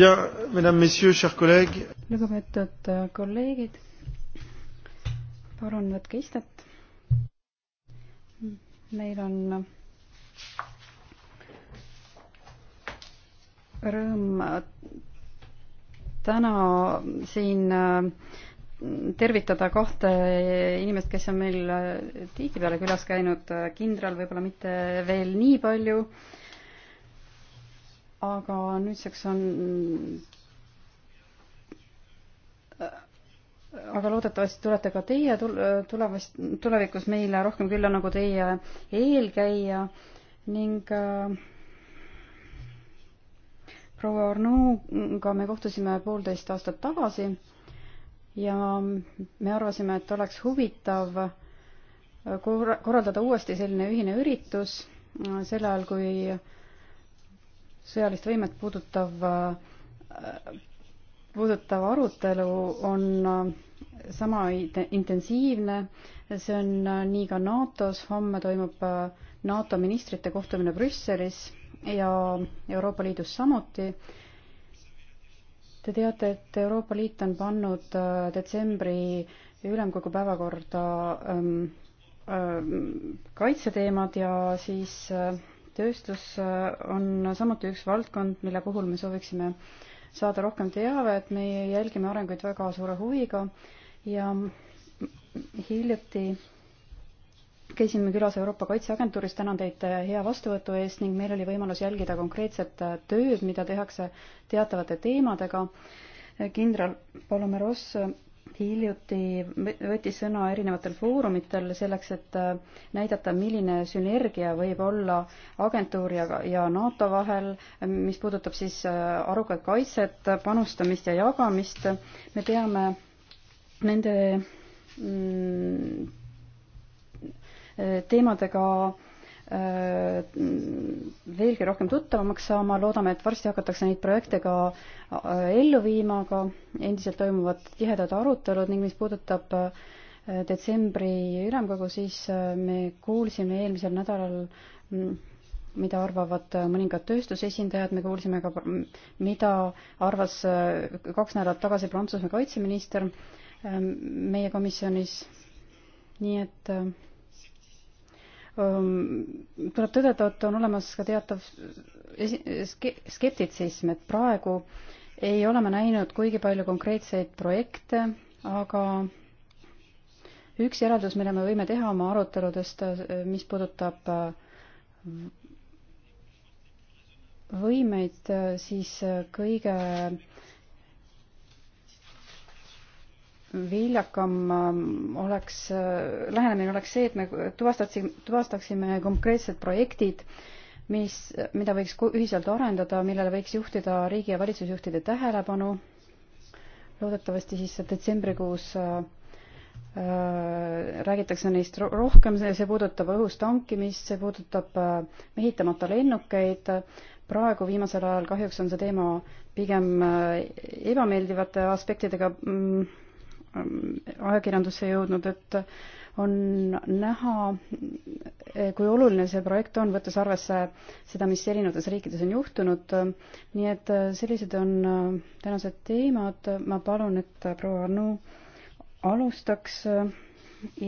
Bien, mesdames, messieurs, chers collègues. lugupeetud äh, kolleegid, palun võtke istet. meil on rõõm täna siin äh, tervitada kahte inimest, kes on meil äh, tihtipeale külas käinud, kindral võib-olla mitte veel nii palju aga nüüdseks on aga loodetavasti tulete ka teie tulevast, tulevikus meile rohkem külla nagu teie eelkäija ning äh, proua Arnuga me kohtusime poolteist aastat tagasi ja me arvasime, et oleks huvitav äh, korraldada uuesti selline ühine üritus äh, sel ajal, kui sõjalist võimet puudutav, äh, puudutav arutelu on äh, sama intensiivne, see on äh, nii ka NATO-s, homme toimub NATO ministrite kohtumine Brüsselis ja Euroopa Liidus samuti. Te teate, et Euroopa Liit on pannud detsembri ülemkogu päevakorda ähm, ähm, kaitseteemad ja siis äh, tööstus äh, on samuti üks valdkond, mille puhul me sooviksime saada rohkem teavet, me jälgime arenguid väga suure huviga ja hiljuti käisime külas Euroopa Kaitseagentuuris, tänan teid äh, hea vastuvõtu eest ning meil oli võimalus jälgida konkreetset äh, tööd, mida tehakse teatavate teemadega. kindral Palomeros hiljuti võttis sõna erinevatel foorumitel selleks, et äh, näidata, milline sünergia võib olla agentuuri ja, ja NATO vahel, mis puudutab siis äh, arukat kaitset, panustamist ja jagamist. me peame nende mm, teemadega äh, Äh, veelgi rohkem tuttavamaks saama, loodame, et varsti hakatakse neid projekte ka äh, ellu viima, aga endiselt toimuvad tihedad arutelud ning mis puudutab äh, detsembri ülemkogu, siis me kuulsime eelmisel nädalal, mm, mida arvavad mõningad tööstusesindajad, me kuulsime ka, mm, mida arvas kaks nädalat tagasi Prantsusmaa kaitseminister ähm, meie komisjonis, nii et äh, Ehm, tuleb tõdeda, et on olemas ka teatav skeptitsism, et praegu ei ole me näinud kuigi palju konkreetseid projekte, aga üks järeldus, mille me võime teha oma aruteludest, eh, mis puudutab eh, võimeid, eh, siis kõige viljakam ähm, oleks, äh, lähenemine oleks see, et me tuvastaksime, tuvastaksime konkreetsed projektid, mis, mida võiks ühiselt arendada, millele võiks juhtida riigi ja valitsusjuhtide tähelepanu. loodetavasti siis detsembrikuus äh, äh räägitakse neist rohkem, see puudutab õhus tankimist, see puudutab äh, mehitamata lennukeid. praegu viimasel ajal kahjuks on see teema pigem äh, ebameeldivate aspektidega mm, Ähm, ajakirjandusse jõudnud, et on näha, kui oluline see projekt on, võttes arvesse seda, mis erinevates riikides on juhtunud. nii et äh, sellised on äh, tänased teemad. ma palun, et äh, proua Arnu alustaks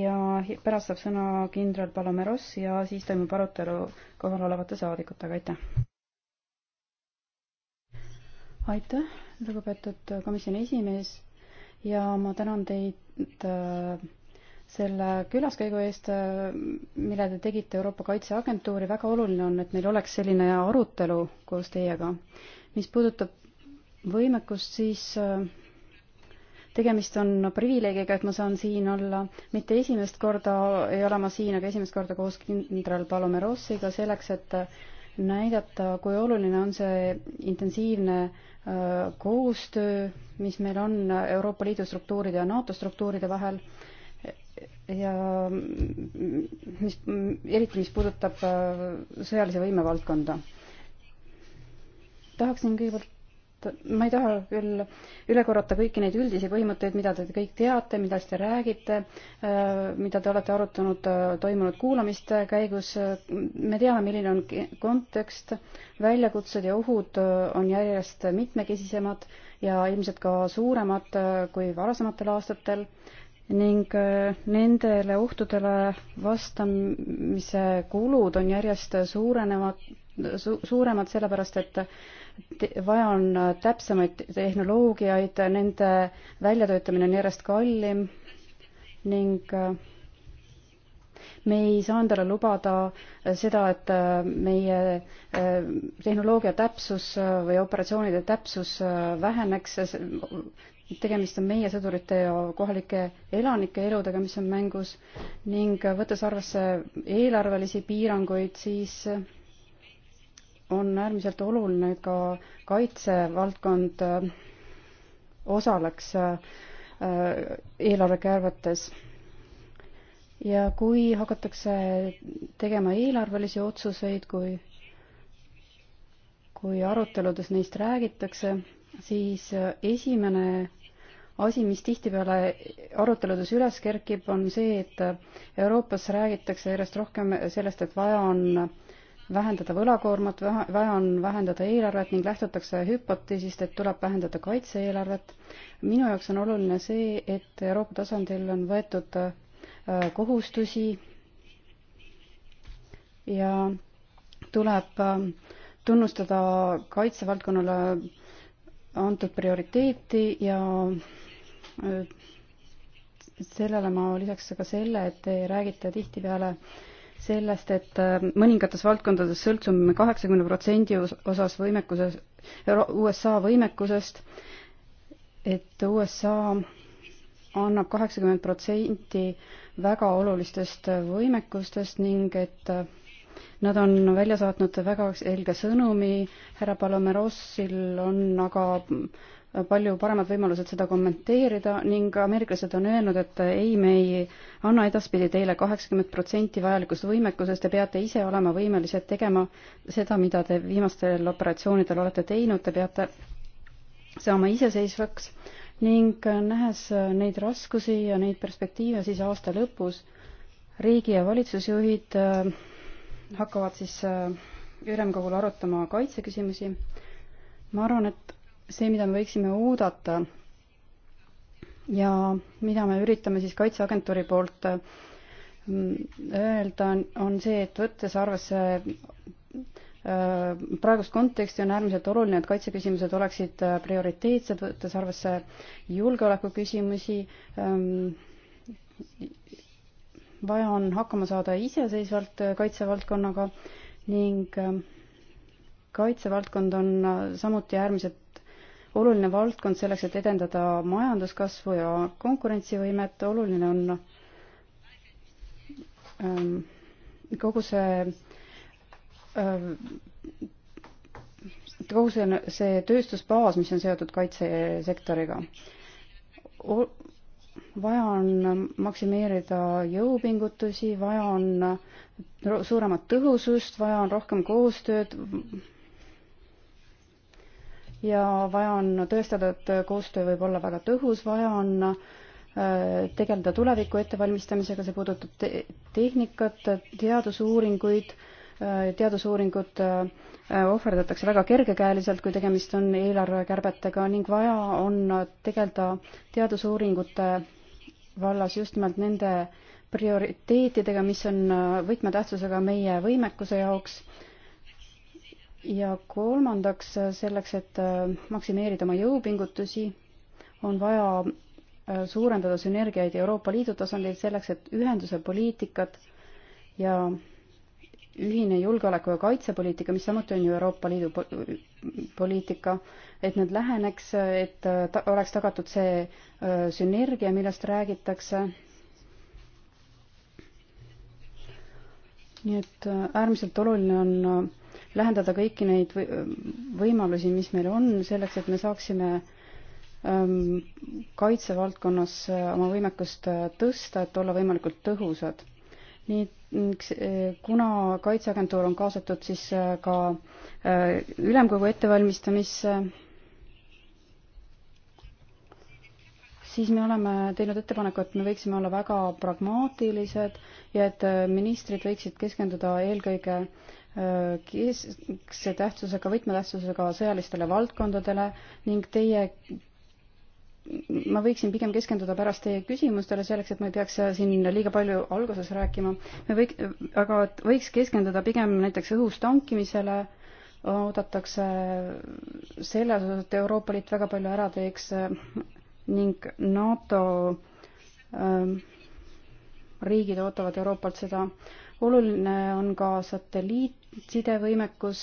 ja pärast saab sõna kindral Palomeros ja siis toimub arutelu kohalolevate saadikutega. aitäh! aitäh, lugupeetud komisjoni esimees ja ma tänan teid äh, selle külaskäigu eest, äh, mille te tegite Euroopa Kaitseagentuuri, väga oluline on, et meil oleks selline arutelu koos teiega. mis puudutab võimekust, siis äh, tegemist on privileegiga, et ma saan siin olla. mitte esimest korda ei ole ma siin, aga esimest korda koos kindral Palomerossiga selleks, et näidata, kui oluline on see intensiivne äh, koostöö, mis meil on Euroopa Liidu struktuuride ja NATO struktuuride vahel ja mis, eriti mis puudutab äh, sõjalise võime valdkonda. tahaksin kõigepealt ma ei taha küll üle korrata kõiki neid üldisi põhimõtteid, mida te kõik teate, millest te räägite, äh, mida te olete arutanud äh, toimunud kuulamiste käigus. me teame, milline on kontekst, väljakutsed ja ohud äh, on järjest mitmekesisemad ja ilmselt ka suuremad kui varasematel aastatel ning nendele ohtudele vastamise kulud on järjest suurenevad su suuremad, sellepärast et vaja on täpsemaid tehnoloogiaid, nende väljatöötamine on järjest kallim ning me ei saa endale lubada seda, et meie tehnoloogia täpsus või operatsioonide täpsus väheneks. tegemist on meie sõdurite ja kohalike elanike eludega, mis on mängus ning võttes arvesse eelarvelisi piiranguid, siis on äärmiselt oluline, et ka kaitsevaldkond äh, osaleks äh, eelarvekärbetes. ja kui hakatakse tegema eelarvelisi otsuseid, kui, kui aruteludes neist räägitakse, siis äh, esimene asi, mis tihtipeale aruteludes üles kerkib, on see, et Euroopas räägitakse järjest rohkem sellest, et vaja on vähendada võlakoormat, vaja on vähendada eelarvet ning lähtutakse hüpoteesist, et tuleb vähendada kaitse-eelarvet. minu jaoks on oluline see, et Euroopa tasandil on võetud äh, kohustusi ja tuleb äh, tunnustada kaitsevaldkonnale antud prioriteeti ja äh, sellele ma lisaks ka selle, et te räägite tihtipeale äh, sellest, et äh, mõningates valdkondades sõltume kaheksakümne protsendi osas võimekuses, USA võimekusest, et USA annab kaheksakümmend protsenti väga olulistest äh, võimekustest ning et äh, nad on välja saatnud väga selge sõnumi, härra Palomerossil on aga mm, palju paremad võimalused seda kommenteerida ning ameeriklased on öelnud, et ei, me ei anna edaspidi teile kaheksakümmend protsenti vajalikust võimekusest, te peate ise olema võimelised tegema seda, mida te viimastel operatsioonidel olete teinud, te peate saama iseseisvaks ning nähes neid raskusi ja neid perspektiive, siis aasta lõpus riigi- ja valitsusjuhid äh, hakkavad siis äh, ülemkogul arutama kaitseküsimusi. ma arvan, et see, mida me võiksime oodata ja mida me üritame siis Kaitseagentuuri poolt mm, öelda, on see, et võttes arvesse äh, praegust konteksti on äärmiselt oluline, et kaitseküsimused oleksid äh, prioriteetsed, võttes arvesse julgeolekuküsimusi. Ähm, vaja on hakkama saada iseseisvalt äh, kaitsevaldkonnaga ning ähm, kaitsevaldkond on samuti äärmiselt oluline valdkond selleks, et edendada majanduskasvu ja konkurentsivõimet, oluline on ähm, kogu see ähm, kogu see, see tööstusbaas, mis on seotud kaitsesektoriga. vaja on maksimeerida jõupingutusi, vaja on suuremat tõhusust, vaja on rohkem koostööd, ja vaja on tõestada, et koostöö võib olla väga tõhus, vaja on äh, tegeleda tuleviku ettevalmistamisega, see puudutab te tehnikat, teadusuuringuid, äh, teadusuuringud äh, ohverdatakse väga kergekäeliselt, kui tegemist on eelarvekärbetega ning vaja on tegeleda teadusuuringute vallas just nimelt nende prioriteetidega, mis on võtmetähtsusega meie võimekuse jaoks ja kolmandaks, selleks, et äh, maksimeerida oma jõupingutusi, on vaja äh, suurendada sünergiaid Euroopa Liidu tasandil selleks, et ühenduse poliitikat ja ühine julgeoleku- ja kaitsepoliitika, mis samuti on ju Euroopa Liidu poliitika, et need läheneks, et äh, ta oleks tagatud see sünergia, millest räägitakse. nii et äärmiselt oluline on lähendada kõiki neid võimalusi, mis meil on, selleks et me saaksime ähm, kaitsevaldkonnas äh, oma võimekust äh, tõsta, et olla võimalikult tõhusad. nii, äh, kuna Kaitseagentuur on kaasatud siis ka ülemkogu ettevalmistamisse, siis me oleme teinud ettepaneku, et me võiksime olla väga pragmaatilised ja et ministrid võiksid keskenduda eelkõige keskse tähtsusega, võtmetähtsusega sõjalistele valdkondadele ning teie ma võiksin pigem keskenduda pärast teie küsimustele, selleks et ma ei peaks siin liiga palju alguses rääkima. me võik-, aga võiks keskenduda pigem näiteks õhus tankimisele, oodatakse selles osas, et Euroopa Liit väga palju ära teeks ning NATO ähm, riigid ootavad Euroopalt seda. oluline on ka satelliitsidevõimekus.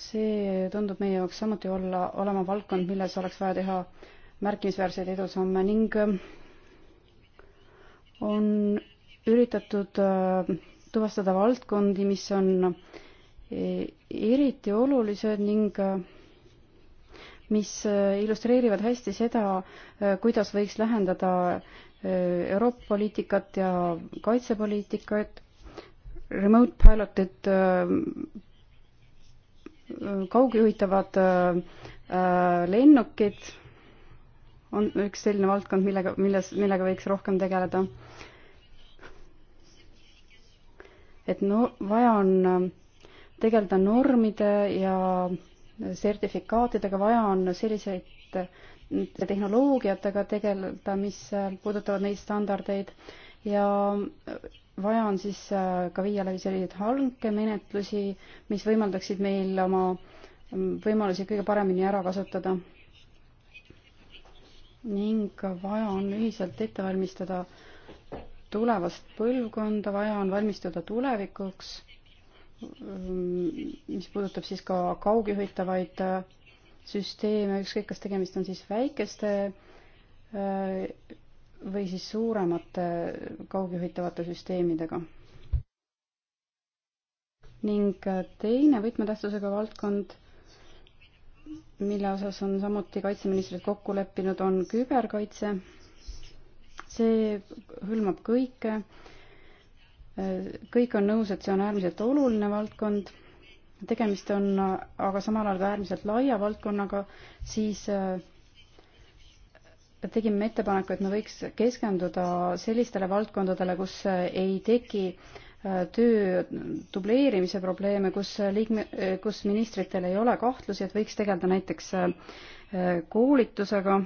see tundub meie jaoks samuti olla, olema valdkond, milles oleks vaja teha märkimisväärseid edusamme ning on üritatud äh, tuvastada valdkondi, mis on äh, eriti olulised ning äh, mis äh, illustreerivad hästi seda, äh, kuidas võiks lähendada äh, Euroopa poliitikat ja kaitsepoliitikat, remote pilot'id, kaugjuhitavad lennukid on üks selline valdkond, millega, milles, millega võiks rohkem tegeleda. et no vaja on tegeleda normide ja sertifikaatidega, vaja on selliseid tehnoloogiatega tegeleda, mis puudutavad neid standardeid ja vaja on siis ka viia läbi selliseid hankemenetlusi, mis võimaldaksid meil oma võimalusi kõige paremini ära kasutada. ning vaja on ühiselt ette valmistada tulevast põlvkonda, vaja on valmistuda tulevikuks mis puudutab siis ka kaugjuhitavaid äh, süsteeme, ükskõik, kas tegemist on siis väikeste äh, või siis suuremate kaugjuhitavate süsteemidega. ning äh, teine võtmetähtsusega valdkond, mille osas on samuti kaitseministrid kokku leppinud, on küberkaitse. see hõlmab kõike äh, kõik on nõus, et see on äärmiselt oluline valdkond, tegemist on aga samal ajal ka äärmiselt laia valdkonnaga, siis äh, tegime ettepaneku, et me võiks keskenduda sellistele valdkondadele, kus ei teki äh, töö dubleerimise probleeme, kus liikme, kus ministritel ei ole kahtlusi, et võiks tegeleda näiteks äh, koolitusega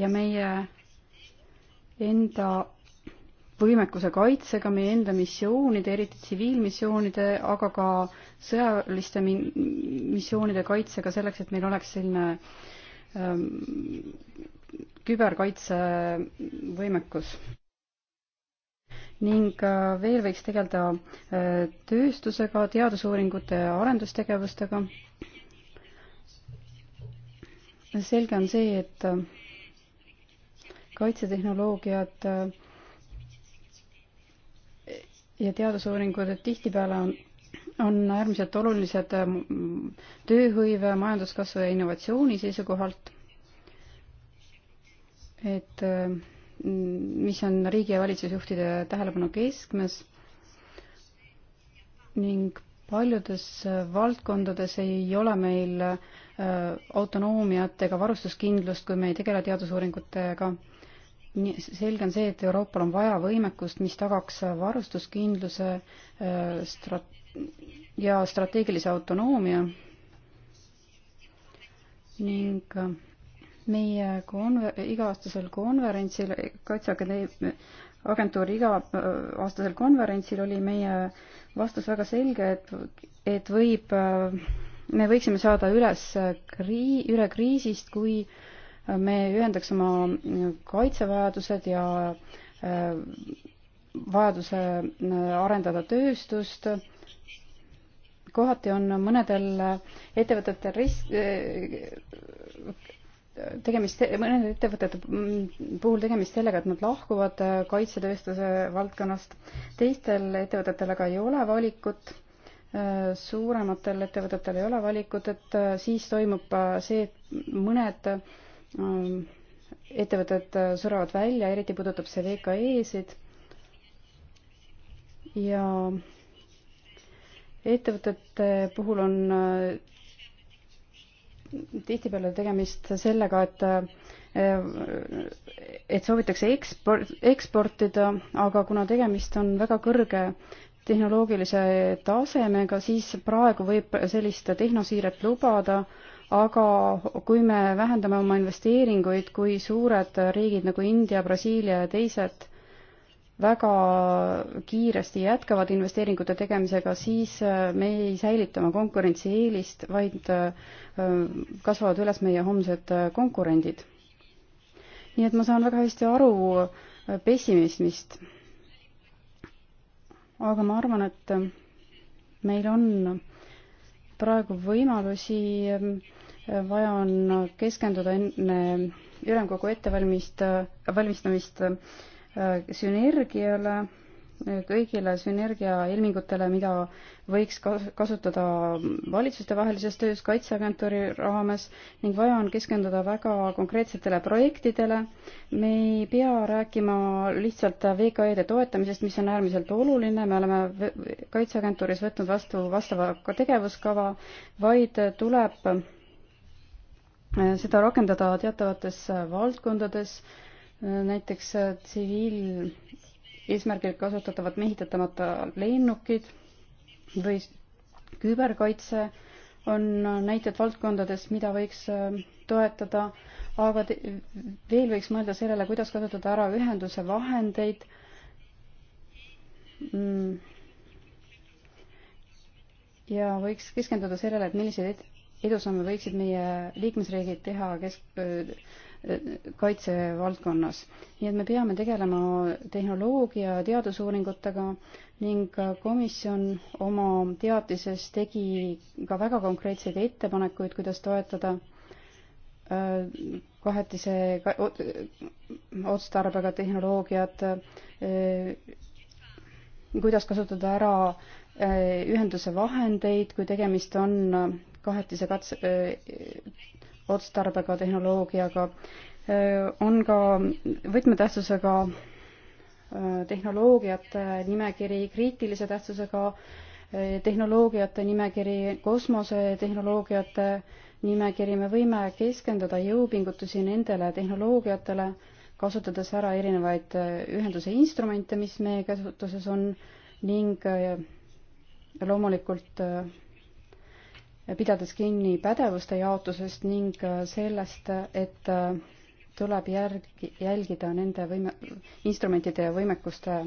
ja meie enda võimekuse kaitsega, meie enda missioonide, eriti tsiviilmissioonide, aga ka sõjaliste missioonide kaitsega selleks, et meil oleks selline ähm, küberkaitsevõimekus. ning äh, veel võiks tegeleda äh, tööstusega, teadusuuringute ja arendustegevustega. selge on see, et äh, kaitsetehnoloogiad äh, ja teadusuuringud tihtipeale on, on äärmiselt olulised ähm, tööhõive, majanduskasvu ja innovatsiooni seisukohalt. et ähm, mis on riigi ja valitsusjuhtide tähelepanu keskmes ning paljudes äh, valdkondades ei ole meil äh, autonoomiat ega varustuskindlust, kui me ei tegele teadusuuringutega selge on see, et Euroopal on vaja võimekust, mis tagaks varustuskindluse äh, strat- ja strateegilise autonoomia ning äh, meie konver-, iga-aastasel konverentsil, Kaitseakadeemia agentuuri iga-aastasel konverentsil oli meie vastus väga selge, et, et võib, äh, me võiksime saada üles krii-, üle kriisist, kui äh, me ühendaks oma kaitsevajadused ja äh, vajaduse äh, arendada tööstust. kohati on mõnedel ettevõtetel risk, äh, tegemist, mõnede ettevõtete puhul tegemist sellega, et nad lahkuvad kaitsetööstuse valdkonnast, teistel ettevõtetel aga ei ole valikut, suurematel ettevõtetel ei ole valikut, et siis toimub see, et mõned Ähm, ettevõtted äh, suravad välja, eriti puudutab see VKE-sid ja ettevõtete puhul on äh, tihtipeale tegemist sellega, et äh, et soovitakse eksport, eksportida, aga kuna tegemist on väga kõrge tehnoloogilise tasemega, siis praegu võib sellist tehnosiiret lubada äh, aga kui me vähendame oma investeeringuid, kui suured riigid nagu India, Brasiilia ja teised väga kiiresti jätkavad investeeringute tegemisega, siis äh, me ei säilita oma konkurentsieelist, vaid äh, kasvavad üles meie homsed äh, konkurendid. nii et ma saan väga hästi aru pessimismist. aga ma arvan, et meil on praegu võimalusi vaja on keskenduda enne ülemkogu ettevalmist, valmistamist äh, sünergiale, kõigile sünergia ilmingutele, mida võiks kasutada valitsustevahelises töös Kaitseagentuuri raames ning vaja on keskenduda väga konkreetsetele projektidele. me ei pea rääkima lihtsalt VKE-de toetamisest, mis on äärmiselt oluline, me oleme Kaitseagentuuris võtnud vastu vastava tegevuskava, vaid tuleb Äh, seda rakendada teatavates äh, valdkondades, äh, näiteks tsiviileesmärgil kasutatavad mehitatamata lennukid või küberkaitse on näited valdkondades, mida võiks toetada, aga te, veel võiks mõelda sellele, kuidas kasutada ära ühenduse vahendeid mm ja võiks keskenduda sellele, et milliseid edusamme võiksid meie liikmesriigid teha kesk, kaitsevaldkonnas. nii et me peame tegelema tehnoloogia teadusuuringutega ning komisjon oma teatises tegi ka väga konkreetseid ettepanekuid, kuidas toetada äh, kahetise otstarbega tehnoloogiat, äh, kuidas kasutada ära äh, ühenduse vahendeid, kui tegemist on kahetise katse otstarbega tehnoloogiaga. on ka võtmetähtsusega tehnoloogiate nimekiri, kriitilise tähtsusega tehnoloogiate nimekiri, kosmosetehnoloogiate nimekiri, me võime keskenduda jõupingutusi nendele tehnoloogiatele, kasutades ära erinevaid ühenduse instrumente, mis meie käsutuses on ning loomulikult pidades kinni pädevuste jaotusest ning äh, sellest, et äh, tuleb järgi, jälgida nende võime, instrumentide ja võimekuste äh,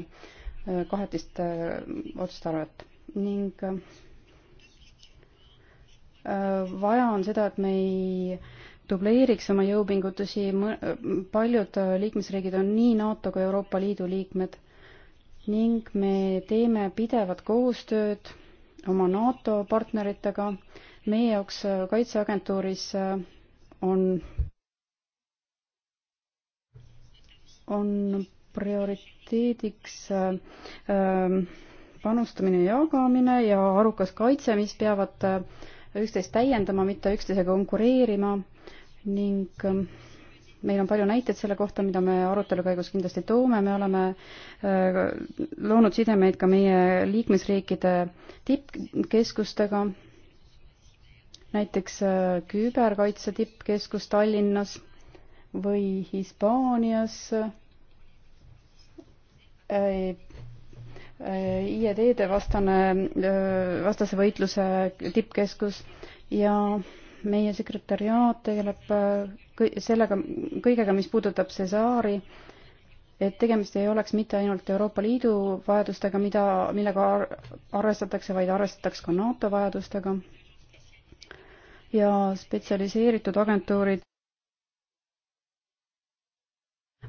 kahetist otstarvet ning vaja on seda, et me ei dubleeriks oma jõupingutusi, paljud liikmesriigid on nii NATO kui Euroopa Liidu liikmed ning me teeme pidevat koostööd oma NATO partneritega meie jaoks äh, Kaitseagentuuris äh, on, on prioriteediks äh, ähm, panustamine ja jagamine ja arukas kaitse, mis peavad üksteist täiendama, mitte üksteisega konkureerima ning ähm, meil on palju näiteid selle kohta, mida me arutelu käigus kindlasti toome, me oleme loonud sidemeid ka meie liikmesriikide tippkeskustega näiteks äh, küberkaitse tippkeskus Tallinnas või Hispaanias äh, äh, IED-de vastane, vastase võitluse tippkeskus ja meie sekretäriaat tegeleb sellega, kõigega, mis puudutab Cesari, et tegemist ei oleks mitte ainult Euroopa Liidu vajadustega, mida, millega arvestatakse, vaid arvestatakse ka NATO vajadustega ja spetsialiseeritud agentuurid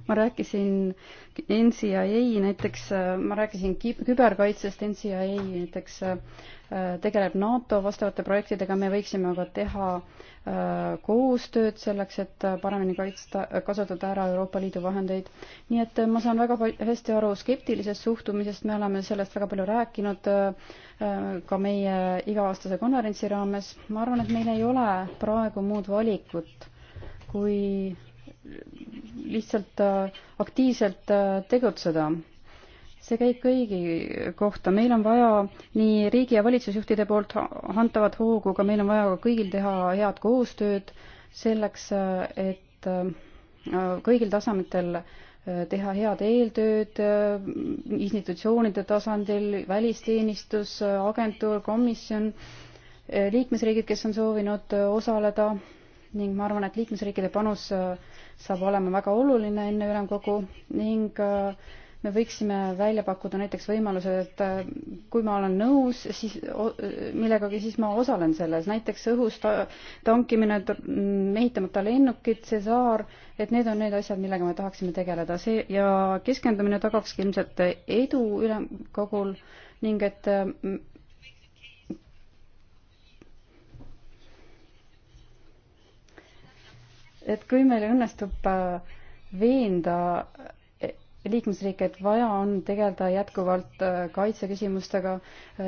ma rääkisin NCIA näiteks, ma rääkisin küberkaitsest, NCIA näiteks äh, tegeleb NATO vastavate projektidega, me võiksime aga teha äh, koostööd selleks, et paremini kaitsta, kasutada ära Euroopa Liidu vahendeid. nii et äh, ma saan väga hästi aru skeptilisest suhtumisest, me oleme sellest väga palju rääkinud ka meie iga-aastase konverentsi raames. ma arvan, et meil ei ole praegu muud valikut, kui lihtsalt äh, aktiivselt äh, tegutseda. see käib kõigi kohta, meil on vaja nii riigi ja valitsusjuhtide poolt antavat hoogu, aga meil on vaja kõigil teha head koostööd selleks, äh, et kõigil tasemetel teha head eeltööd institutsioonide tasandil, välisteenistus, agentuur, komisjon, liikmesriigid, kes on soovinud osaleda ning ma arvan, et liikmesriikide panus äh, saab olema väga oluline enne ülemkogu ning äh, me võiksime välja pakkuda näiteks võimaluse, et äh, kui ma olen nõus, siis millegagi, siis ma osalen selles, näiteks õhus tankimine, mehitamata lennukid, Cesar, et need on need asjad, millega me tahaksime tegeleda, see ja keskendumine tagakski ilmselt edu ülemkogul ning et et kui meil õnnestub äh, veenda e, liikmesriike, et vaja on tegeleda jätkuvalt äh, kaitseküsimustega,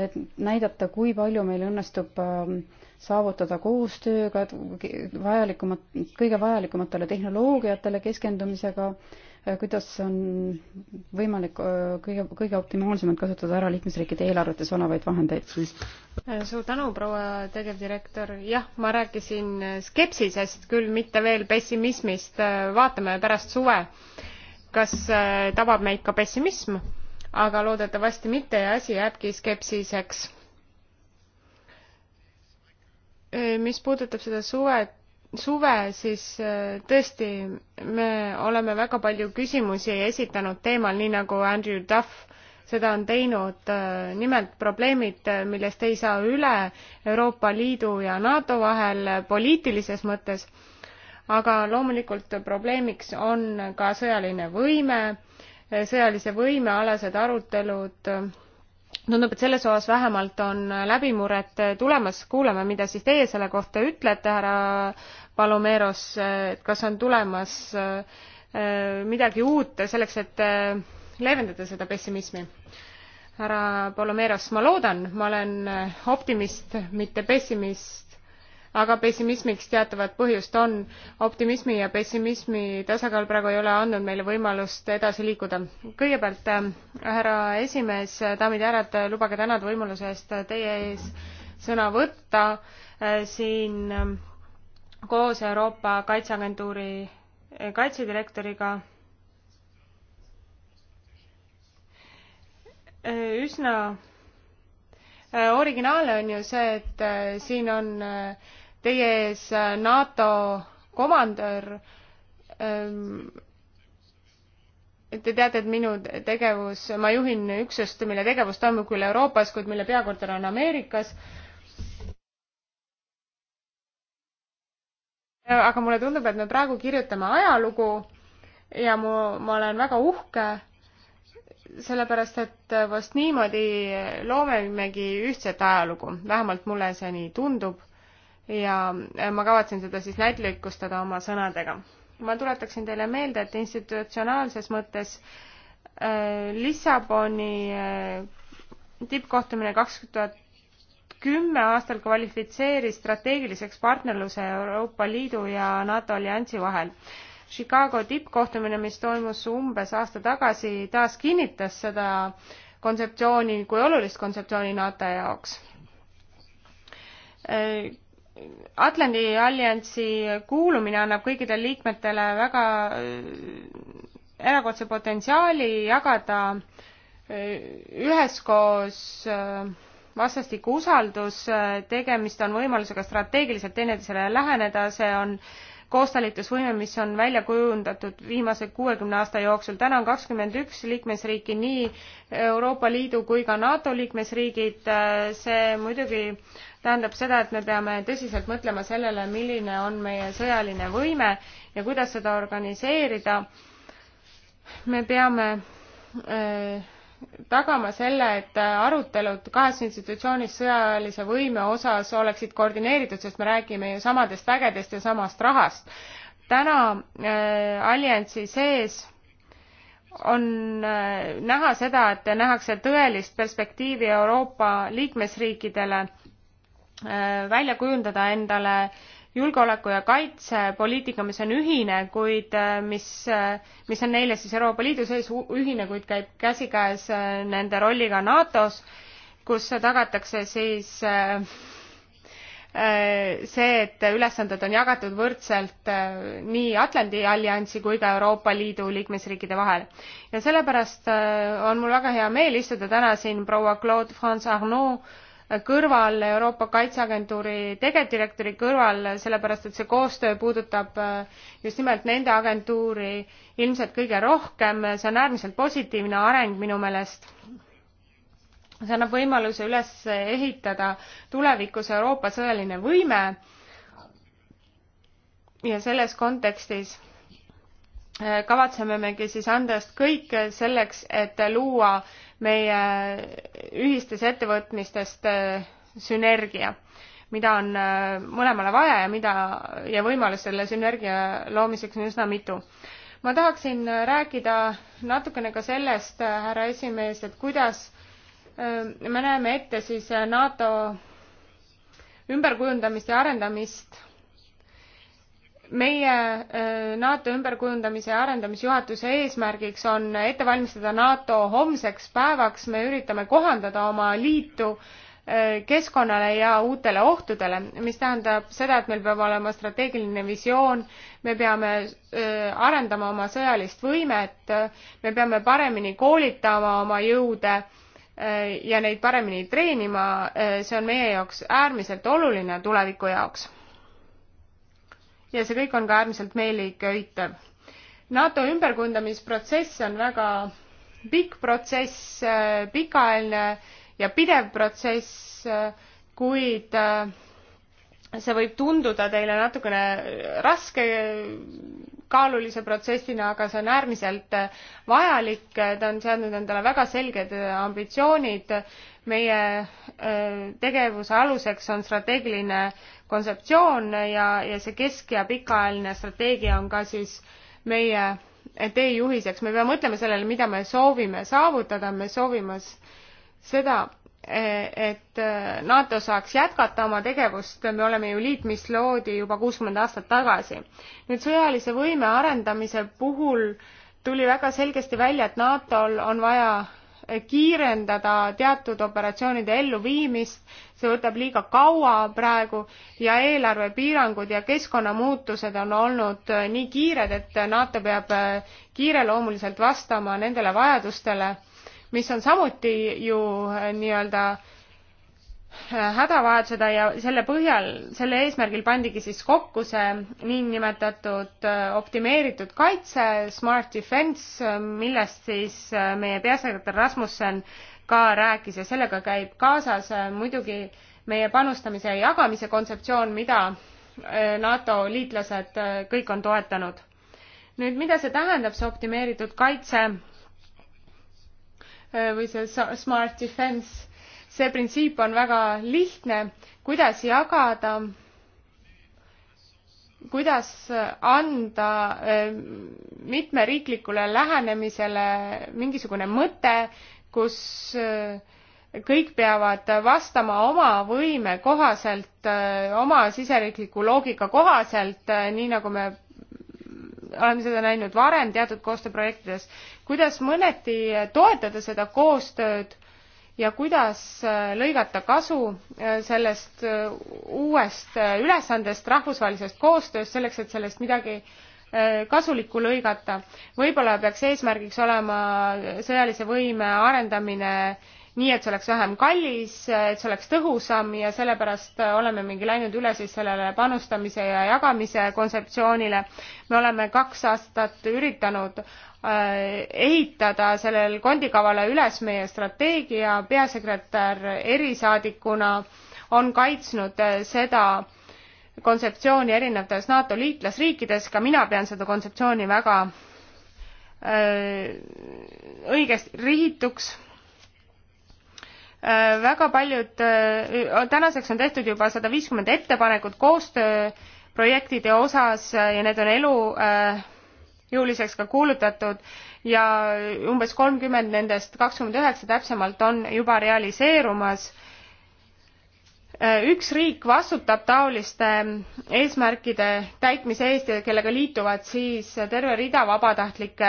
et näidata, kui palju meil õnnestub ähm, saavutada koostööga, vajalikumat, kõige vajalikumatele tehnoloogiatele keskendumisega Äh, kuidas on võimalik äh, kõige, kõige optimaalsemalt kasutada ära liikmesriikide eelarvetes olevaid vahendeid? Äh, suur tänu, proua tegevdirektor, jah, ma rääkisin skepsisest küll, mitte veel pessimismist, vaatame pärast suve, kas tabab meid ka pessimism, aga loodetavasti mitte ja asi jääbki skepsiseks. mis puudutab seda suvet, suve, siis äh, tõesti me oleme väga palju küsimusi esitanud teemal, nii nagu Andrew Duff seda on teinud. Äh, nimelt probleemid, äh, millest ei saa üle Euroopa Liidu ja NATO vahel poliitilises mõttes. aga loomulikult probleemiks on ka sõjaline võime, sõjalise võime alased arutelud tundub, et selles osas vähemalt on läbimured tulemas, kuulame, mida siis teie selle kohta ütlete, härra Palomeros, et kas on tulemas äh, midagi uut selleks, et äh, leevendada seda pessimismi? härra Palomeros, ma loodan, ma olen äh, optimist, mitte pessimist, aga pessimismiks teatavat põhjust on. optimismi ja pessimismi tasakaal praegu ei ole andnud meile võimalust edasi liikuda. kõigepealt, härra esimees, daamid ja härrad, lubage tänada võimaluse eest teie ees sõna võtta siin koos Euroopa Kaitseagentuuri eh, kaitsedirektoriga eh, üsna eh, originaalne on ju see, et siin on teie ees NATO komandör. Ehm, te teate, et minu tegevus, ma juhin üksust, mille tegevus toimub küll Euroopas, kuid mille peakorter on Ameerikas aga mulle tundub, et me praegu kirjutame ajalugu ja mu, ma olen väga uhke, sellepärast et vast niimoodi loomemegi ühtset ajalugu, vähemalt mulle see nii tundub ja ma kavatsen seda siis näitlikustada oma sõnadega. ma tuletaksin teile meelde, et institutsionaalses mõttes äh, Lissaboni äh, tippkohtumine kaks tuhat kümme aastal kvalifitseeris strateegiliseks partnerluse Euroopa Liidu ja NATO alliansi vahel. Chicago tippkohtumine, mis toimus umbes aasta tagasi, taas kinnitas seda kontseptsiooni kui olulist kontseptsiooni NATO jaoks. Atlandi alliansi kuulumine annab kõikidele liikmetele väga äh, erakordse potentsiaali jagada äh, üheskoos äh, vastastikku usaldus, tegemist on võimalusega strateegiliselt teineteisele läheneda, see on koostalitusvõime, mis on välja kujundatud viimase kuuekümne aasta jooksul. täna on kakskümmend üks liikmesriiki, nii Euroopa Liidu kui ka NATO liikmesriigid. see muidugi tähendab seda, et me peame tõsiselt mõtlema sellele, milline on meie sõjaline võime ja kuidas seda organiseerida. me peame öö, äh, tagama selle, et arutelud kahes institutsioonis sõjalise võime osas oleksid koordineeritud, sest me räägime ju samadest vägedest ja samast rahast. täna äh, alliansi sees on äh, näha seda, et nähakse tõelist perspektiivi Euroopa liikmesriikidele äh, välja kujundada endale äh, julgeoleku ja kaitsepoliitika, mis on ühine, kuid äh, mis, äh, mis on neile siis Euroopa Liidu sees ühine, kuid käib käsikäes äh, nende rolliga NATO-s, kus tagatakse siis see, et ülesanded on jagatud võrdselt nii Atlandi alliansi kui ka Euroopa Liidu liikmesriikide vahel. ja sellepärast on mul väga hea meel istuda täna siin proua Claude France Arnaud kõrval, Euroopa Kaitseagentuuri tegevdirektori kõrval, sellepärast et see koostöö puudutab äh, just nimelt nende agentuuri ilmselt kõige rohkem, see on äärmiselt positiivne areng minu meelest. see annab võimaluse üles ehitada tulevikus Euroopa sõjaline võime ja selles kontekstis Äh, kavatseme megi siis anda just kõik selleks, et luua meie ühistes ettevõtmistest äh, sünergia, mida on äh, mõlemale vaja ja mida ja võimalus selle sünergia loomiseks on üsna mitu. ma tahaksin rääkida natukene ka sellest, härra esimees, et kuidas me näeme ette siis NATO ümberkujundamist ja arendamist meie äh, NATO ümberkujundamise ja arendamisjuhatuse eesmärgiks on ette valmistada NATO homseks päevaks, me üritame kohandada oma liitu äh, keskkonnale ja uutele ohtudele, mis tähendab seda, et meil peab olema strateegiline visioon, me peame äh, arendama oma sõjalist võimet, me peame paremini koolitama oma jõude ja neid paremini treenima, see on meie jaoks äärmiselt oluline tuleviku jaoks ja see kõik on ka äärmiselt meeliköitev. NATO ümberkujundamisprotsess on väga pikk protsess, pikaajaline ja pidev protsess, kuid äh, see võib tunduda teile natukene raske kaalulise protsessina, aga see on äärmiselt äh, vajalik, ta on seadnud endale väga selged äh, ambitsioonid, meie tegevuse aluseks on strateegiline kontseptsioon ja, ja see kesk- ja pikaajaline strateegia on ka siis meie teejuhiseks, me peame mõtlema sellele, mida me soovime saavutada, me soovime seda, e, et e, NATO saaks jätkata oma tegevust, me oleme ju liit, mis loodi juba kuuskümmend aastat tagasi. nüüd sõjalise võime arendamise puhul tuli väga selgesti välja, et NATO-l on vaja kiirendada teatud operatsioonide elluviimist, see võtab liiga kaua praegu ja eelarvepiirangud ja keskkonnamuutused on olnud nii kiired, et NATO peab kiireloomuliselt vastama nendele vajadustele, mis on samuti ju eh, nii-öelda hädavaad seda ja selle põhjal, selle eesmärgil pandigi siis kokku see niinimetatud äh, optimeeritud kaitse, smart defense, millest siis äh, meie peasekretär Rasmussen ka rääkis ja sellega käib kaasas äh, muidugi meie panustamise ja jagamise kontseptsioon, mida NATO liitlased kõik on toetanud. nüüd, mida see tähendab, see optimeeritud kaitse või see smart defense? see printsiip on väga lihtne, kuidas jagada, kuidas anda ähm, mitmeriiklikule lähenemisele mingisugune mõte, kus äh, kõik peavad vastama oma võime kohaselt, äh, oma siseriikliku loogika kohaselt, äh, nii nagu me oleme seda näinud varem teatud koostööprojektides, kuidas mõneti toetada seda koostööd ja kuidas äh, lõigata kasu äh, sellest äh, uuest ülesandest, rahvusvahelisest koostööst, selleks et sellest midagi kasulikku lõigata. võib-olla peaks eesmärgiks olema sõjalise võime arendamine nii, et see oleks vähem kallis, et see oleks tõhusam ja sellepärast olemegi läinud üle siis sellele panustamise ja jagamise kontseptsioonile. me oleme kaks aastat üritanud äh, ehitada sellel kondikavale üles meie strateegia, peasekretär erisaadikuna on kaitsnud seda kontseptsiooni erinevates NATO liitlasriikides, ka mina pean seda kontseptsiooni väga äh, õigesti rihituks Äh, väga paljud, äh, tänaseks on tehtud juba sada viiskümmend ettepanekut koostööprojektide osas äh, ja need on elujõuliseks ka kuulutatud ja umbes kolmkümmend nendest, kakskümmend üheksa täpsemalt, on juba realiseerumas. üks riik vastutab taoliste eesmärkide täitmise eest ja kellega liituvad siis terve rida vabatahtlikke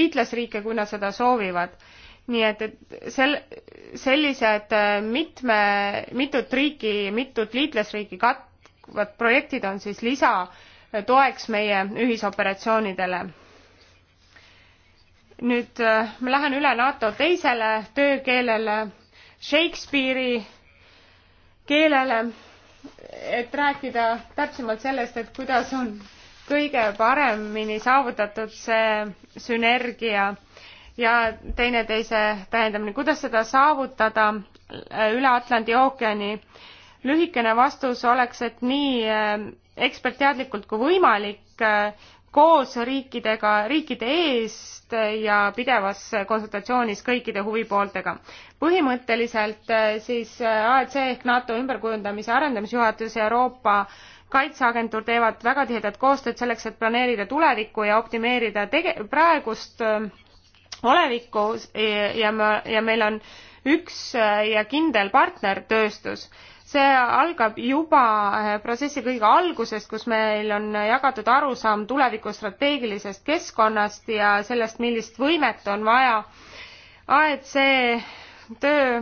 liitlasriike, kui nad seda soovivad nii et, et sel-, sellised äh, mitme, mitut riiki, mitut liitlasriiki katvad projektid on siis lisatoeks äh, meie ühisoperatsioonidele. nüüd äh, ma lähen üle NATO teisele töökeelele, Shakespeare'i keelele, et rääkida täpsemalt sellest, et kuidas on kõige paremini saavutatud see sünergia ja teineteise täiendamine. kuidas seda saavutada äh, üle Atlandi ookeani? lühikene vastus oleks, et nii äh, ekspertteadlikult kui võimalik äh, koos riikidega, riikide eest ja pidevas konsultatsioonis kõikide huvipooltega. põhimõtteliselt siis AEC ehk NATO ümberkujundamise arendamisjuhatus ja Euroopa kaitseagentuur teevad väga tihedat koostööd selleks, et planeerida tulevikku ja optimeerida tege-, praegust äh, olevikku ja me, ja meil on üks äh, ja kindel partner, tööstus. see algab juba äh, protsessi kõige algusest, kus meil on jagatud arusaam tuleviku strateegilisest keskkonnast ja sellest, millist võimet on vaja. AEC töö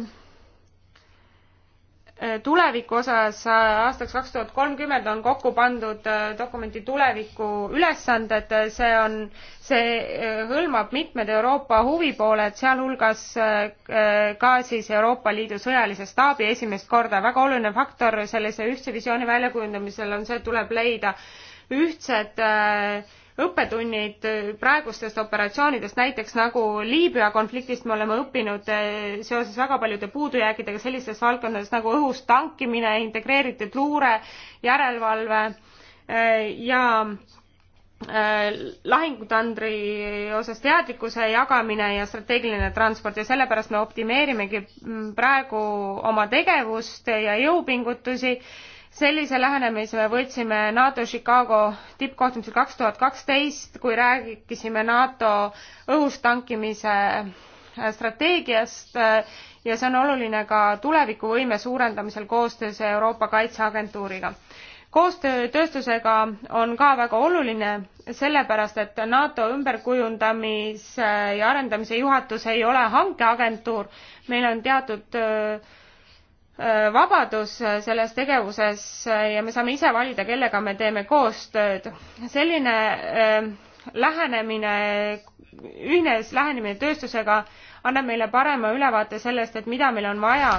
Äh, tuleviku osas äh, aastaks kaks tuhat kolmkümmend on kokku pandud äh, dokumenti tuleviku ülesanded, see on, see hõlmab mitmed Euroopa huvipooled, sealhulgas ka siis Euroopa Liidu sõjalise staabi esimest korda. väga oluline faktor sellise ühtse visiooni väljakujundamisel on see, et tuleb leida ühtsed äh, õppetunnid praegustest operatsioonidest, näiteks nagu Liibüa konfliktist me oleme õppinud eh, seoses väga paljude puudujääkidega sellistes valdkondades nagu õhus tankimine, integreeritud luure, järelevalve eh, ja eh, lahingutandri osas teadlikkuse jagamine ja strateegiline transport ja sellepärast me optimeerimegi mm, praegu oma tegevust ja jõupingutusi sellise lähenemise me võtsime NATO Chicago tippkohtumisel kaks tuhat kaksteist, kui rääkisime NATO õhus tankimise äh, strateegiast äh, ja see on oluline ka tulevikuvõime suurendamisel koostöös Euroopa Kaitseagentuuriga. koostöö tööstusega on ka väga oluline, sellepärast et NATO ümberkujundamise ja arendamise juhatus ei ole hankeagentuur, meil on teatud öö, äh, Äh, vabadus äh, selles tegevuses äh, ja me saame ise valida, kellega me teeme koostööd. selline lähenemine, ühine lähenemine tööstusega annab meile parema ülevaate sellest, et mida meil on vaja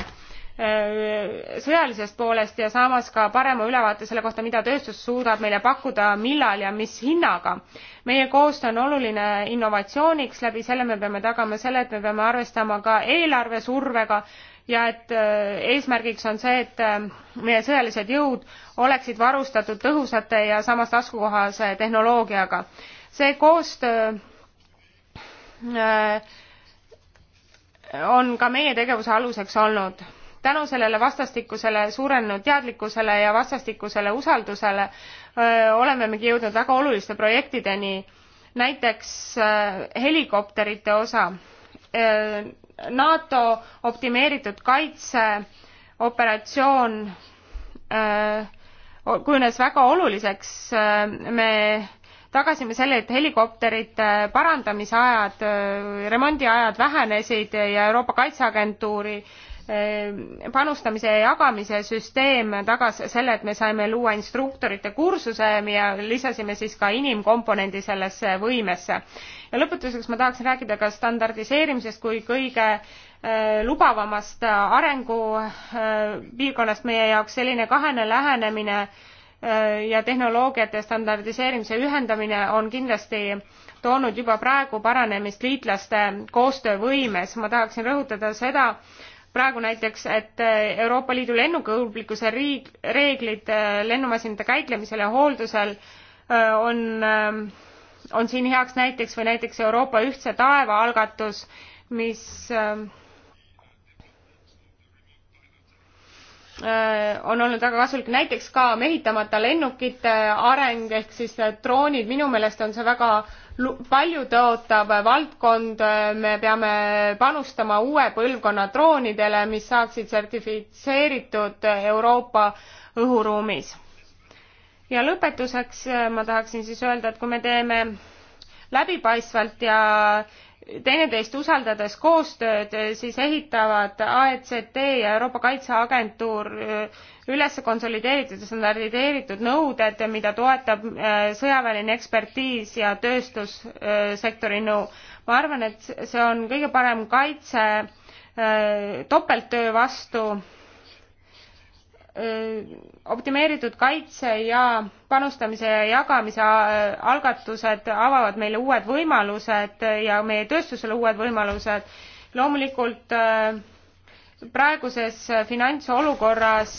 sõjalisest poolest ja samas ka parema ülevaate selle kohta, mida tööstus suudab meile pakkuda, millal ja mis hinnaga. meie koostöö on oluline innovatsiooniks, läbi selle me peame tagama selle, et me peame arvestama ka eelarvesurvega ja et äh, eesmärgiks on see, et äh, meie sõjalised jõud oleksid varustatud tõhusate ja samas taskukohase tehnoloogiaga. see koostöö äh, on ka meie tegevuse aluseks olnud. tänu sellele vastastikusele suurenenud teadlikkusele ja vastastikusele usaldusele olemegi jõudnud väga oluliste projektideni, näiteks helikopterite osa NATO optimeeritud kaitseoperatsioon äh, kujunes väga oluliseks. Äh, me tagasime selle, et helikopterite parandamise ajad, äh, remondi ajad vähenesid ja Euroopa Kaitseagentuuri äh, Ehm, panustamise ja jagamise süsteem tagas selle, et me saime luua instruktorite kursuse ja lisasime siis ka inimkomponendi sellesse võimesse. ja lõpetuseks ma tahaksin rääkida ka standardiseerimisest kui kõige ehm, lubavamast arengupiirkonnast ehm, meie jaoks, selline kahene lähenemine ja tehnoloogiate standardiseerimise ühendamine on kindlasti toonud juba praegu paranemist liitlaste koostöövõimes. ma tahaksin rõhutada seda, praegu näiteks, et Euroopa Liidu lennukõlblikkuse riig-, reeglid äh, lennumasinate käitlemisel ja hooldusel äh, on, äh, on siin heaks näiteks või näiteks Euroopa ühtse taeva algatus, mis on olnud väga kasulik, näiteks ka mehitamata lennukite areng ehk siis droonid, minu meelest on see väga äh, paljutõotav valdkond, me peame panustama uue põlvkonna droonidele, mis saaksid sertifitseeritud Euroopa õhuruumis. ja lõpetuseks ma tahaksin siis öelda, et kui me teeme läbipaistvalt ja teineteist usaldades koostööd, siis ehitavad AECT ja Euroopa Kaitseagentuur äh, üles konsolideeritud ja standardiseeritud nõuded, mida toetab äh, sõjaväeline ekspertiis ja tööstussektori nõu. ma arvan, et see on kõige parem kaitse äh, topelttöö vastu Äh, optimeeritud kaitse ja panustamise ja jagamise äh, algatused avavad meile uued võimalused ja meie tööstusele uued võimalused. loomulikult äh, praeguses finantsolukorras,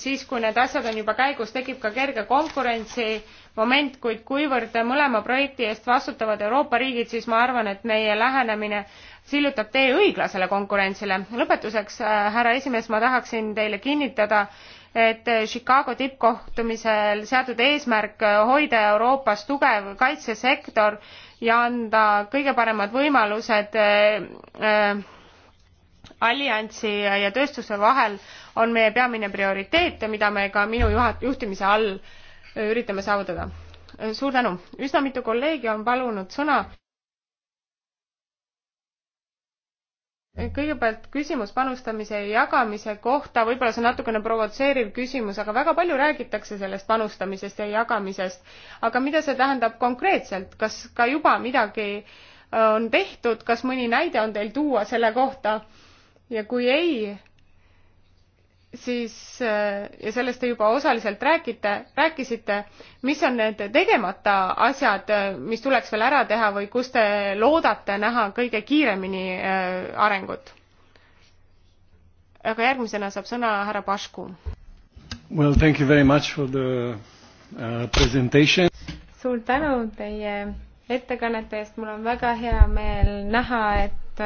siis kui need asjad on juba käigus, tekib ka kerge konkurentsimoment, kuid kuivõrd mõlema projekti eest vastutavad Euroopa riigid, siis ma arvan, et meie lähenemine sillutab tee õiglasele konkurentsile. lõpetuseks, äh, härra esimees, ma tahaksin teile kinnitada, et äh, Chicago tippkohtumisel seatud eesmärk äh, hoida Euroopas tugev kaitsesektor ja anda kõige paremad võimalused äh, alliansi ja tööstuse vahel on meie peamine prioriteet, mida me ka minu juhat-, juhtimise all üritame saavutada. suur tänu, üsna mitu kolleegi on palunud sõna. kõigepealt küsimus panustamise ja jagamise kohta, võib-olla see on natukene provotseeriv küsimus, aga väga palju räägitakse sellest panustamisest ja jagamisest. aga mida see tähendab konkreetselt, kas ka juba midagi äh, on tehtud, kas mõni näide on teil tuua selle kohta? ja kui ei, siis eh, ja sellest te juba osaliselt räägite, rääkisite, mis on need tegemata asjad, eh, mis tuleks veel ära teha või kus te loodate näha kõige kiiremini eh, arengut? aga järgmisena saab sõna härra Pašku. Well, thank you very much for the uh, presentation. suur tänu teie ettekannete eest, mul on väga hea meel näha, et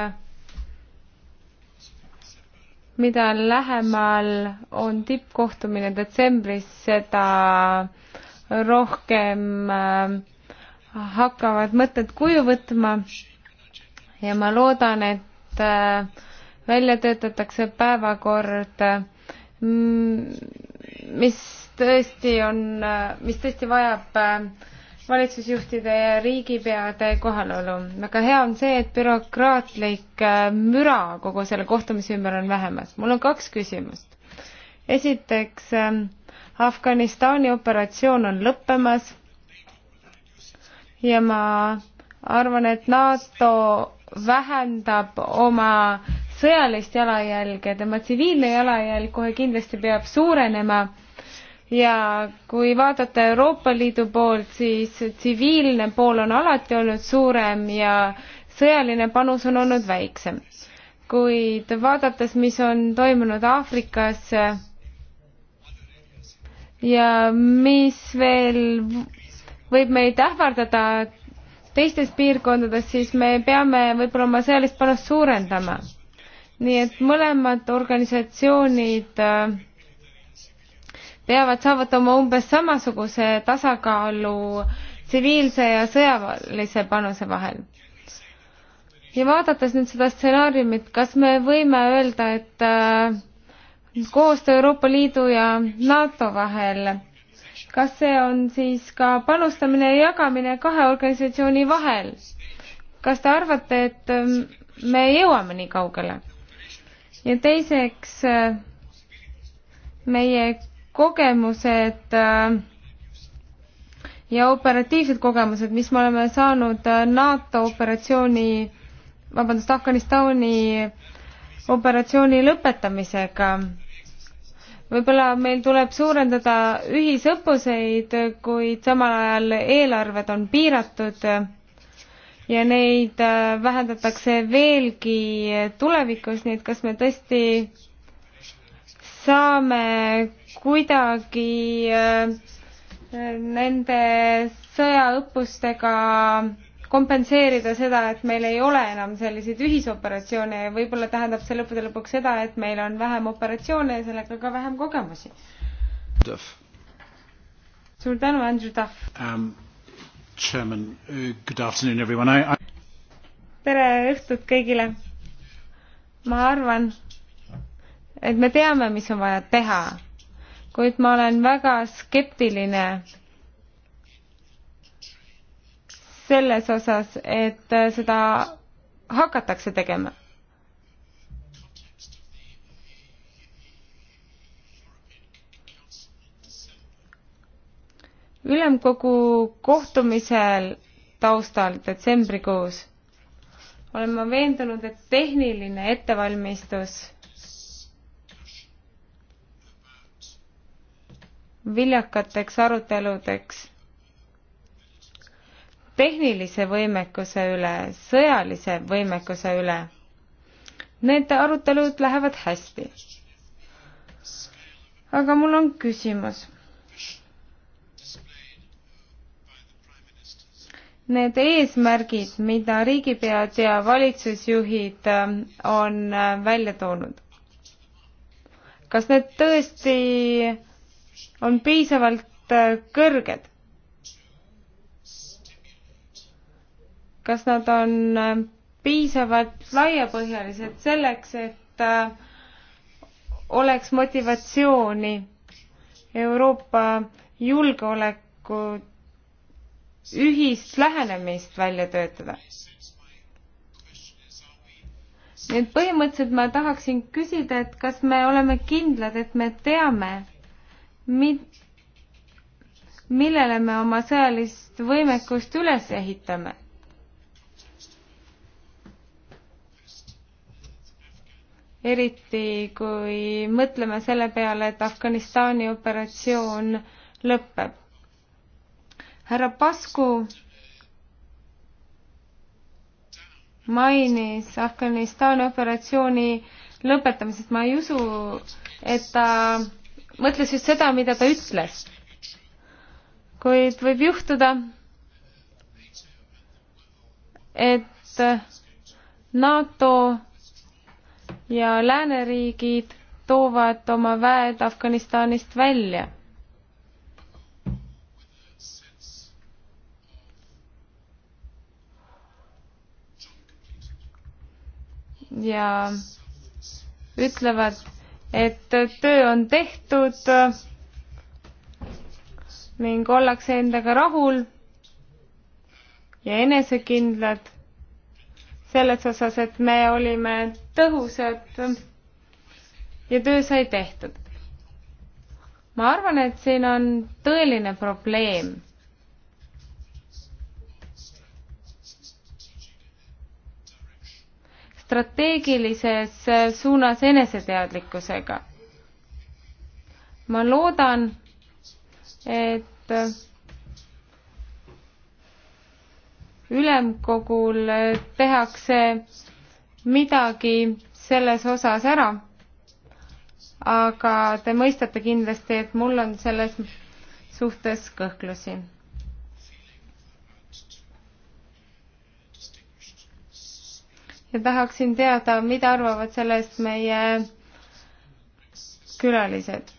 mida lähemal on tippkohtumine detsembris, seda rohkem äh, hakkavad mõtted kuju võtma ja ma loodan, et äh, välja töötatakse päevakord, äh, mis tõesti on, mis tõesti vajab äh, valitsusjuhtide ja riigipeade kohalolu. väga hea on see, et bürokraatlik äh, müra kogu selle kohtumise ümber on vähemas. mul on kaks küsimust. esiteks, ähm, Afganistani operatsioon on lõppemas ja ma arvan, et NATO vähendab oma sõjalist jalajälge, tema tsiviilne jalajälg kohe kindlasti peab suurenema ja kui vaadata Euroopa Liidu poolt, siis tsiviilne pool on alati olnud suurem ja sõjaline panus on olnud väiksem. kuid vaadates, mis on toimunud Aafrikas ja mis veel võib meid ähvardada teistes piirkondades, siis me peame võib-olla oma sõjalist panust suurendama. nii et mõlemad organisatsioonid äh, peavad saavutama umbes samasuguse tasakaalu tsiviilse ja sõjaväelise panuse vahel. ja vaadates nüüd seda stsenaariumit, kas me võime öelda, et äh, koostöö Euroopa Liidu ja NATO vahel, kas see on siis ka panustamine ja jagamine kahe organisatsiooni vahel? kas te arvate, et äh, me jõuame nii kaugele? ja teiseks, äh, meie kogemused äh, ja operatiivsed kogemused, mis me oleme saanud äh, NATO operatsiooni, vabandust, Afganistani operatsiooni lõpetamisega. võib-olla meil tuleb suurendada ühisõppuseid, kuid samal ajal eelarved on piiratud ja neid äh, vähendatakse veelgi tulevikus, nii et kas me tõesti saame kuidagi äh, nende sõjaõppustega kompenseerida seda, et meil ei ole enam selliseid ühisoperatsioone ja võib-olla tähendab see lõppude lõpuks seda, et meil on vähem operatsioone ja sellega ka vähem kogemusi. suur tänu, Andrew Duff um,. Chairman, uh, good afternoon everyone I.... tere õhtut kõigile. ma arvan, et me teame, mis on vaja teha kuid ma olen väga skeptiline selles osas, et seda hakatakse tegema. ülemkogu kohtumisel taustal detsembrikuus olen ma veendunud, et tehniline ettevalmistus viljakateks aruteludeks tehnilise võimekuse üle, sõjalise võimekuse üle. Need arutelud lähevad hästi. aga mul on küsimus. Need eesmärgid, mida riigipead ja valitsusjuhid ähm, on äh, välja toonud, kas need tõesti on piisavalt äh, kõrged? kas nad on äh, piisavalt laiapõhjalised selleks, et äh, oleks motivatsiooni Euroopa julgeoleku ühist lähenemist välja töötada? nii et põhimõtteliselt ma tahaksin küsida, et kas me oleme kindlad, et me teame, mid-, millele me oma sõjalist võimekust üles ehitame. eriti kui mõtleme selle peale, et Afganistani operatsioon lõpeb. härra Pasku mainis Afganistani operatsiooni lõpetamisest, ma ei usu, et ta äh, mõtles just seda, mida ta ütles. kuid võib juhtuda, et NATO ja lääneriigid toovad oma väed Afganistanist välja. ja ütlevad et töö on tehtud ning ollakse endaga rahul ja enesekindlad selles osas, et me olime tõhusad ja töö sai tehtud. ma arvan, et siin on tõeline probleem strateegilises suunas eneseteadlikkusega. ma loodan, et ülemkogul tehakse midagi selles osas ära. aga te mõistate kindlasti, et mul on selles suhtes kõhklusi ja tahaksin teada, mida arvavad sellest meie külalised.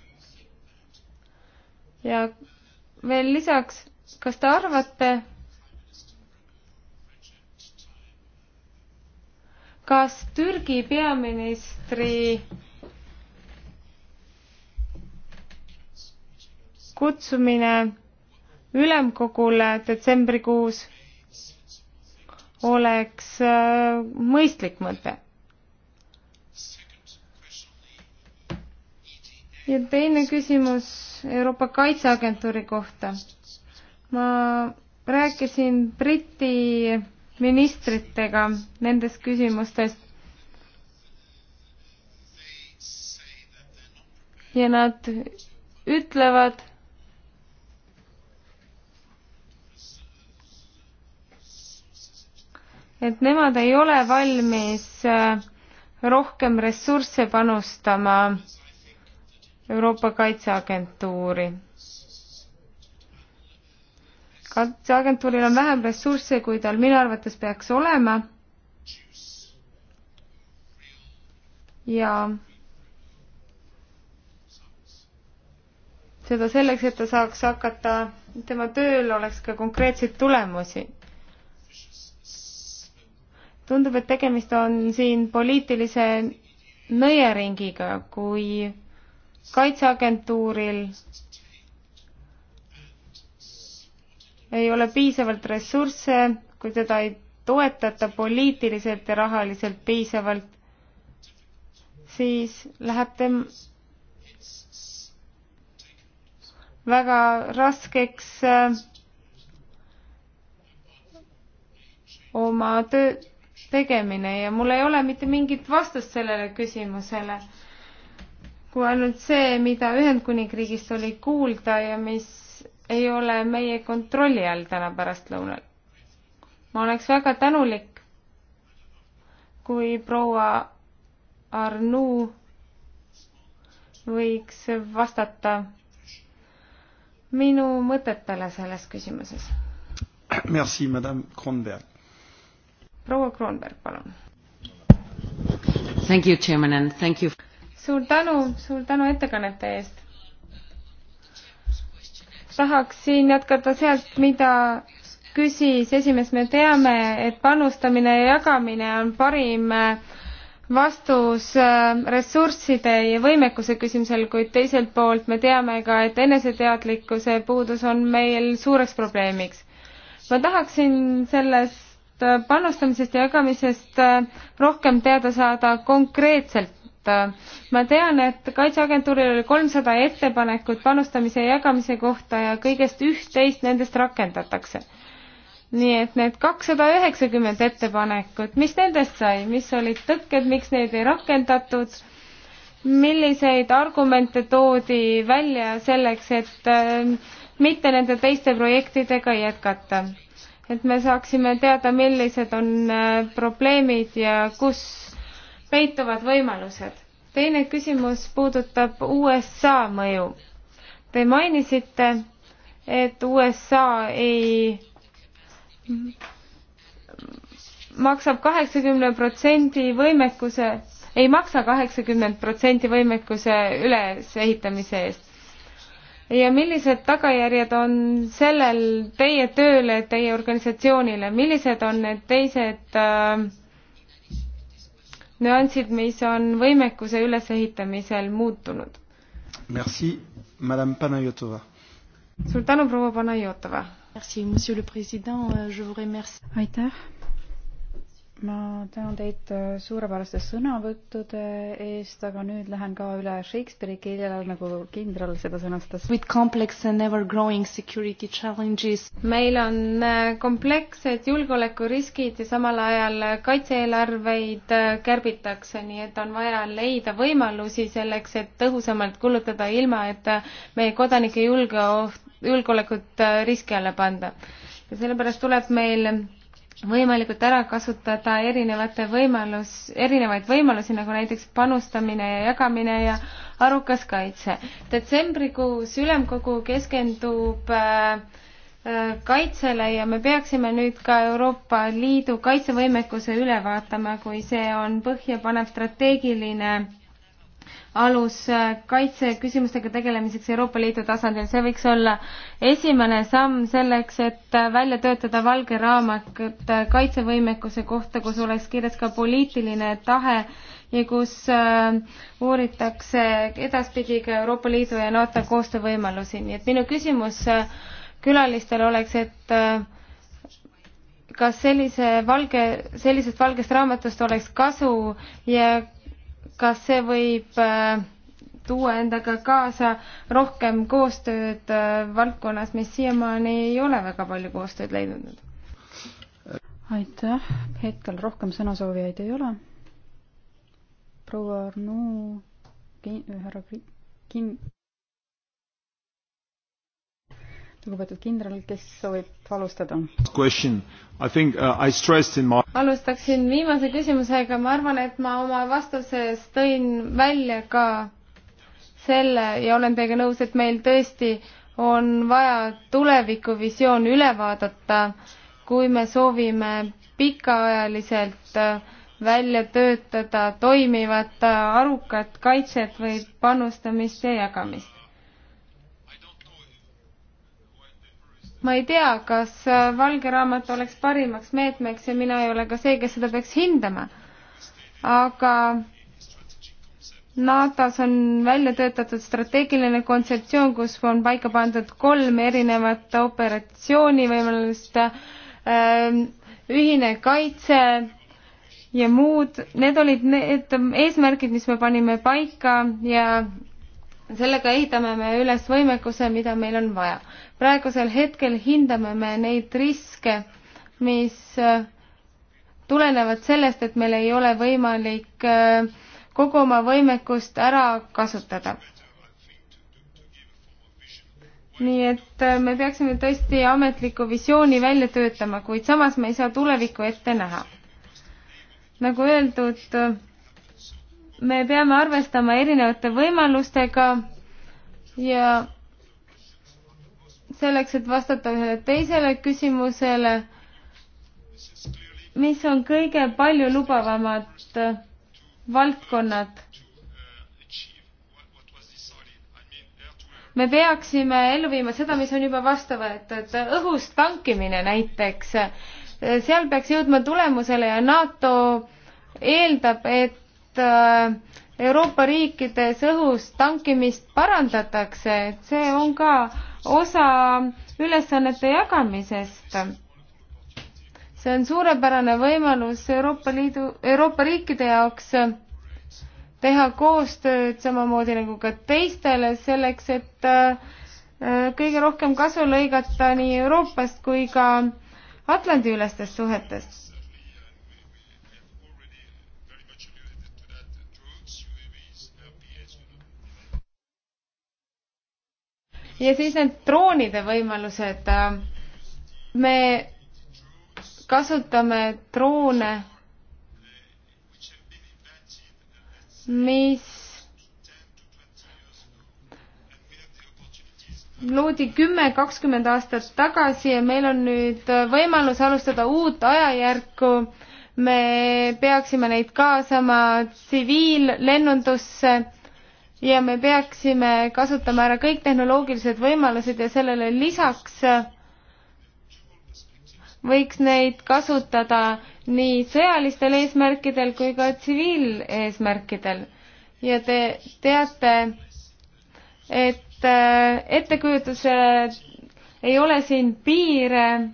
ja veel lisaks, kas te arvate, kas Türgi peaministri kutsumine ülemkogule detsembrikuus oleks äh, mõistlik mõte. ja teine küsimus Euroopa Kaitseagentuuri kohta. ma rääkisin Briti ministritega nendest küsimustest ja nad ütlevad, et nemad ei ole valmis äh, rohkem ressursse panustama Euroopa Kaitseagentuuri. kaitseagentuuril on vähem ressursse, kui tal minu arvates peaks olema. ja seda selleks, et ta saaks hakata, tema tööl oleks ka konkreetseid tulemusi tundub, et tegemist on siin poliitilise nõiaringiga, kui kaitseagentuuril ei ole piisavalt ressursse, kui teda ei toetata poliitiliselt ja rahaliselt piisavalt, siis läheb tem- väga raskeks äh, oma töö tegemine ja mul ei ole mitte mingit vastust sellele küsimusele, kui ainult see, mida Ühendkuningriigist oli kuulda ja mis ei ole meie kontrolli all täna pärastlõunal. ma oleks väga tänulik, kui proua Arnu võiks vastata minu mõtetele selles küsimuses. Merci, madame Kronberg proua Kroonberg, palun. Thank you, chairman and thank you. suur tänu, suur tänu ettekannete eest. tahaksin jätkata sealt, mida küsis esimees, me teame, et panustamine ja jagamine on parim äh, vastus äh, ressursside ja võimekuse küsimusel, kuid teiselt poolt me teame ka, et eneseteadlikkuse puudus on meil suureks probleemiks. ma tahaksin selles Äh, panustamisest ja jagamisest äh, rohkem teada saada konkreetselt. ma tean, et Kaitseagentuuril oli kolmsada ettepanekut panustamise ja jagamise kohta ja kõigest üht-teist nendest rakendatakse. nii et need kakssada üheksakümmend ettepanekut, mis nendest sai, mis olid tõkked, miks neid ei rakendatud? milliseid argumente toodi välja selleks, et äh, mitte nende teiste projektidega jätkata? et me saaksime teada, millised on äh, probleemid ja kus peituvad võimalused. teine küsimus puudutab USA mõju. Te mainisite, et USA ei maksab kaheksakümne protsendi võimekuse, ei maksa kaheksakümmend protsenti võimekuse ülesehitamise eest ja millised tagajärjed on sellel teie tööle, teie organisatsioonile, millised on need teised äh, nüansid, mis on võimekuse ülesehitamisel muutunud? Merci, madame Panajotova. suur tänu, proua Panajotova. Merci, monsieur le president, euh, je vous remercie. aitäh ma tänan teid äh, suurepäraste sõnavõttude eest, aga nüüd lähen ka üle Shakespeare'i keelele, nagu kindral seda sõnastas. With complex and ever growing security challenges. meil on äh, komplekssed julgeolekuriskid ja samal ajal äh, kaitse-eelarveid kärbitakse, nii et on vaja leida võimalusi selleks, et tõhusamalt kulutada, ilma et meie kodanike julgeoht, julgeolekut riski alla panda. ja sellepärast tuleb meil võimalikult ära kasutada erinevate võimalus, erinevaid võimalusi, nagu näiteks panustamine ja jagamine ja arukas kaitse. detsembrikuus ülemkogu keskendub äh, äh, kaitsele ja me peaksime nüüd ka Euroopa Liidu kaitsevõimekuse üle vaatama, kui see on põhjapanev strateegiline alus äh, kaitseküsimustega tegelemiseks Euroopa Liidu tasandil. see võiks olla esimene samm selleks, et äh, välja töötada valge raamat äh, kaitsevõimekuse kohta, kus oleks kirjas ka poliitiline tahe ja kus uuritakse edaspidi ka Euroopa Liidu ja NATO koostöövõimalusi. nii et minu küsimus külalistele oleks, et kas sellise valge, sellisest valgest raamatust oleks kasu ja kas see võib äh, tuua endaga kaasa rohkem koostööd äh, valdkonnas, mis siiamaani ei ole väga palju koostööd leidnud? aitäh, hetkel rohkem sõnasoovijaid ei ole. proua Arnu, äh, härra Kim lugupeetud kindral, kes soovib alustada? Uh, my... alustaksin viimase küsimusega, ma arvan, et ma oma vastuses tõin välja ka selle ja olen teiega nõus, et meil tõesti on vaja tulevikuvisioon üle vaadata, kui me soovime pikaajaliselt äh, välja töötada toimivat äh, arukat kaitset või panustamist ja jagamist ma ei tea, kas äh, valge raamat oleks parimaks meetmeks ja mina ei ole ka see, kes seda peaks hindama. aga NATO-s on välja töötatud strateegiline kontseptsioon, kus on paika pandud kolm erinevat operatsioonivõimalust, ähm, ühine kaitse ja muud, need olid need eesmärgid, mis me panime paika ja sellega ehitame me üles võimekuse, mida meil on vaja praegusel hetkel hindame me neid riske, mis äh, tulenevad sellest, et meil ei ole võimalik äh, kogu oma võimekust ära kasutada. nii et äh, me peaksime tõesti ametliku visiooni välja töötama, kuid samas me ei saa tulevikku ette näha. nagu öeldud, me peame arvestama erinevate võimalustega ja selleks, et vastata ühele teisele küsimusele, mis on kõige paljulubavamad valdkonnad. me peaksime ellu viima seda, mis on juba vastu võetud, õhust tankimine näiteks, seal peaks jõudma tulemusele ja NATO eeldab, et äh, Euroopa riikides õhus tankimist parandatakse, et see on ka osa ülesannete jagamisest. see on suurepärane võimalus Euroopa Liidu, Euroopa riikide jaoks teha koostööd samamoodi nagu ka teistele selleks, et äh, kõige rohkem kasu lõigata nii Euroopast kui ka Atlandi-ülestest suhetest ja siis need droonide võimalused. me kasutame droone, mis loodi kümme, kakskümmend aastat tagasi ja meil on nüüd võimalus alustada uut ajajärku. me peaksime neid kaasama tsiviillennundusse ja me peaksime kasutama ära kõik tehnoloogilised võimalused ja sellele lisaks võiks neid kasutada nii sõjalistel eesmärkidel kui ka tsiviileesmärkidel. ja te teate, et äh, ettekujutusele ei ole siin piire,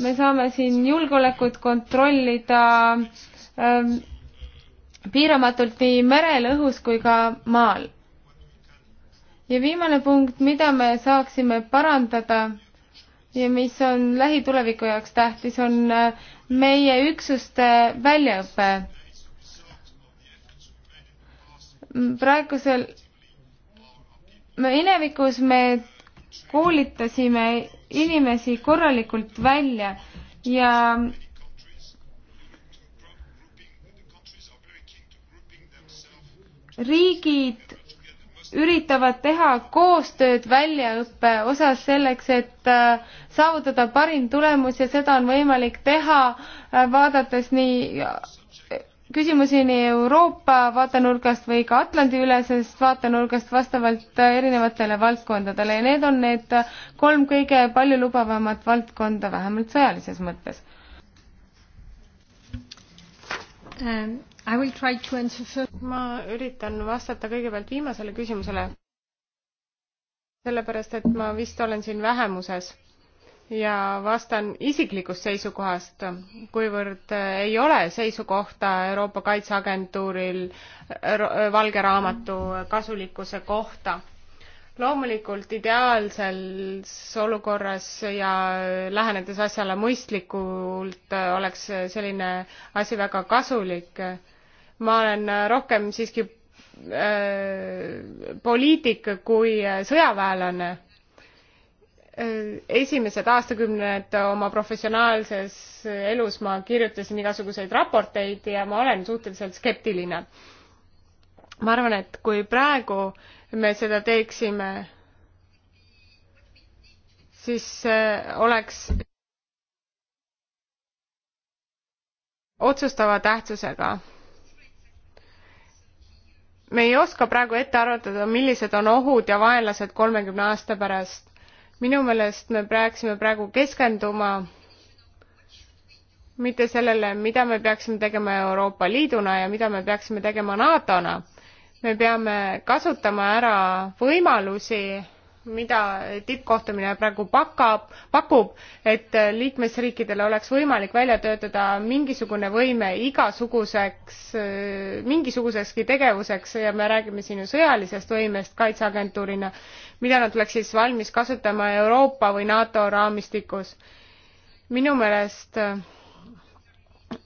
me saame siin julgeolekut kontrollida, ähm, piiramatult nii merel, õhus kui ka maal. ja viimane punkt, mida me saaksime parandada ja mis on lähituleviku jaoks tähtis, on äh, meie üksuste väljaõpe. praegusel, minevikus me koolitasime inimesi korralikult välja ja riigid üritavad teha koostööd väljaõppe osas selleks, et äh, saavutada parim tulemus ja seda on võimalik teha, äh, vaadates nii äh, küsimusi nii Euroopa vaatenurgast või ka Atlandi-ülesest vaatenurgast vastavalt erinevatele valdkondadele ja need on need kolm kõige paljulubavamat valdkonda, vähemalt sõjalises mõttes um, ma üritan vastata kõigepealt viimasele küsimusele, sellepärast et ma vist olen siin vähemuses ja vastan isiklikust seisukohast, kuivõrd ei ole seisukohta Euroopa Kaitseagentuuril valge raamatu kasulikkuse kohta. loomulikult ideaalses olukorras ja lähenedes asjale mõistlikult oleks selline asi väga kasulik ma olen rohkem siiski äh, poliitik kui äh, sõjaväelane. Äh, esimesed aastakümned oma professionaalses elus ma kirjutasin igasuguseid raporteid ja ma olen suhteliselt skeptiline. ma arvan, et kui praegu me seda teeksime, siis äh, oleks otsustava tähtsusega me ei oska praegu ette arvatada, millised on ohud ja vaenlased kolmekümne aasta pärast. minu meelest me peaksime praegu keskenduma mitte sellele, mida me peaksime tegema Euroopa Liiduna ja mida me peaksime tegema NATO-na. me peame kasutama ära võimalusi mida tippkohtumine praegu pakab, pakub, et liikmesriikidel oleks võimalik välja töötada mingisugune võime igasuguseks, mingisugusekski tegevuseks ja me räägime siin ju sõjalisest võimest kaitseagentuurina, mida nad oleks siis valmis kasutama Euroopa või NATO raamistikus. minu meelest äh,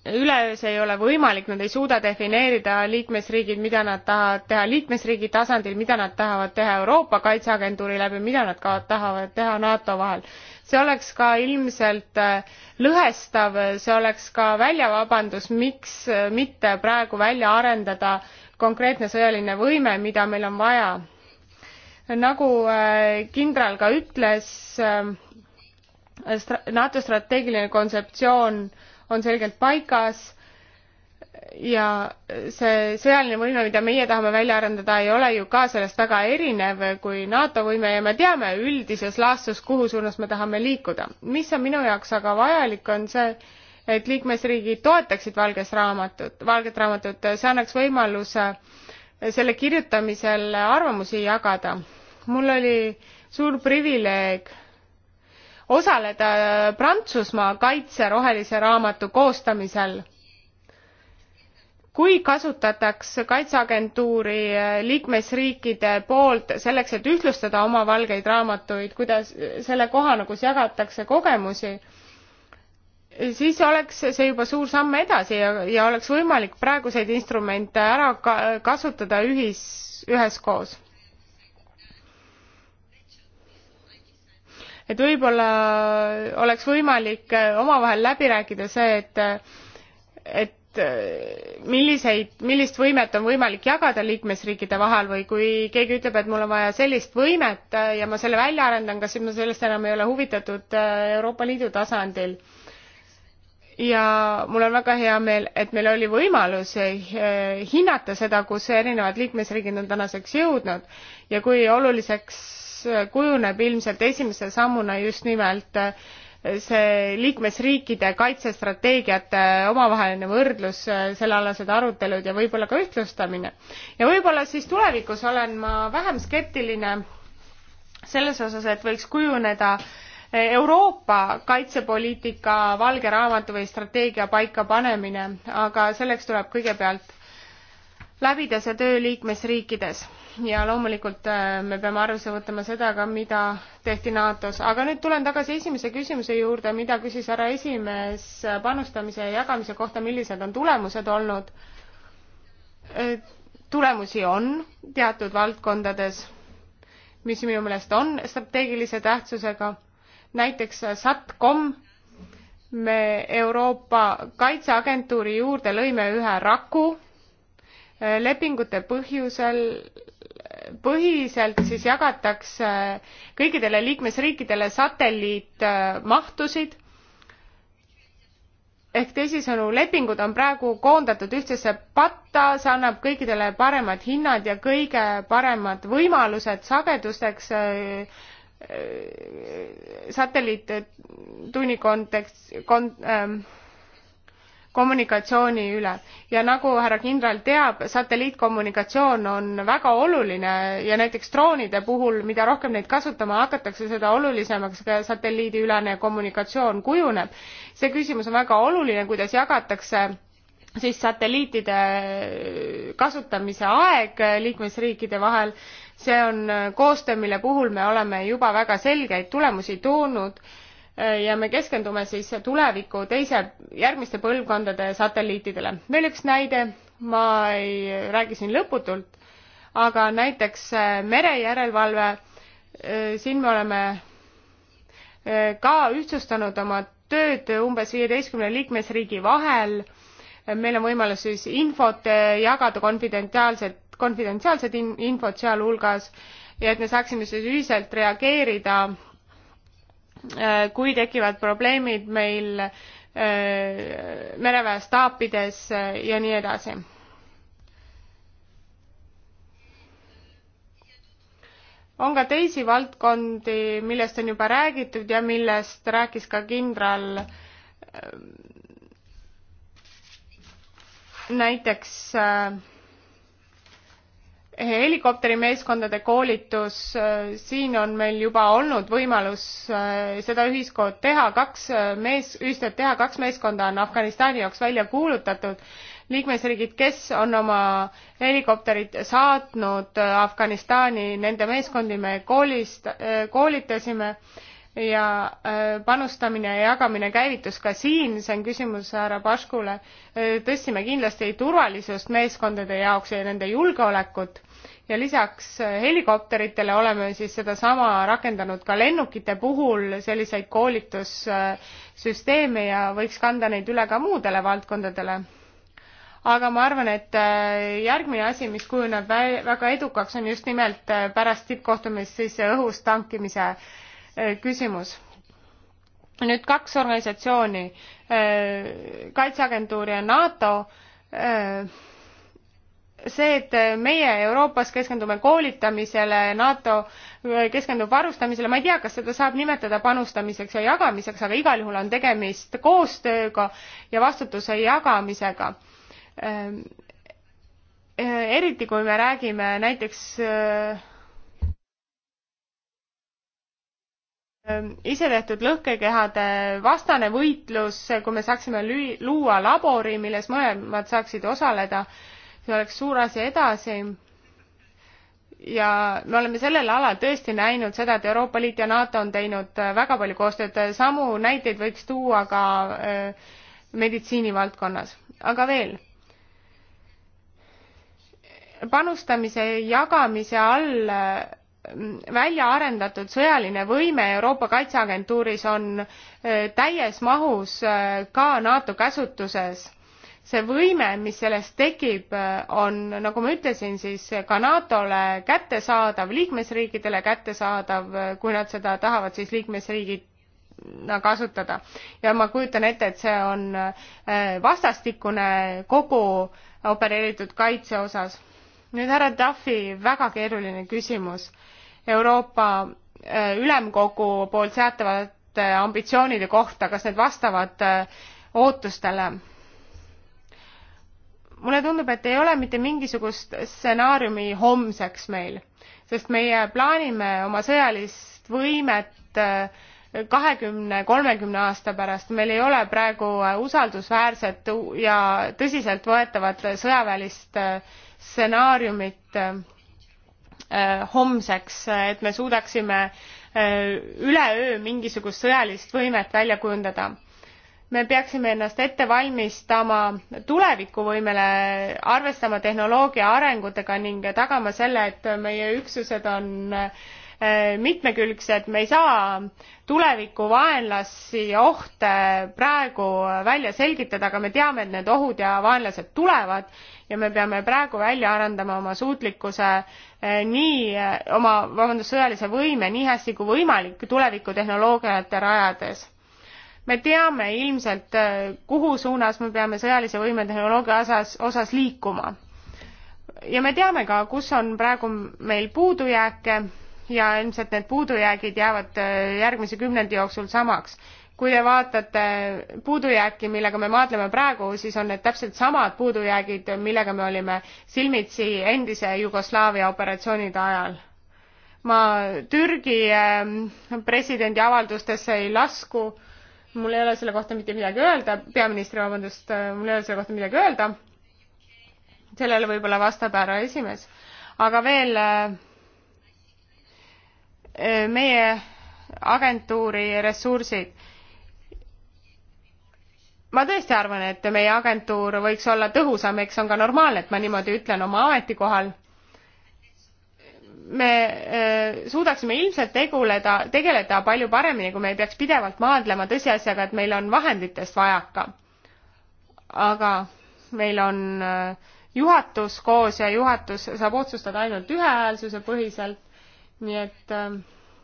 üleöö see ei ole võimalik, nad ei suuda defineerida liikmesriigid, mida nad tahavad teha liikmesriigi tasandil, mida nad tahavad teha Euroopa Kaitseagentuuri läbi, mida nad ka tahavad teha NATO vahel. see oleks ka ilmselt äh, lõhestav, see oleks ka väljavabandus, miks äh, mitte praegu välja arendada konkreetne sõjaline võime, mida meil on vaja. nagu äh, kindral ka ütles, NATO strateegiline kontseptsioon äh, on selgelt paigas ja see sõjaline võime, mida meie tahame välja arendada, ei ole ju ka sellest väga erinev kui NATO võime ja me teame üldises laastus, kuhu suunas me tahame liikuda. mis on minu jaoks aga vajalik, on see, et liikmesriigid toetaksid valges raamatut, valget raamatut, see annaks võimaluse selle kirjutamisel arvamusi jagada. mul oli suur privileeg osaleda Prantsusmaa kaitse rohelise raamatu koostamisel. kui kasutatakse kaitseagentuuri liikmesriikide poolt selleks, et ühtlustada oma valgeid raamatuid, kuidas selle kohana, nagu kus jagatakse kogemusi, siis oleks see juba suur samm edasi ja, ja oleks võimalik praeguseid instrumente ära ka, kasutada ühis, üheskoos et võib-olla oleks võimalik äh, omavahel läbi rääkida see, et, et äh, milliseid, millist võimet on võimalik jagada liikmesriikide vahel või kui keegi ütleb, et mul on vaja sellist võimet äh, ja ma selle välja arendan, kas siis ma sellest enam ei ole huvitatud Euroopa Liidu tasandil ja mul on väga hea meel, et meil oli võimalus hinnata seda, kus erinevad liikmesriigid on tänaseks jõudnud ja kui oluliseks kujuneb ilmselt esimese sammuna just nimelt eh, see liikmesriikide kaitsestrateegiate omavaheline võrdlus, eh, sellealased arutelud ja võib-olla ka ühtlustamine. ja võib-olla siis tulevikus olen ma vähem skeptiline selles osas, et võiks kujuneda eh, Euroopa kaitsepoliitika valge raamatu või strateegia paikapanemine, aga selleks tuleb kõigepealt läbida see töö liikmesriikides ja loomulikult äh, me peame arvesse võtma seda ka, mida tehti NATO-s, aga nüüd tulen tagasi esimese küsimuse juurde, mida küsis härra esimees panustamise ja jagamise kohta, millised on tulemused olnud. Äh, tulemusi on teatud valdkondades, mis minu meelest on strateegilise tähtsusega, näiteks SATCOM, me Euroopa Kaitseagentuuri juurde lõime ühe raku lepingute põhjusel, põhiselt siis jagatakse kõikidele liikmesriikidele satelliitmahtusid ehk teisisõnu, lepingud on praegu koondatud ühtsesse patta, see annab kõikidele paremad hinnad ja kõige paremad võimalused sagedusteks äh, äh, satelliittunni kontekst, kon- ähm,, kommunikatsiooni üle ja nagu härra kindral teab satelliitkommunikatsioon on väga oluline ja näiteks droonide puhul mida rohkem neid kasutama hakatakse seda olulisemaks ka satelliidiülene kommunikatsioon kujuneb see küsimus on väga oluline kuidas jagatakse siis satelliitide kasutamise aeg liikmesriikide vahel see on koostöö mille puhul me oleme juba väga selgeid tulemusi toonud ja me keskendume siis tuleviku teise, järgmiste põlvkondade satelliitidele. veel üks näide, ma ei räägi siin lõputult, aga näiteks äh, merejärelevalve, äh, siin me oleme äh, ka ühtsustanud oma tööd umbes viieteistkümne liikmesriigi vahel. meil on võimalus siis infot jagada konfidentsiaalset, konfidentsiaalset infot sealhulgas ja et me saaksime siis ühiselt reageerida Äh, kui tekivad probleemid meil äh, mereväe staapides äh, ja nii edasi. on ka teisi valdkondi, millest on juba räägitud ja millest rääkis ka kindral näiteks äh, helikopterimeeskondade koolitus, äh, siin on meil juba olnud võimalus äh, seda ühiskood teha, kaks äh, mees, ühistööd teha, kaks meeskonda on Afganistani jaoks välja kuulutatud. liikmesriigid, kes on oma helikopterid saatnud Afganistani, nende meeskondi me koolist, koolitasime ja panustamine ja jagamine käivitus ka siin, see on küsimus härra Paškule, tõstsime kindlasti turvalisust meeskondade jaoks ja nende julgeolekut ja lisaks eh, helikopteritele oleme siis sedasama rakendanud ka lennukite puhul selliseid koolitussüsteeme ja võiks kanda neid üle ka muudele valdkondadele aga ma arvan, et eh, järgmine asi, mis kujuneb väga edukaks, on just nimelt eh, pärast tippkohtumist siis õhus tankimise küsimus. nüüd kaks organisatsiooni, Kaitseagentuur ja NATO see, et meie Euroopas keskendume koolitamisele, NATO keskendub varustamisele, ma ei tea, kas seda saab nimetada panustamiseks ja jagamiseks, aga igal juhul on tegemist koostööga ja vastutuse jagamisega. Ehm, eh, eriti kui me räägime näiteks eh, ehm, isetehtud lõhkekehade vastane võitlus, kui me saaksime lüü-, luua labori, milles mõlemad saaksid osaleda see oleks suur asi edasi. ja me oleme sellel alal tõesti näinud seda, et Euroopa Liit ja NATO on teinud äh, väga palju koostööd, samu näiteid võiks tuua ka äh, meditsiinivaldkonnas, aga veel panustamise jagamise all äh, välja arendatud sõjaline võime Euroopa Kaitseagentuuris on täies mahus ka NATO käsutuses see võime, mis sellest tekib, on, nagu ma ütlesin, siis ka NATO-le kättesaadav, liikmesriikidele kättesaadav, kui nad seda tahavad, siis liikmesriigid kasutada ja ma kujutan ette, et see on eh, vastastikune kogu opereeritud kaitse osas. nüüd härra Duffy, väga keeruline küsimus. Euroopa eh, Ülemkogu poolt seatavate ambitsioonide kohta, kas need vastavad eh, ootustele? mulle tundub, et ei ole mitte mingisugust stsenaariumi homseks meil, sest meie plaanime oma sõjalist võimet äh, kahekümne, kolmekümne aasta pärast, meil ei ole praegu äh, usaldusväärset ja tõsiseltvõetavat sõjaväelist äh, stsenaariumit homseks, et me suudaksime üleöö mingisugust sõjalist võimet välja kujundada me peaksime ennast ette valmistama tulevikuvõimele, arvestama tehnoloogia arengutega ning tagama selle, et meie üksused on eh, mitmekülgsed, me ei saa tuleviku vaenlasi ja ohte praegu välja selgitada, aga me teame, et need ohud ja vaenlased tulevad ja me peame praegu välja arendama oma suutlikkuse eh, nii, oma, vabandust, sõjalise võime nii hästi kui võimalik tulevikutehnoloogiate rajades me teame ilmselt, äh, kuhu suunas me peame sõjalise võimetehnoloogia osas, osas liikuma. ja me teame ka, kus on praegu meil puudujääke ja ilmselt need puudujäägid jäävad äh, järgmise kümnendi jooksul samaks. kui te vaatate puudujääki, millega me maadleme praegu, siis on need täpselt samad puudujäägid, millega me olime silmitsi endise Jugoslaavia operatsioonide ajal. ma Türgi ähm, presidendi avaldustesse ei lasku mul ei ole selle kohta mitte midagi öelda, peaministri, vabandust, mul ei ole selle kohta midagi öelda. sellele võib-olla vastab härra esimees. aga veel äh, äh, meie agentuuri ressursid. ma tõesti arvan, et meie agentuur võiks olla tõhusam, eks see on ka normaalne, et ma niimoodi ütlen oma ametikohal me äh, suudaksime ilmselt teguleda, tegeleda palju paremini, kui me ei peaks pidevalt maadlema tõsiasjaga, et meil on vahenditest vajaka. aga meil on äh, juhatus koos ja juhatus saab otsustada ainult ühehäälsuse põhiselt, nii et äh,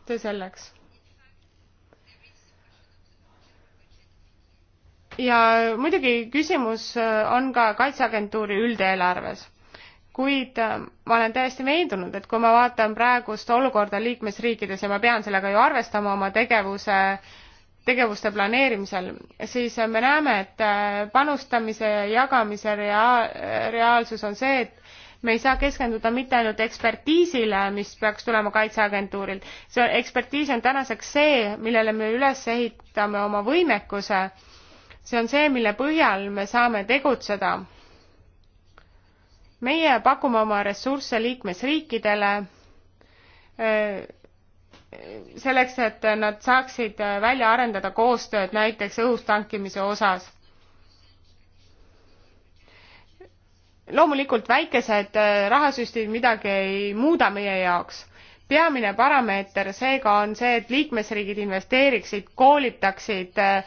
see selleks. ja muidugi küsimus on ka Kaitseagentuuri üldeelarves kuid äh, ma olen täiesti veendunud, et kui ma vaatan praegust olukorda liikmesriikides ja ma pean sellega ju arvestama oma tegevuse, tegevuste planeerimisel, siis me näeme, et äh, panustamise ja jagamise rea-, reaalsus on see, et me ei saa keskenduda mitte ainult ekspertiisile, mis peaks tulema Kaitseagentuurilt, see ekspertiis on tänaseks see, millele me üles ehitame oma võimekuse, see on see, mille põhjal me saame tegutseda meie pakume oma ressursse liikmesriikidele äh, selleks, et nad saaksid äh, välja arendada koostööd näiteks õhus tankimise osas. loomulikult väikesed äh, rahasüstid midagi ei muuda meie jaoks. peamine parameeter seega on see, et liikmesriigid investeeriksid, koolitaksid äh,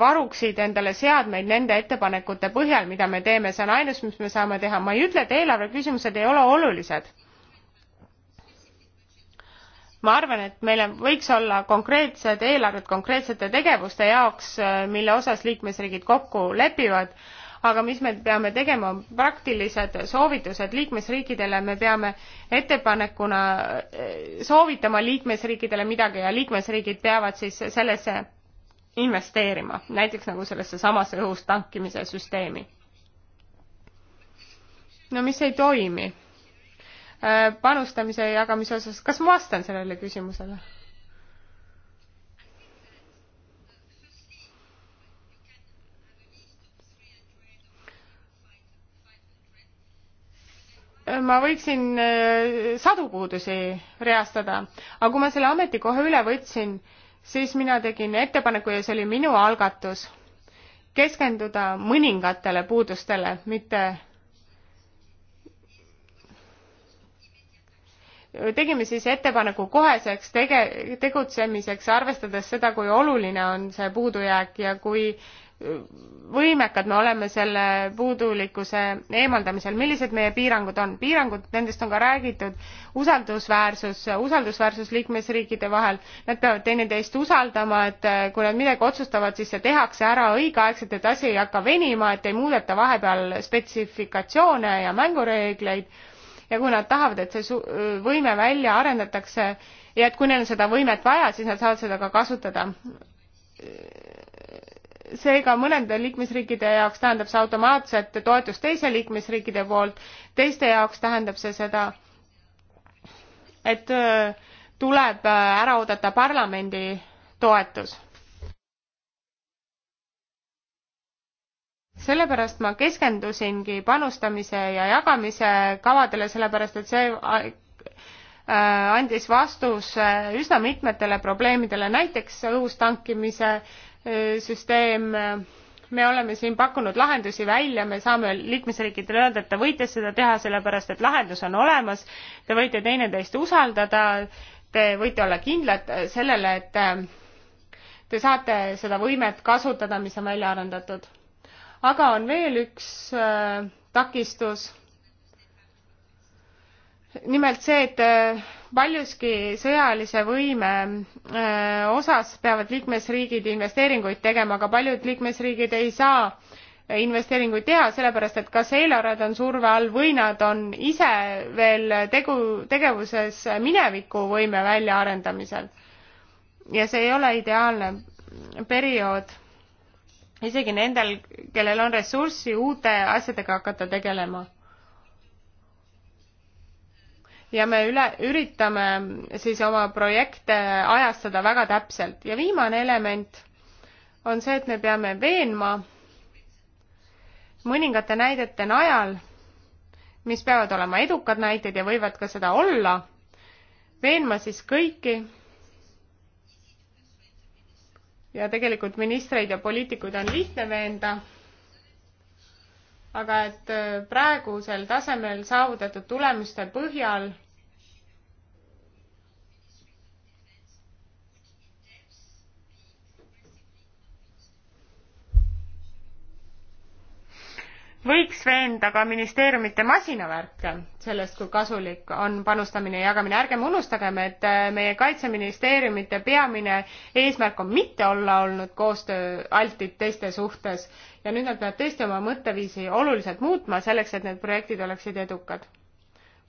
varuksid endale seadmeid nende ettepanekute põhjal, mida me teeme, see on ainus, mis me saame teha. ma ei ütle, et eelarve küsimused ei ole olulised. ma arvan, et meil võiks olla konkreetsed eelarved konkreetsete tegevuste jaoks, mille osas liikmesriigid kokku lepivad, aga mis me peame tegema, on praktilised soovitused liikmesriikidele, me peame ettepanekuna eh, soovitama liikmesriikidele midagi ja liikmesriigid peavad siis sellesse investeerima, näiteks nagu sellesse samasse õhus tankimise süsteemi. no mis ei toimi? Äh, panustamise ja jagamise osas, kas ma vastan sellele küsimusele? Äh, ma võiksin äh, sadu puudusi reastada, aga kui ma selle ametikoha üle võtsin, siis mina tegin ettepaneku ja see oli minu algatus, keskenduda mõningatele puudustele, mitte tegime siis ettepaneku koheseks tege- tegutsemiseks arvestades seda kui oluline on see puudujääk ja kui võimekad me oleme selle puudulikkuse eemaldamisel, millised meie piirangud on? piirangud, nendest on ka räägitud, usaldusväärsus, usaldusväärsus liikmesriikide vahel, nad peavad teineteist usaldama, et eh, kui nad midagi otsustavad, siis see tehakse ära õigeaegselt, et asi ei hakka venima, et ei muudeta vahepeal spetsifikatsioone ja mängureegleid ja kui nad tahavad, et see võime välja arendatakse ja et kui neil on seda võimet vaja, siis nad saavad seda ka kasutada seega mõnede liikmesriikide jaoks tähendab see automaatset toetust teise liikmesriikide poolt, teiste jaoks tähendab see seda, et äh, tuleb äh, ära oodata parlamendi toetus. sellepärast ma keskendusingi panustamise ja jagamise kavadele, sellepärast et see äh, andis vastuse üsna mitmetele probleemidele, näiteks õhus tankimise süsteem me oleme siin pakkunud lahendusi välja me saame liikmesriikidele öelda et te võite seda teha sellepärast et lahendus on olemas te võite teineteist usaldada te võite olla kindlad sellele et eh, te saate seda võimet kasutada mis on välja arendatud aga on veel üks eh, takistus nimelt see et eh, paljuski sõjalise võime äh, osas peavad liikmesriigid investeeringuid tegema aga paljud liikmesriigid ei saa investeeringuid teha sellepärast et kas eelarved on surve all või nad on ise veel tegu tegevuses mineviku võime väljaarendamisel ja see ei ole ideaalne periood isegi nendel kellel on ressurssi uute asjadega hakata tegelema ja me üle, üritame siis oma projekte ajastada väga täpselt ja viimane element on see, et me peame veenma mõningate näidete najal, mis peavad olema edukad näited ja võivad ka seda olla, veenma siis kõiki ja tegelikult ministreid ja poliitikuid on lihtne veenda aga et praegusel tasemel saavutatud tulemuste põhjal võiks veenda ka ministeeriumite masinavärke sellest, kui kasulik on panustamine ja jagamine. ärgem unustagem, et äh, meie kaitseministeeriumite peamine eesmärk on mitte olla olnud koostööaltid teiste suhtes ja nüüd nad peavad tõesti oma mõtteviisi oluliselt muutma selleks, et need projektid oleksid edukad.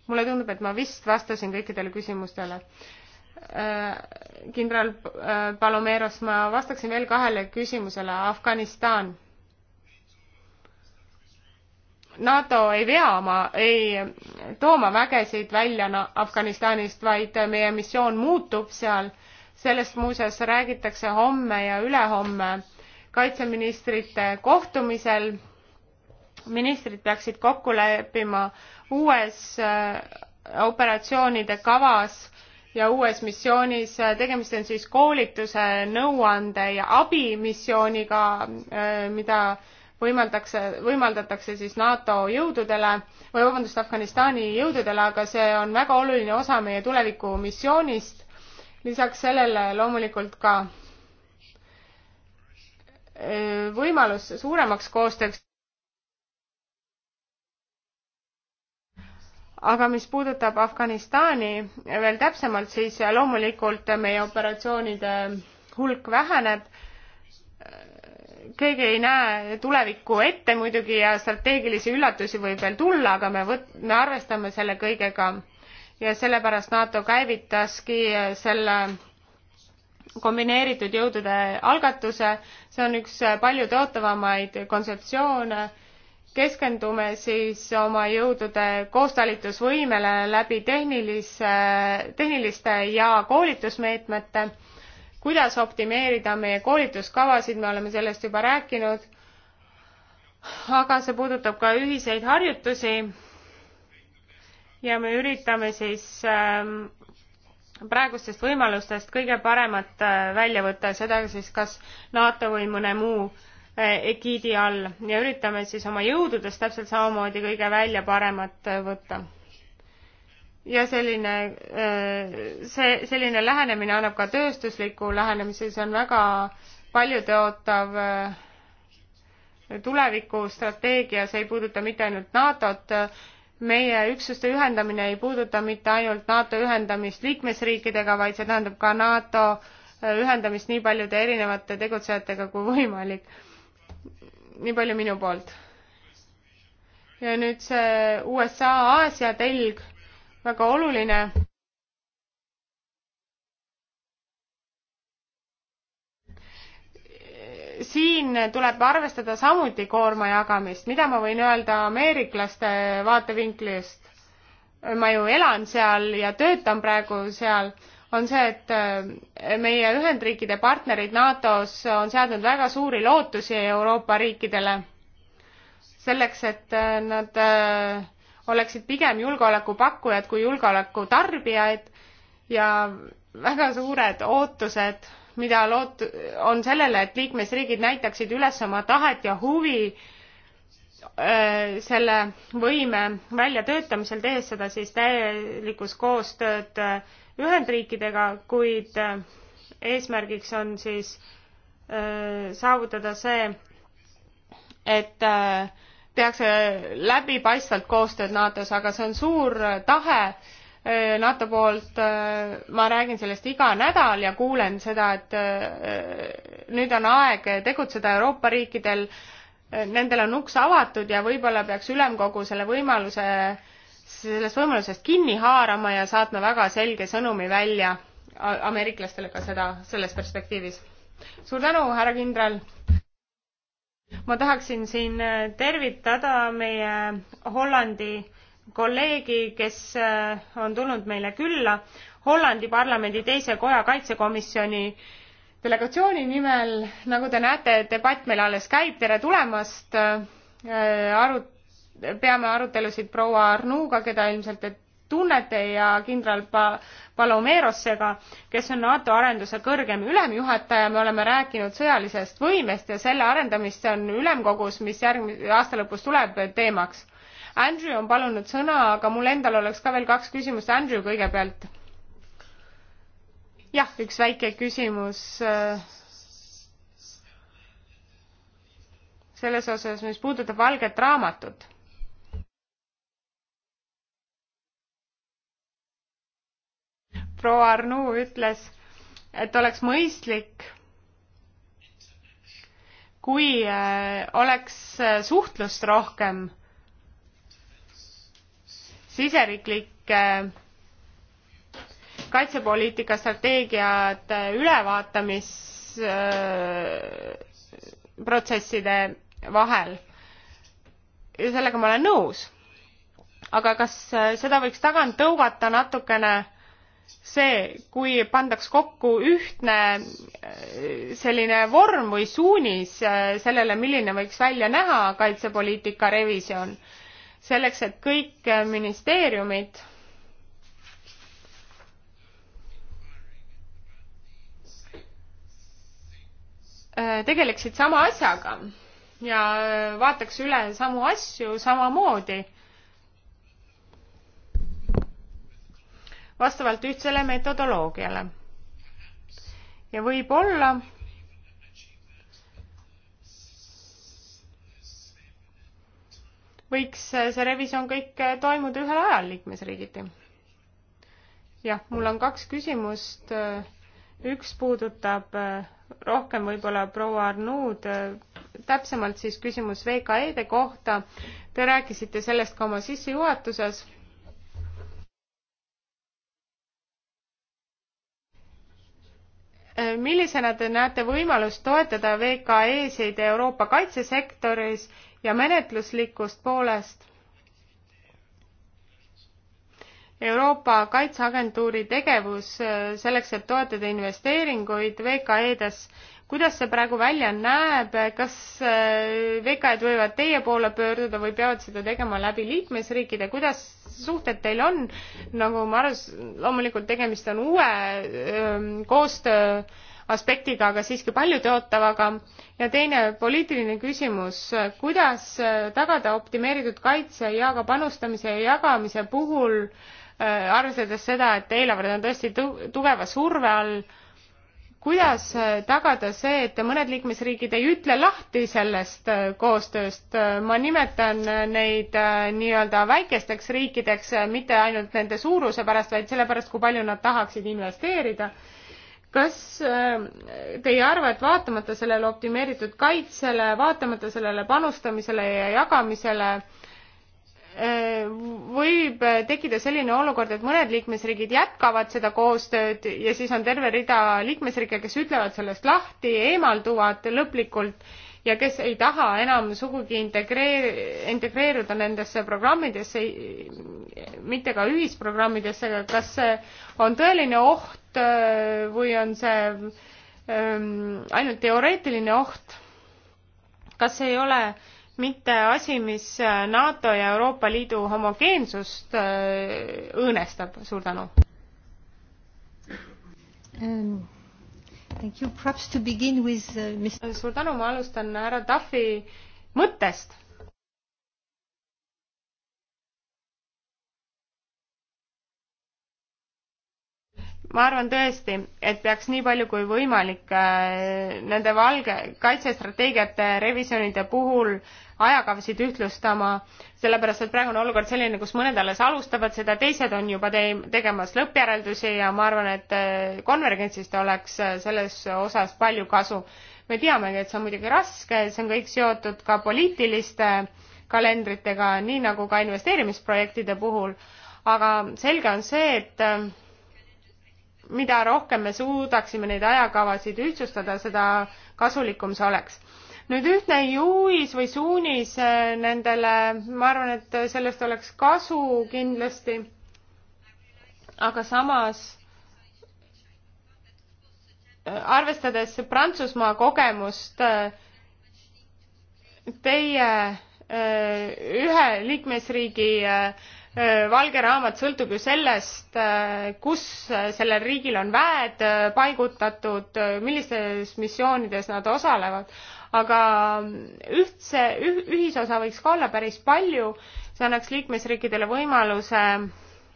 mulle tundub, et ma vist vastasin kõikidele küsimustele äh, kindral äh, Palomeros, ma vastaksin veel kahele küsimusele. Afganistan NATO ei vea oma, ei too oma vägesid välja Afganistanist, vaid meie missioon muutub seal. sellest muuseas räägitakse homme ja ülehomme kaitseministrite kohtumisel. ministrid peaksid kokku leppima uues äh, operatsioonide kavas ja uues missioonis, tegemist on siis koolituse, nõuande ja abimissiooniga, äh, mida võimaldakse, võimaldatakse siis NATO jõududele või vabandust, Afganistani jõududele, aga see on väga oluline osa meie tulevikumissioonist. lisaks sellele loomulikult ka äh, võimalus suuremaks koostööks. aga mis puudutab Afganistani veel täpsemalt, siis loomulikult meie operatsioonide hulk väheneb keegi ei näe tulevikku ette muidugi ja strateegilisi üllatusi võib veel tulla, aga me võt-, me arvestame selle kõigega ja sellepärast NATO käivitaski selle kombineeritud jõudude algatuse, see on üks paljude ootavamaid kontseptsioone, keskendume siis oma jõudude koostalitusvõimele läbi tehnilise, tehniliste ja koolitusmeetmete kuidas optimeerida meie koolituskavasid, me oleme sellest juba rääkinud, aga see puudutab ka ühiseid harjutusi ja me üritame siis ähm, praegustest võimalustest kõige paremat äh, välja võtta, seda siis kas NATO või mõne muu äh, egiidi all ja üritame siis oma jõududest täpselt samamoodi kõige välja paremat äh, võtta ja selline, äh, see, selline lähenemine annab ka tööstusliku lähenemise, see on väga paljutõotav äh, tulevikustrateegia, see ei puuduta mitte ainult NATO-t, meie üksuste ühendamine ei puuduta mitte ainult NATO ühendamist liikmesriikidega, vaid see tähendab ka NATO äh, ühendamist nii paljude erinevate tegutsejatega kui võimalik. nii palju minu poolt. ja nüüd see USA-Aasia telg väga oluline. siin tuleb arvestada samuti koorma jagamist, mida ma võin öelda ameeriklaste vaatevinklist. ma ju elan seal ja töötan praegu seal, on see, et äh, meie Ühendriikide partnerid NATO-s on seadnud väga suuri lootusi Euroopa riikidele selleks, et äh, nad äh, oleksid pigem julgeolekupakkujad kui julgeoleku tarbijad ja väga suured ootused, mida loot-, on sellele, et liikmesriigid näitaksid üles oma tahet ja huvi öö, äh, selle võime väljatöötamisel, tehes seda siis täielikus koostööd äh, Ühendriikidega, kuid äh, eesmärgiks on siis öö, saavutada see, et äh, tehakse läbipaistvalt koostööd NATO-s, aga see on suur tahe eh, NATO poolt, eh, ma räägin sellest iga nädal ja kuulen seda, et eh, nüüd on aeg tegutseda Euroopa riikidel, nendel on uks avatud ja võib-olla peaks ülemkogu selle võimaluse, sellest võimalusest kinni haarama ja saatma väga selge sõnumi välja ameeriklastele ka seda, selles perspektiivis. suur tänu, härra kindral! ma tahaksin siin äh, tervitada meie Hollandi kolleegi, kes äh, on tulnud meile külla Hollandi parlamendi teise koja kaitsekomisjoni delegatsiooni nimel. nagu te näete, debatt meil alles käib, tere tulemast. Äh, aru-, peame arutelusid proua Arnuga, keda ilmselt te tunnete ja kindral pa-, Palomerosega, kes on NATO arenduse kõrgem ülemjuhataja, me oleme rääkinud sõjalisest võimest ja selle arendamist on ülemkogus, mis järgmise aasta lõpus tuleb, teemaks. Andrew on palunud sõna, aga mul endal oleks ka veel kaks küsimust, Andrew kõigepealt. jah, üks väike küsimus äh, selles osas, mis puudutab valget raamatut proua Arnu ütles, et oleks mõistlik, kui äh, oleks äh, suhtlust rohkem siseriiklike äh, kaitsepoliitika strateegiad ülevaatamisprotsesside vahel. ja sellega ma olen nõus. aga kas seda võiks tagant tõugata natukene see, kui pandaks kokku ühtne äh, selline vorm või suunis äh, sellele, milline võiks välja näha kaitsepoliitika revisjon, selleks et kõik äh, ministeeriumid tegeleksid sama asjaga ja vaataks üle samu asju samamoodi vastavalt ühtsele metodoloogiale. ja võib-olla võiks see revisjon kõik toimuda ühel ajal liikmesriigiti. jah, mul on kaks küsimust. üks puudutab rohkem võib-olla proua Arnuud, täpsemalt siis küsimus VKE-de kohta. Te rääkisite sellest ka oma sissejuhatuses millisena te näete võimalust toetada VKE-sid Euroopa kaitsesektoris ja menetluslikust poolest? Euroopa Kaitseagentuuri tegevus äh, selleks, et toetada investeeringuid VKE-des kuidas see praegu välja näeb, kas äh, VKE-d võivad teie poole pöörduda või peavad seda tegema läbi liikmesriikide, kuidas suhted teil on, nagu ma aru, loomulikult tegemist on uue ähm, koostöö aspektiga, aga siiski paljutõotavaga. ja teine poliitiline küsimus, kuidas äh, tagada optimeeritud kaitse ja ka panustamise ja jagamise puhul, äh, arvestades seda, et eelarved on tõesti tugeva surve all kuidas äh, tagada see, et mõned liikmesriigid ei ütle lahti sellest äh, koostööst, äh, ma nimetan neid nii-öelda väikesteks riikideks mitte ainult nende suuruse pärast, vaid sellepärast, kui palju nad tahaksid investeerida. kas te ei arva, et vaatamata sellele optimeeritud kaitsele, vaatamata sellele panustamisele ja jagamisele, Äh, võib äh, tekkida selline olukord, et mõned liikmesriigid jätkavad seda koostööd ja siis on terve rida liikmesriike, kes ütlevad sellest lahti, eemalduvad lõplikult ja kes ei taha enam sugugi integreer-, integreeruda nendesse programmidesse, mitte ka ühisprogrammidesse, aga kas see on tõeline oht äh, või on see ähm, ainult teoreetiline oht? kas ei ole äh, mitte asi, mis äh, NATO ja Euroopa Liidu homogeensust äh, õõnestab. suur tänu um,. Thank you, perhaps to begin with uh, Mr. suur tänu, ma alustan härra Tafi mõttest ma arvan tõesti, et peaks nii palju kui võimalik äh, nende valge, kaitsestrateegiate revisjonide puhul ajakavasid ühtlustama, sellepärast et praegune olukord selline, kus mõned alles alustavad seda, teised on juba te tegemas lõppjäreldusi ja ma arvan, et äh, konvergentsist oleks äh, selles osas palju kasu. me teamegi, et see on muidugi raske, see on kõik seotud ka poliitiliste kalendritega, nii nagu ka investeerimisprojektide puhul, aga selge on see, et mida rohkem me suudaksime neid ajakavasid ühtsustada, seda kasulikum see oleks. nüüd ühtne juhis või suunis äh, nendele, ma arvan, et sellest oleks kasu kindlasti, aga samas äh, arvestades Prantsusmaa kogemust, äh, teie ühe liikmesriigi Äh, valge raamat sõltub ju sellest, äh, kus äh, sellel riigil on väed paigutatud, millistes missioonides nad osalevad, aga mm, ühtse, ühisosa võiks ka olla päris palju, see annaks liikmesriikidele võimaluse mm,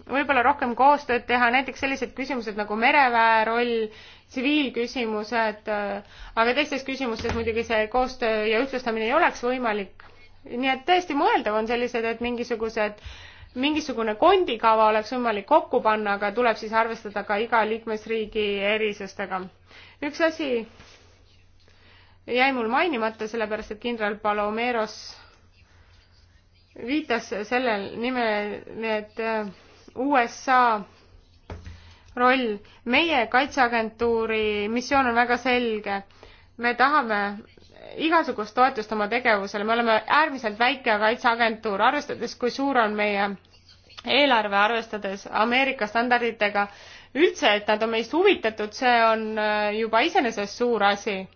võib-olla rohkem koostööd teha, näiteks sellised küsimused nagu mereväe roll, tsiviilküsimused, aga teistes küsimustes muidugi see koostöö ja ühtlustamine ei oleks võimalik nii et tõesti mõeldav on sellised, et mingisugused mingisugune kondikava oleks võimalik kokku panna, aga tuleb siis arvestada ka iga liikmesriigi erisustega. üks asi jäi mul mainimata, sellepärast et kindral Palomeros viitas sellel nimel, et äh, USA roll, meie kaitseagentuuri missioon on väga selge. me tahame igasugust toetust oma tegevusele, me oleme äärmiselt väike kaitseagentuur, arvestades, kui suur on meie eelarve, arvestades Ameerika standarditega, üldse, et nad on meist huvitatud, see on äh, juba iseenesest suur asi.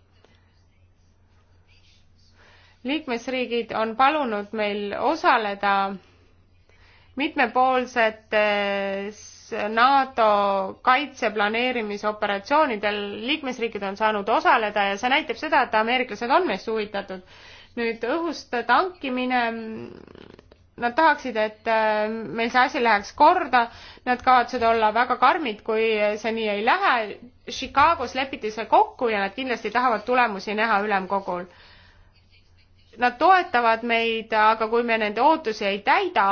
liikmesriigid on palunud meil osaleda mitmepoolsetes äh, NATO kaitseplaneerimisoperatsioonidel liikmesriigid on saanud osaleda ja see näitab seda, et ameeriklased on meist huvitatud. nüüd õhust tankimine, nad tahaksid, et äh, meil see asi läheks korda, nad kavatsevad olla väga karmid, kui see nii ei lähe. Chicagos lepiti see kokku ja nad kindlasti tahavad tulemusi näha ülemkogul. Nad toetavad meid, aga kui me nende ootusi ei täida,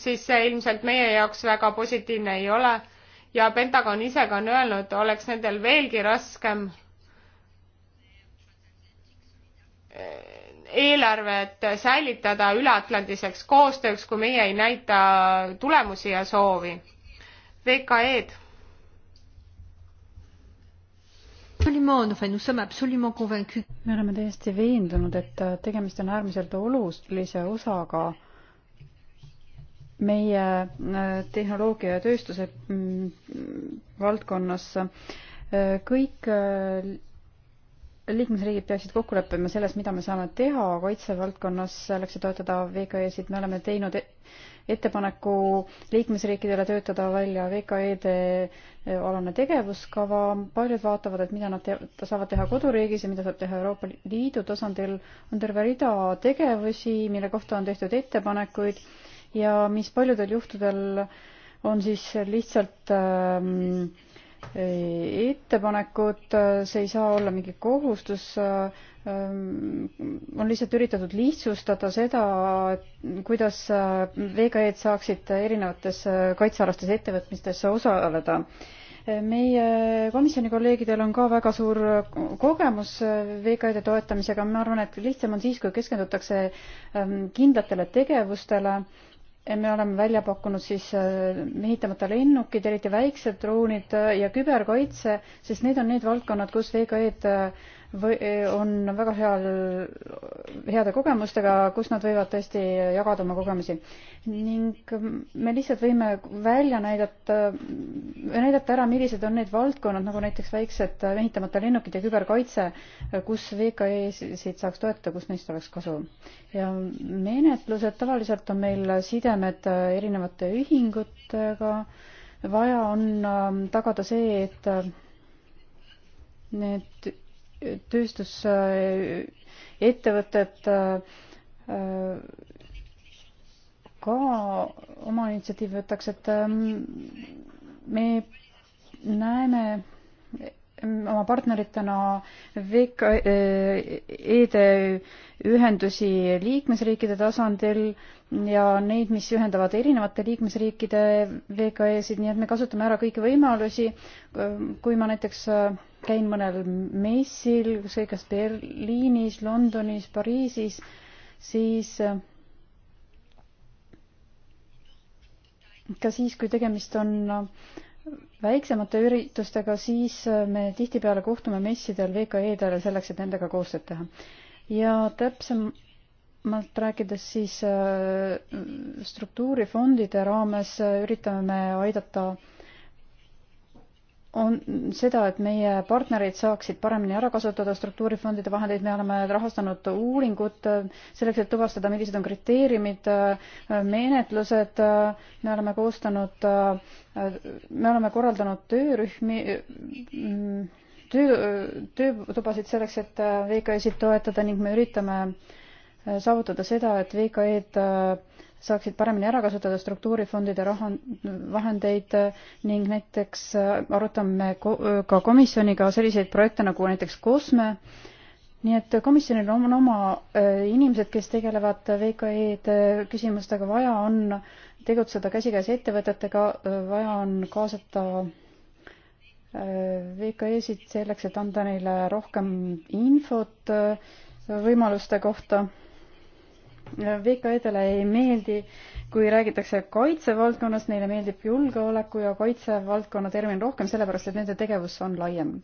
siis see ilmselt meie jaoks väga positiivne ei ole ja Pentagon ise ka on öelnud, oleks nendel veelgi raskem äh, eelarvet säilitada üleatlandiseks koostööks, kui meie ei näita tulemusi ja soovi. VKE-d. me oleme täiesti veendunud, et tegemist on äärmiselt olulise osaga meie äh, tehnoloogia ja tööstuse mm, valdkonnas kõik äh, liikmesriigid peaksid kokku leppima selles, mida me saame teha kaitsevaldkonnas selleks, et toetada VKE-sid, me oleme teinud e- ettepaneku liikmesriikidele töötada välja VKE-de e, alane tegevuskava, paljud vaatavad, et mida nad te saavad teha koduriigis ja mida saab teha Euroopa Liidu tasandil, on terve rida tegevusi, mille kohta on tehtud ettepanekuid ja mis paljudel juhtudel on siis lihtsalt ähm, ettepanekut, äh, see ei saa olla mingi kohustus, äh, ähm, on lihtsalt üritatud lihtsustada seda, kuidas äh, VKE-d saaksid erinevates kaitsealastes ettevõtmistes osaleda. meie komisjoni kolleegidel on ka väga suur kogemus VKE-de toetamisega, ma arvan, et lihtsam on siis, kui keskendutakse ähm, kindlatele tegevustele me oleme välja pakkunud siis äh, mehitamata lennukid, eriti väiksed droonid äh, ja küberkaitse, sest need on need valdkonnad, kus VKE-d äh, või e, on väga heal, heade kogemustega, kus nad võivad tõesti jagada oma kogemusi. ning me lihtsalt võime välja näidata, näidata ära, millised on need valdkonnad, nagu näiteks väiksed mehitamata lennukid ja küberkaitse, kus VKE-sid saaks toetada, kus neist oleks kasu. ja menetlused, tavaliselt on meil sidemed erinevate ühingutega, vaja on ähm, tagada see, et äh, need tööstusettevõtted äh, äh, ka oma initsiatiivi võtaks, et ähm, me näeme oma partneritena VKE-de eh, ühendusi liikmesriikide tasandil ja neid, mis ühendavad erinevate liikmesriikide VKE-sid, nii et me kasutame ära kõiki võimalusi. kui ma näiteks äh, käin mõnel messil, ükskõik kas Berliinis, Londonis, Pariisis, siis äh, ka siis, kui tegemist on äh, väiksemate üritustega, siis äh, me tihtipeale kohtume messidel VKE-del selleks, et nendega koostööd teha. ja täpsemalt rääkides siis äh, struktuurifondide raames äh, üritame me aidata äh, on seda, et meie partnerid saaksid paremini ära kasutada struktuurifondide vahendeid, me oleme rahastanud uuringut äh, selleks, et tuvastada, millised on kriteeriumid, äh, menetlused, me oleme koostanud, äh, me oleme korraldanud töörühmi, töö, töötubasid selleks, et VKE-sid toetada ning me üritame saavutada seda, et VKE-d saaksid paremini ära kasutada struktuurifondide raha, vahendeid ning näiteks äh, arutame äh, ka komisjoniga selliseid projekte nagu näiteks COSME, nii et komisjonil on oma äh, inimesed, kes tegelevad VKE-de küsimustega, vaja on tegutseda käsikäes ettevõtetega, vaja on kaasata VKE-sid selleks, et anda neile rohkem infot võimaluste kohta VKE-dele ei meeldi, kui räägitakse kaitsevaldkonnast, neile meeldib julgeoleku ja kaitsevaldkonna termin rohkem, sellepärast et nende tegevus on laiem.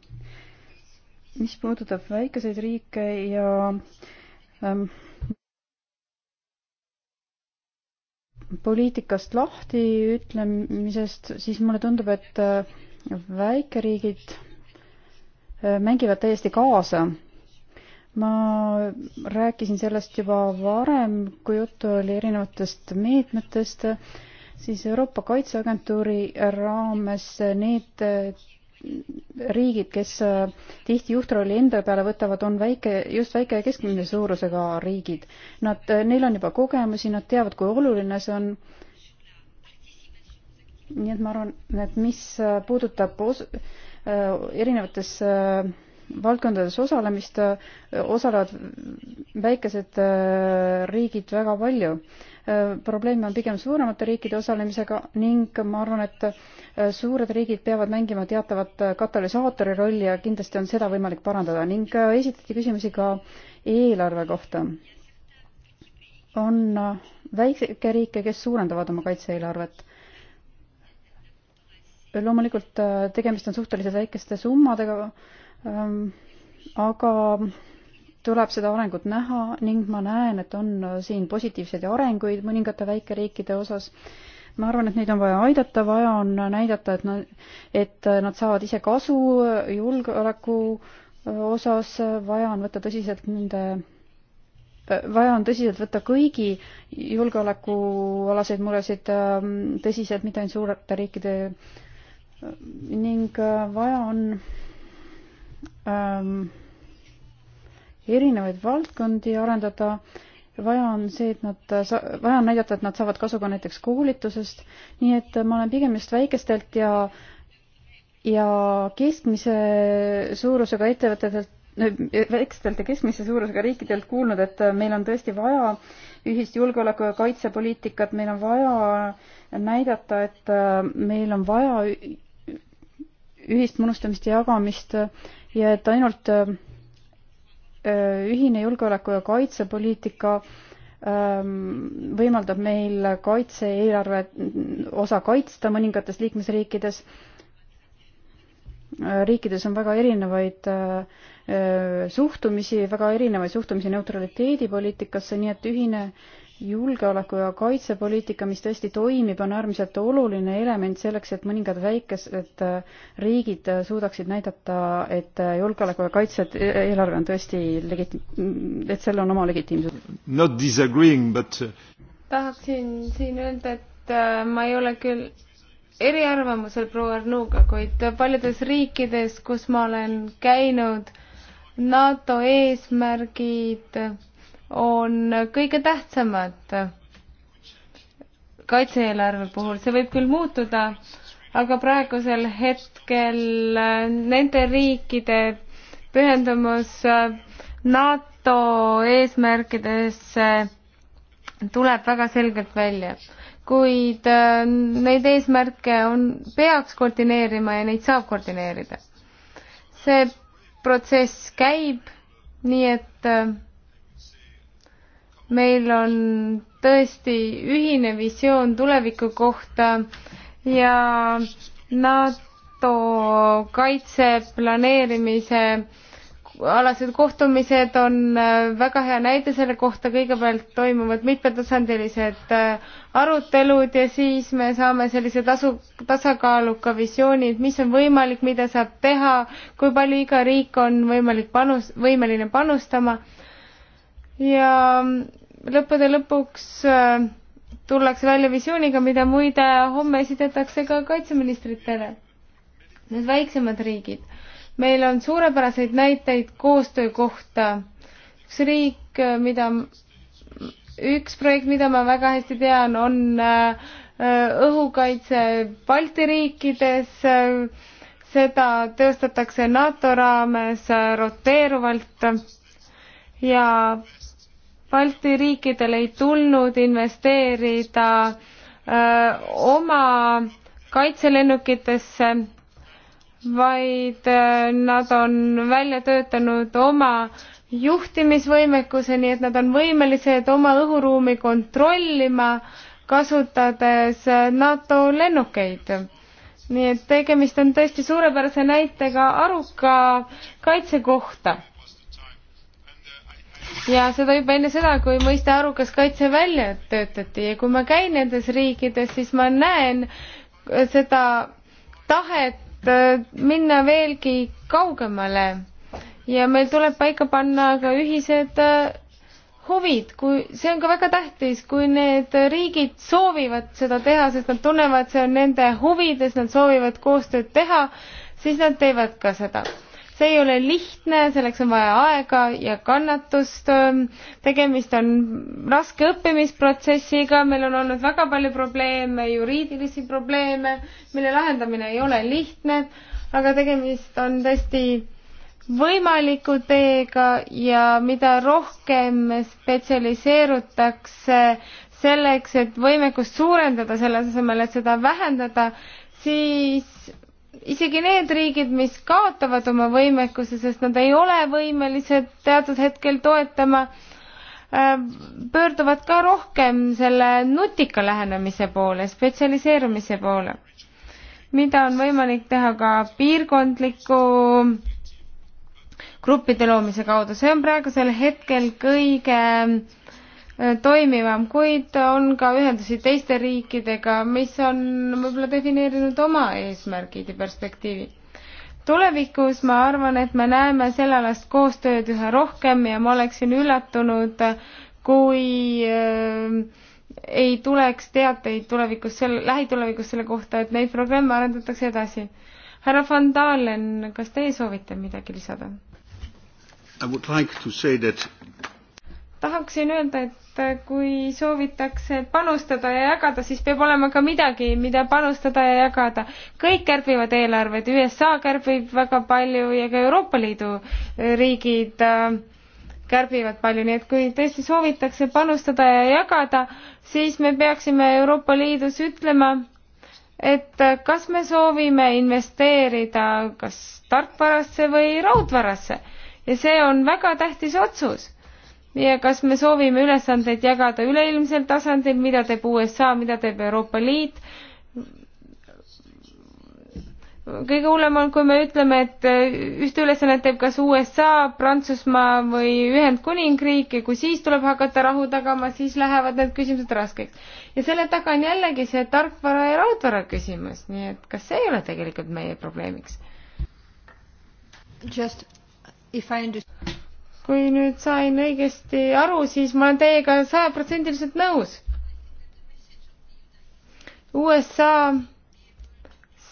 mis puudutab väikeseid riike ja ähm, poliitikast lahtiütlemisest, siis mulle tundub, et äh, väikeriigid äh, mängivad täiesti kaasa ma rääkisin sellest juba varem, kui juttu oli erinevatest meetmetest, siis Euroopa Kaitseagentuuri raames need riigid, kes tihti juhtrolli enda peale võtavad, on väike, just väike ja keskmise suurusega riigid. Nad, neil on juba kogemusi, nad teavad, kui oluline see on. nii et ma arvan, et mis puudutab os-, erinevates äh, valdkondades osalemist äh, osalevad väikesed äh, riigid väga palju. Äh, probleem on pigem suuremate riikide osalemisega ning ma arvan, et suured riigid peavad mängima teatavat katalüsaatori rolli ja kindlasti on seda võimalik parandada ning esitati küsimusi ka eelarve kohta. on väikeriike, kes suurendavad oma kaitse-eelarvet loomulikult tegemist on suhteliselt väikeste summadega, Ehm, aga tuleb seda arengut näha ning ma näen, et on äh, siin positiivseid arenguid mõningate väikeriikide osas. ma arvan, et neid on vaja aidata, vaja on näidata, et nad, et äh, nad saavad ise kasu äh, julgeoleku osas, vaja on võtta tõsiselt nende vaja on tõsiselt võtta kõigi julgeolekualaseid muresid ähm, tõsiselt, mitte ainult suurte riikide ning vaja on ähm, erinevaid valdkondi arendada, vaja on see, et nad, vaja on näidata, et nad saavad kasu ka näiteks koolitusest, nii et ma olen pigem just väikestelt ja ja keskmise suurusega ettevõtetelt väikestelt ja keskmise suurusega riikidelt kuulnud, et meil on tõesti vaja ühist julgeoleku- ja kaitsepoliitikat, meil on vaja näidata, et meil on vaja ühist munustamist ja jagamist ja et ainult äh, äh, ühine julgeoleku- ja kaitsepoliitika ähm, võimaldab meil kaitse-eelarve osa kaitsta mõningates liikmesriikides. Äh, riikides on väga erinevaid suhtumisi, väga erinevaid suhtumisi neutraliteedipoliitikasse, nii et ühine julgeoleku ja kaitsepoliitika, mis tõesti toimib, on äärmiselt oluline element selleks, et mõningad väikesed äh, riigid äh, suudaksid näidata, et äh, julgeoleku ja kaitse e-, eelarve on tõesti legiti-, et sellel on oma legitiimsus. Not disagreeing, but tahaksin siin öelda, et ma ei ole küll eriarvamusel proua Arnuga, kuid paljudes riikides, kus ma olen käinud, NATO eesmärgid on kõige tähtsamad kaitse-eelarve puhul, see võib küll muutuda, aga praegusel hetkel nende riikide pühendumus NATO eesmärkidesse tuleb väga selgelt välja. kuid äh, neid eesmärke on, peaks koordineerima ja neid saab koordineerida. see protsess käib, nii et äh, meil on tõesti ühine visioon tuleviku kohta ja NATO kaitseplaneerimise alased kohtumised on äh, väga hea näide selle kohta, kõigepealt toimuvad mitmetasandilised äh, arutelud ja siis me saame sellise tasu, tasakaaluka visiooni, et mis on võimalik, mida saab teha, kui palju iga riik on võimalik panus, võimeline panustama ja lõppude lõpuks äh, tullakse välja visiooniga, mida muide homme esitatakse ka kaitseministritele. Need väiksemad riigid. meil on suurepäraseid näiteid koostöö kohta. üks riik, äh, mida, üks projekt, mida ma väga hästi tean, on äh, õhukaitse Balti riikides. seda teostatakse NATO raames roteeruvalt ja Balti riikidel ei tulnud investeerida öö, oma kaitselennukitesse, vaid öö, nad on välja töötanud oma juhtimisvõimekuse, nii et nad on võimelised oma õhuruumi kontrollima, kasutades NATO lennukeid nii et tegemist on tõesti suurepärase näitega aruka kaitse kohta ja seda juba enne seda, kui mõiste arukas kaitse välja töötati ja kui ma käin nendes riikides, siis ma näen seda tahet äh, minna veelgi kaugemale ja meil tuleb paika panna ka ühised äh, huvid, kui see on ka väga tähtis, kui need riigid soovivad seda teha, sest nad tunnevad, see on nende huvides, nad soovivad koostööd teha, siis nad teevad ka seda see ei ole lihtne, selleks on vaja aega ja kannatust. Ähm, tegemist on raske õppimisprotsessiga, meil on olnud väga palju probleeme, juriidilisi probleeme, mille lahendamine ei ole lihtne, aga tegemist on tõesti võimaliku teega ja mida rohkem spetsialiseerutakse selleks, et võimekust suurendada, selle asemel, et seda vähendada, siis isegi need riigid, mis kaotavad oma võimekuse, sest nad ei ole võimelised teatud hetkel toetama, äh, pöörduvad ka rohkem selle nutika lähenemise poole, spetsialiseerumise poole, mida on võimalik teha ka piirkondliku gruppide loomise kaudu. see on praegusel hetkel kõige Äh, toimivam, kuid on ka ühendusi teiste riikidega, mis on võib-olla defineerinud oma eesmärgid ja perspektiivi. tulevikus ma arvan, et me näeme sellealast koostööd üha rohkem ja ma oleksin üllatunud, kui äh, ei tuleks teateid tulevikus, sel-, lähitulevikus selle kohta, et neid programme arendatakse edasi. härra Van Dalen, kas teie soovite midagi lisada? I would like to say that tahaksin öelda, et kui soovitakse panustada ja jagada, siis peab olema ka midagi, mida panustada ja jagada. kõik kärbivad eelarveid, USA kärbib väga palju ja ka Euroopa Liidu riigid äh, kärbivad palju, nii et kui tõesti soovitakse panustada ja jagada, siis me peaksime Euroopa Liidus ütlema, et kas me soovime investeerida kas tarkvarasse või raudvarasse ja see on väga tähtis otsus ja kas me soovime ülesandeid jagada üleilmsel tasandil, mida teeb USA, mida teeb Euroopa Liit. kõige hullem on, kui me ütleme, et eh, ühte ülesannet teeb kas USA, Prantsusmaa või Ühendkuningriik ja kui siis tuleb hakata rahu tagama, siis lähevad need küsimused raskeks. ja selle taga on jällegi see tarkvara ja raudvara küsimus, nii et kas see ei ole tegelikult meie probleemiks? Just if I understand kui nüüd sain õigesti aru, siis ma olen teiega sajaprotsendiliselt nõus. USA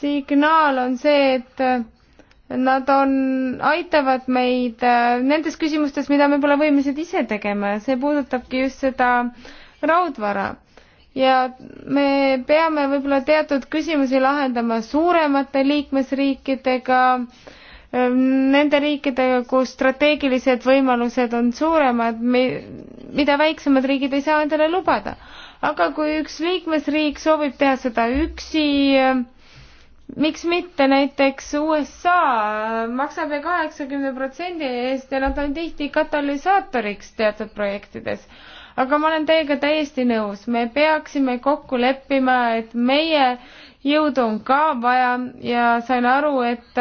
signaal on see, et nad on, aitavad meid äh, nendes küsimustes, mida me pole võimelised ise tegema ja see puudutabki just seda raudvara. ja me peame võib-olla teatud küsimusi lahendama suuremate liikmesriikidega äh, Ehm, nende riikidega, kus strateegilised võimalused on suuremad, mida väiksemad riigid ei saa endale lubada. aga kui üks liikmesriik soovib teha seda üksi, ehm, miks mitte näiteks USA ehm, maksab ju kaheksakümne protsendi eest ja nad on tihti katalüsaatoriks teatud projektides aga ma olen teiega täiesti nõus, me peaksime kokku leppima, et meie jõudu on ka vaja ja sain aru, et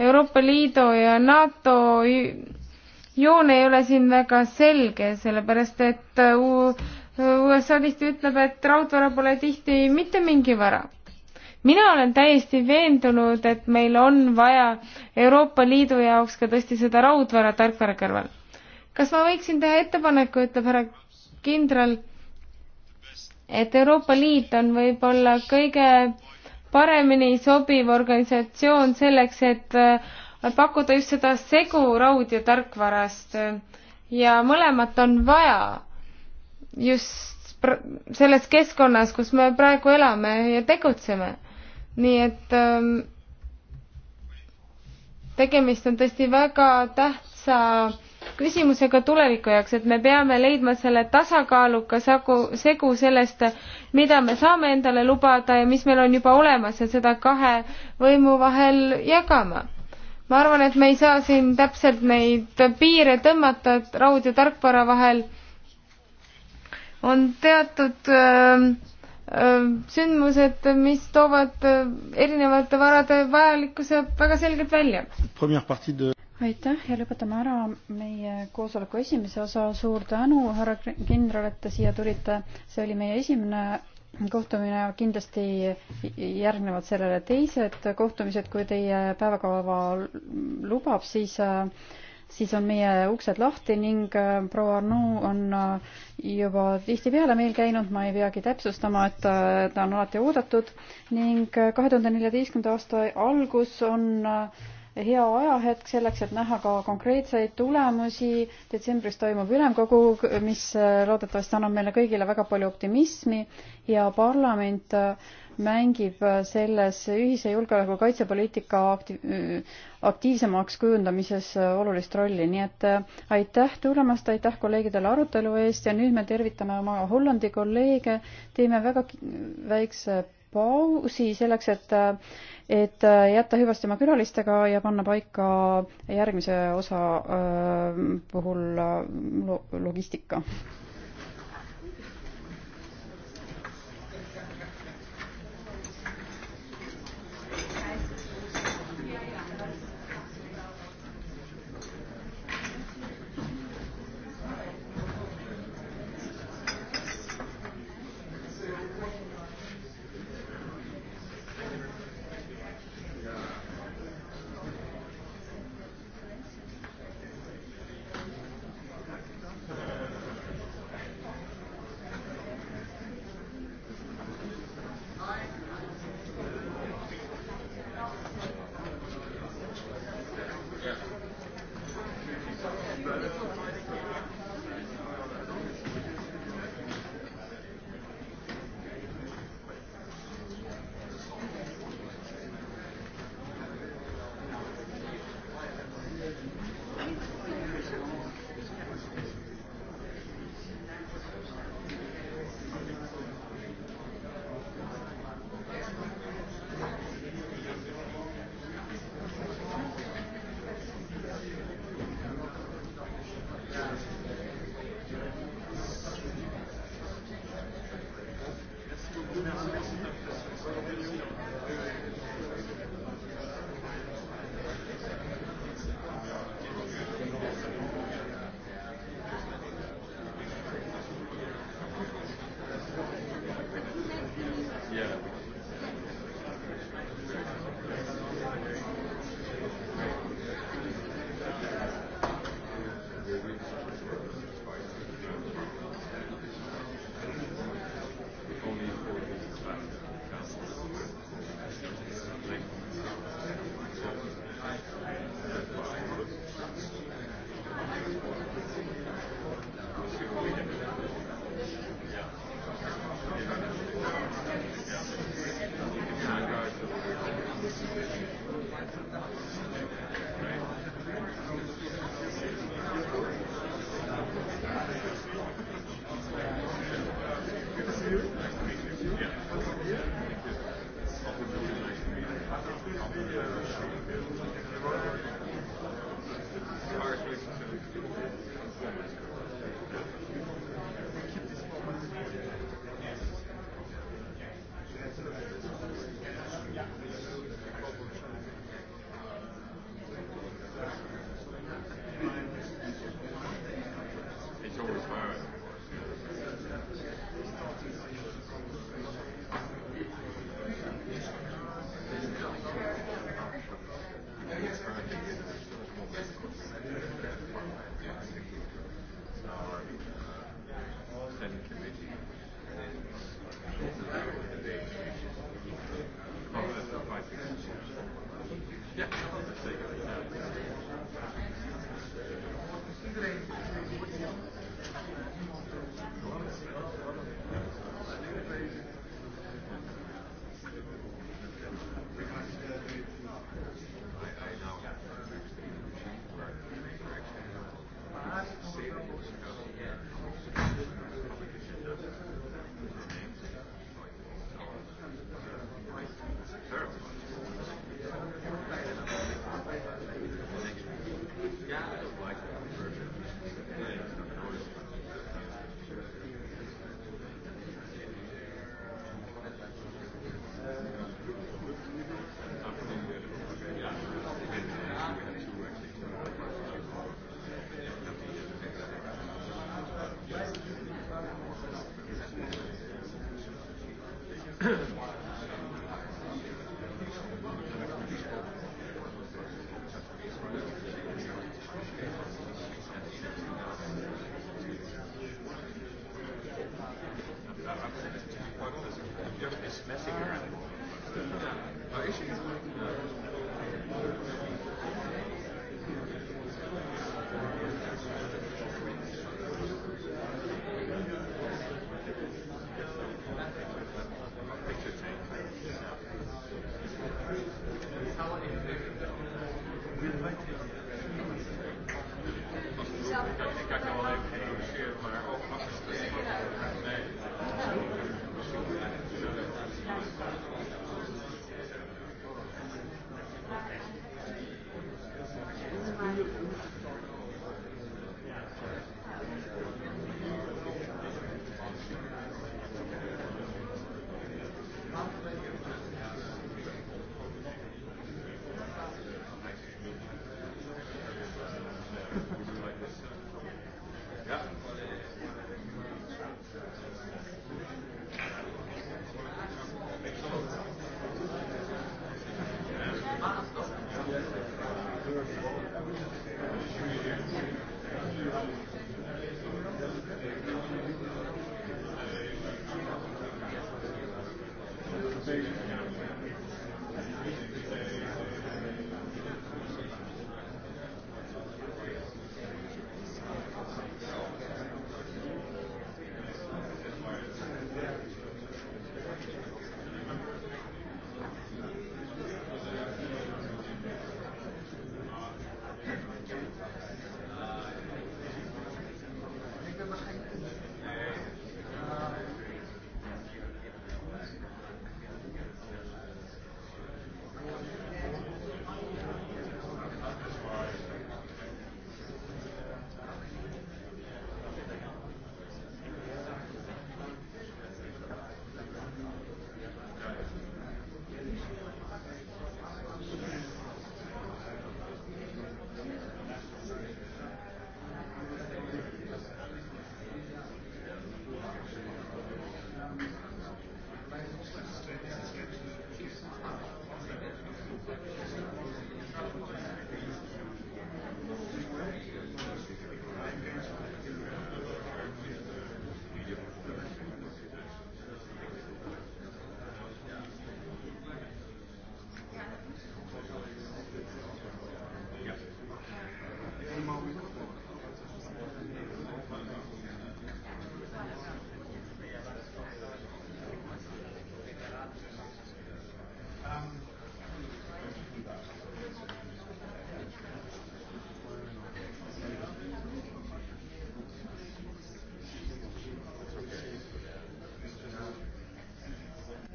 Euroopa Liidu ja NATO joon ei ole siin väga selge, sellepärast et USA tihti ütleb, et raudvara pole tihti mitte mingi vara. mina olen täiesti veendunud, et meil on vaja Euroopa Liidu jaoks ka tõesti seda raudvara tarkvara kõrval. kas ma võiksin teha ettepaneku, ütleb härra kindral, et Euroopa Liit on võib-olla kõige paremini sobiv organisatsioon selleks, et äh, pakkuda just seda segu raud- ja tarkvarast ja mõlemat on vaja just selles keskkonnas, kus me praegu elame ja tegutseme. nii et ähm, tegemist on tõesti väga tähtsa küsimusega tuleviku jaoks, et me peame leidma selle tasakaaluka sagu, segu sellest, mida me saame endale lubada ja mis meil on juba olemas ja seda kahe võimu vahel jagama. ma arvan, et me ei saa siin täpselt neid piire tõmmata, et raud ja tarkvara vahel on teatud öö, äh, äh, sündmused, mis toovad äh, erinevate varade vajalikkuse väga selgelt välja aitäh ja lõpetame ära meie koosoleku esimese osa. suur tänu, härra kindral, et te siia tulite. see oli meie esimene kohtumine, kindlasti järgnevad sellele teised kohtumised, kui teie päevakava lubab, siis siis on meie uksed lahti ning äh, proua Arnoux on äh, juba tihtipeale meil käinud, ma ei peagi täpsustama, et äh, ta on alati oodatud ning kahe tuhande neljateistkümnenda aasta algus on hea ajahetk selleks, et näha ka konkreetseid tulemusi. detsembris toimub ülemkogu, mis äh, loodetavasti annab meile kõigile väga palju optimismi ja parlament äh, mängib äh, selles ühise julgeoleku kaitsepoliitika akti-, aktiivsemaks kujundamises olulist rolli, nii et aitäh tulemast, aitäh kolleegidele arutelu eest ja nüüd me tervitame oma Hollandi kolleege, teeme väga väikse pausi selleks, et et jätta hüvasti oma külalistega ja panna paika järgmise osa äh, puhul äh, logistika.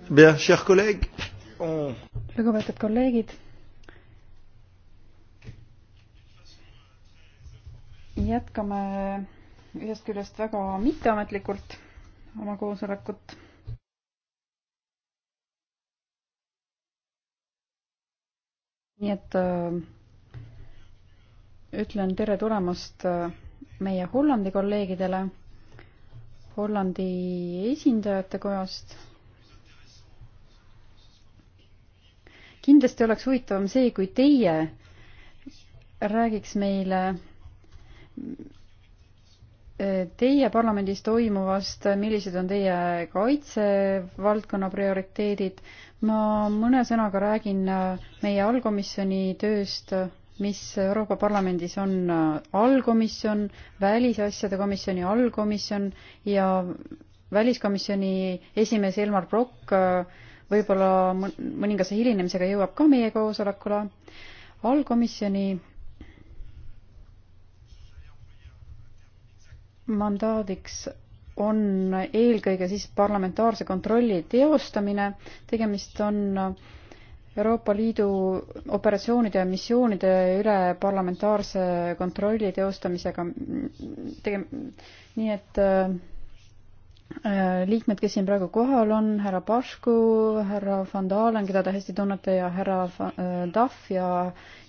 lugupeetud kolleegid. jätkame ühest küljest väga mitteametlikult oma koosolekut. nii et äh, ütlen tere tulemast äh, meie Hollandi kolleegidele Hollandi esindajate kojast kindlasti oleks huvitavam see, kui teie räägiks meile teie parlamendis toimuvast, millised on teie kaitsevaldkonna prioriteedid. ma mõne sõnaga räägin meie allkomisjoni tööst, mis Euroopa Parlamendis on allkomisjon, välisasjade komisjoni allkomisjon ja väliskomisjoni esimees Elmar Brokk võib-olla mõningase hilinemisega jõuab ka meie koosolekule. allkomisjoni mandaadiks on eelkõige siis parlamentaarse kontrolli teostamine. tegemist on Euroopa Liidu operatsioonide ja missioonide üle parlamentaarse kontrolli teostamisega. tege-, nii et äh, Äh, liikmed, kes siin praegu kohal on, härra Pašku, härra van Dalen, keda te hästi tunnete ja härra Tahv äh, ja,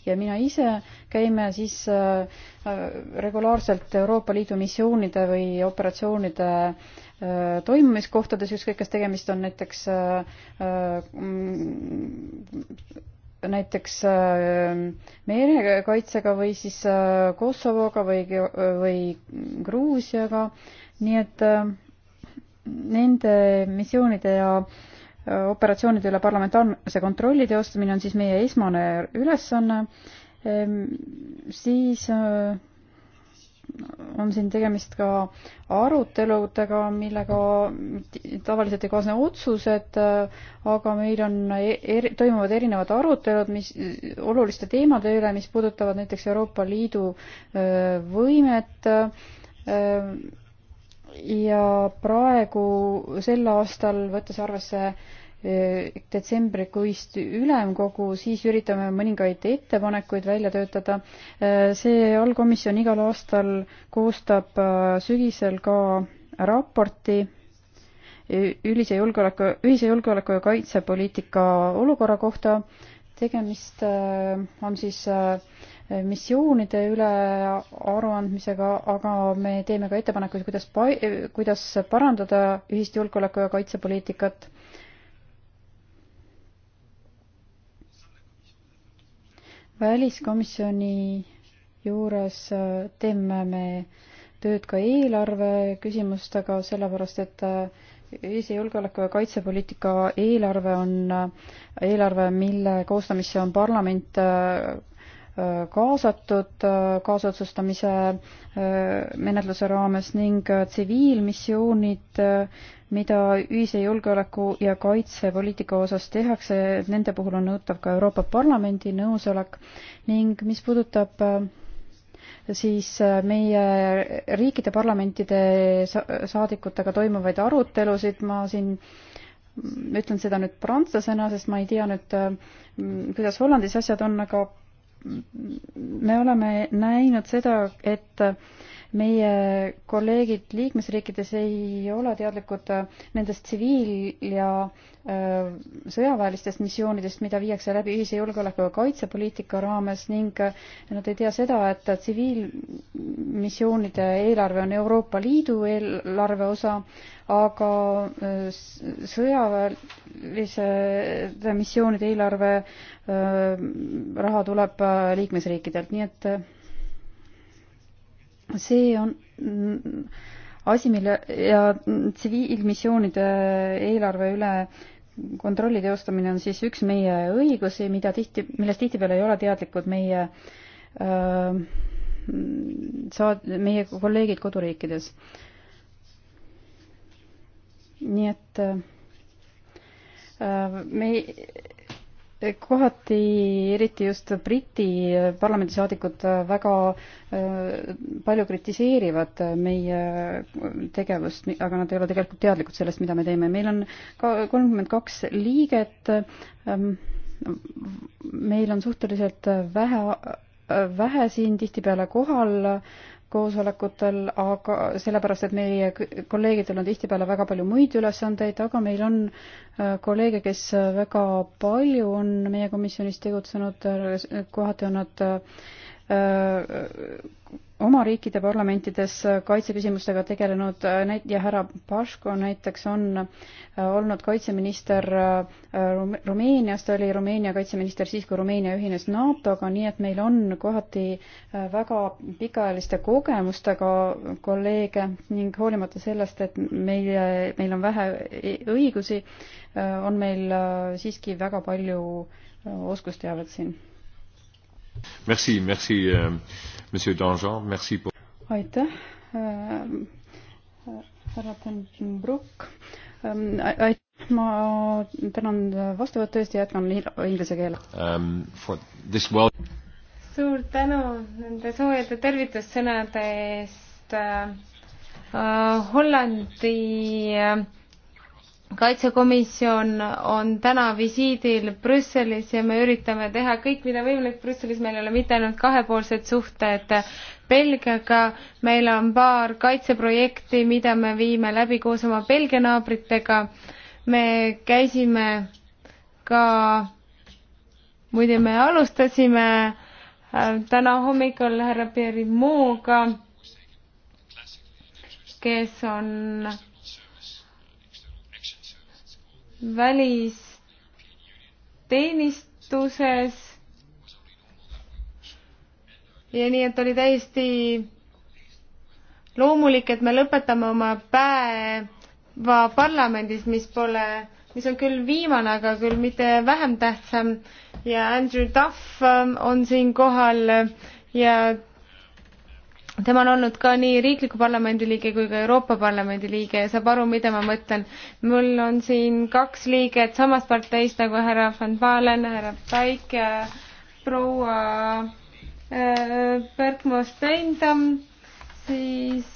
ja mina ise käime siis äh, regulaarselt Euroopa Liidu missioonide või operatsioonide toimumiskohtades, ükskõik kas tegemist on näiteks mm, näiteks merekaitsega või siis Kosovoga või, või Gruusiaga, nii et äh, nende missioonide ja äh, operatsioonide üle parlamentaarse kontrolli teostamine on siis meie esmane ülesanne, ehm, siis äh, on siin tegemist ka aruteludega, millega tavaliselt ei kaasne otsused, äh, aga meil on er,, toimuvad erinevad arutelud, mis oluliste teemade üle, mis puudutavad näiteks Euroopa Liidu võimet ja praegu sel aastal, võttes arvesse eh, detsembrikuist ülemkogu, siis üritame mõningaid ettepanekuid välja töötada. Eh, see allkomisjon igal aastal koostab eh, sügisel ka raporti üldise julgeoleku, ühise julgeoleku ja kaitsepoliitika olukorra kohta. tegemist on siis äh, missioonide üle aruandmisega, aga me teeme ka ettepanekuid, kuidas pa-, kuidas parandada ühist julgeoleku- ja kaitsepoliitikat. väliskomisjoni juures äh, teeme me tööd ka eelarve küsimustega, sellepärast et äh, ühise julgeoleku ja kaitsepoliitika eelarve on äh, eelarve, mille koostamisse on parlament kaasatud kaasotsustamise äh, menetluse raames ning äh, tsiviilmissioonid, äh, mida ühise julgeoleku ja kaitsepoliitika osas tehakse, nende puhul on nõutav ka Euroopa Parlamendi nõusolek ning mis puudutab siis meie riikide parlamentide saadikutega toimuvaid arutelusid ma siin ütlen seda nüüd prantslasena, sest ma ei tea nüüd, kuidas Hollandis asjad on, aga me oleme näinud seda, et meie kolleegid liikmesriikides ei ole teadlikud äh, nendest tsiviil- ja äh, sõjaväelistest missioonidest, mida viiakse läbi ühise julgeoleku- ja kaitsepoliitika raames ning äh, nad ei tea seda, et tsiviilmissioonide eelarve on Euroopa Liidu eelarve osa, aga sõjaväeliste missioonide eelarve raha tuleb liikmesriikidelt, nii et see on asi, mille ja tsiviilmissioonide eelarve üle kontrolli teostamine on siis üks meie õigusi, mida tihti, millest tihtipeale ei ole teadlikud meie öö, äh, saad-, meie kolleegid koduriikides. nii et öö, äh, me ei Eh, kohati eriti just Briti eh, parlamendisaadikud eh, väga palju kritiseerivad meie tegevust, aga nad ei ole tegelikult teadlikud sellest, mida me teeme. meil on ka kolmkümmend kaks liiget. Ehm, meil on suhteliselt vähe, vähe siin tihtipeale kohal koosolekutel, aga sellepärast, et meie kolleegidel on tihtipeale väga palju muid ülesandeid, aga meil on äh, kolleege, kes äh, väga palju on meie komisjonis tegutsenud, äh, kohati on nad oma riikide parlamentides kaitseküsimustega tegelenud ja härra Paško näiteks on äh, olnud kaitseminister äh, Rumeenias, ta oli Rumeenia kaitseminister siis, kui Rumeenia ühines NATO-ga, nii et meil on kohati äh, väga pikaajaliste kogemustega kolleege ning hoolimata sellest, et meie, meil on vähe e-, õigusi, on meil siiski väga palju oskusteavet siin Merci, merci, euh, monsieur Danjean, merci pour. aitäh äh,, härra Pembroke ähm,. ma tänan vastuvõtu eest ja jätkan inglise keele um,. Ähm, well... suur tänu nende soojade tervitussõnade eest äh,. äh Hollandi äh, kaitsekomisjon on täna visiidil Brüsselis ja me üritame teha kõik, mida võimalik Brüsselis, meil ei ole mitte ainult kahepoolsed suhted Belgiaga, meil on paar kaitseprojekti, mida me viime läbi koos oma Belgia naabritega. me käisime ka, muide me alustasime äh, täna hommikul härra Pierre Mooga, kes on välisteenistuses. ja nii, et oli täiesti loomulik, et me lõpetame oma päeva parlamendis, mis pole, mis on küll viimane, aga küll mitte vähem tähtsam ja Andrew Duff ähm, on siin kohal ja tema on olnud ka nii riikliku parlamendi liige kui ka Euroopa Parlamendi liige ja saab aru, mida ma mõtlen. mul on siin kaks liiget samast parteist nagu härra Van Balen, härra Paik ja proua äh, Bergmo Steindam, siis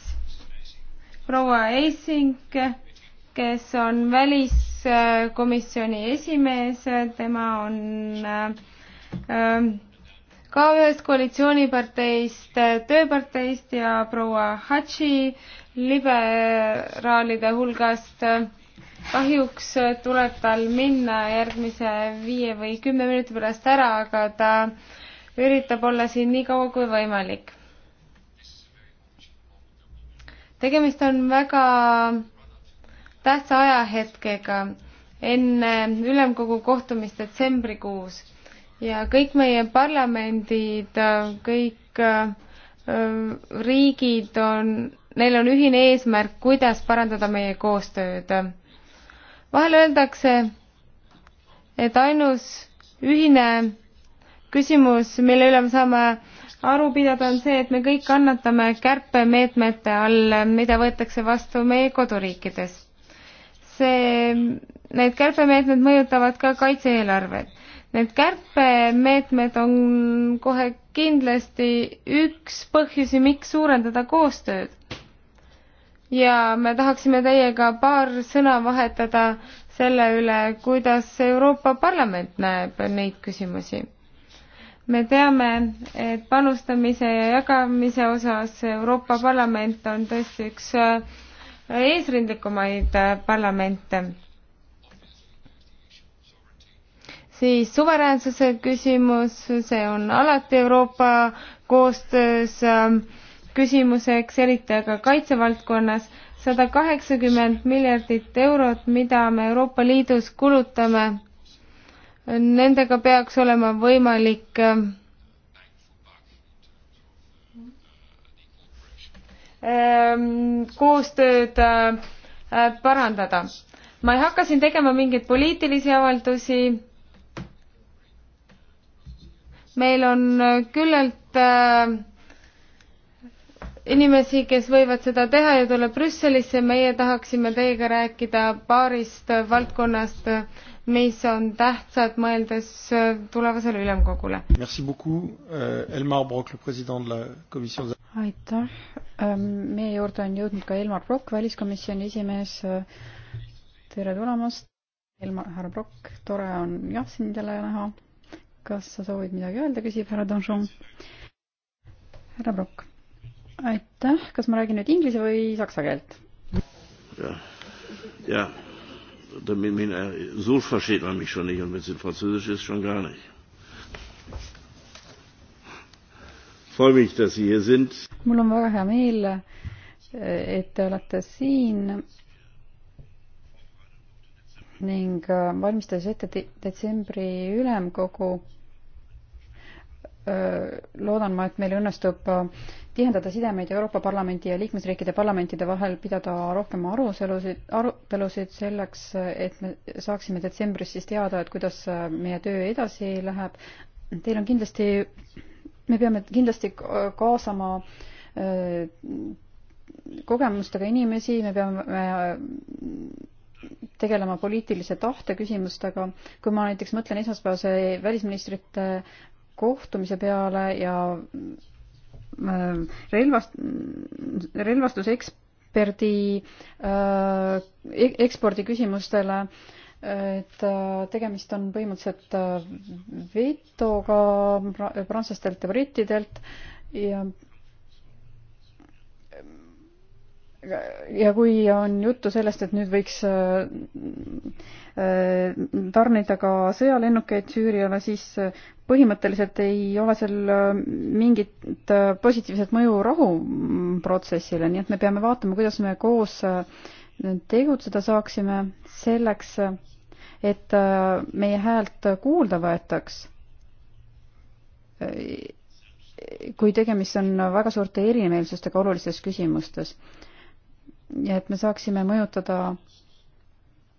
proua Eising, kes on väliskomisjoni esimees, tema on äh, äh, ka ühest koalitsiooniparteist, Tööparteist ja proua Hatši liberaalide hulgast. kahjuks tuleb tal minna järgmise viie või kümne minuti pärast ära, aga ta üritab olla siin nii kaua kui võimalik. tegemist on väga tähtsa ajahetkega enne ülemkogu kohtumist detsembrikuus ja kõik meie parlamendid, kõik äh, riigid on, neil on ühine eesmärk, kuidas parandada meie koostööd. vahel öeldakse, et ainus ühine küsimus, mille üle me saame aru pidada, on see, et me kõik kannatame kärpemeetmete all, mida võetakse vastu meie koduriikides. see, need kärpemeetmed mõjutavad ka kaitse-eelarvet Need kärpemeetmed on kohe kindlasti üks põhjusi, miks suurendada koostööd. ja me tahaksime teiega paar sõna vahetada selle üle, kuidas Euroopa Parlament näeb neid küsimusi. me teame, et panustamise ja jagamise osas Euroopa Parlament on tõesti üks äh, eesrindlikumaid äh, parlamente siis suveräänsuse küsimus, see on alati Euroopa koostöös ähm, küsimuseks, eriti aga kaitsevaldkonnas, sada kaheksakümmend miljardit eurot, mida me Euroopa Liidus kulutame, nendega peaks olema võimalik ähm, ähm, koostööd äh, parandada. ma ei hakka siin tegema mingeid poliitilisi avaldusi meil on äh, küllalt äh, inimesi, kes võivad seda teha ja tulla Brüsselisse, meie tahaksime teiega rääkida paarist valdkonnast, mis on tähtsad, mõeldes äh, tulevasele ülemkogule. Äh, aitäh, ähm, meie juurde on jõudnud ka Elmar Brokk, väliskomisjoni esimees. tere tulemast, Elmar, härra Brokk, tore on jah, sind jälle näha kas sa soovid midagi öelda, küsib härra Donjon. härra Brock. aitäh, kas ma räägin nüüd inglise või saksa keelt? jah, jah. Damit man, äh, so versteht man mich schon nicht und wenn es in Französisch ist, schon gar nicht. freue mich, dass Sie hier sind. mul on väga hea meel, äh, et te olete siin ning äh, valmistades ette detsembri ülemkogu, äh, loodan ma, et meil õnnestub äh, tihendada sidemeid Euroopa Parlamendi ja liikmesriikide parlamentide vahel, pidada rohkem aruselusid, arutelusid selleks, et me saaksime detsembris siis teada, et kuidas meie töö edasi läheb. Teil on kindlasti, me peame kindlasti kaasama kogemustega inimesi, me peame tegelema poliitilise tahte küsimustega. kui ma näiteks mõtlen esmaspäevase välisministrite kohtumise peale ja ähm, relvast, relvastuseksperdi, äh, e-, ekspordi küsimustele, et äh, tegemist on põhimõtteliselt äh, vetoga prantslastelt ja brittidelt ja ja kui on juttu sellest, et nüüd võiks äh, äh, tarnida ka sõjalennukeid Süüriale, siis äh, põhimõtteliselt ei ole sel mingit positiivset mõju rahuprotsessile, nii et me peame vaatama, kuidas me koos tegutseda saaksime selleks, et meie häält kuulda võetaks kui tegemist on väga suurte erimeelsustega olulistes küsimustes ja et me saaksime mõjutada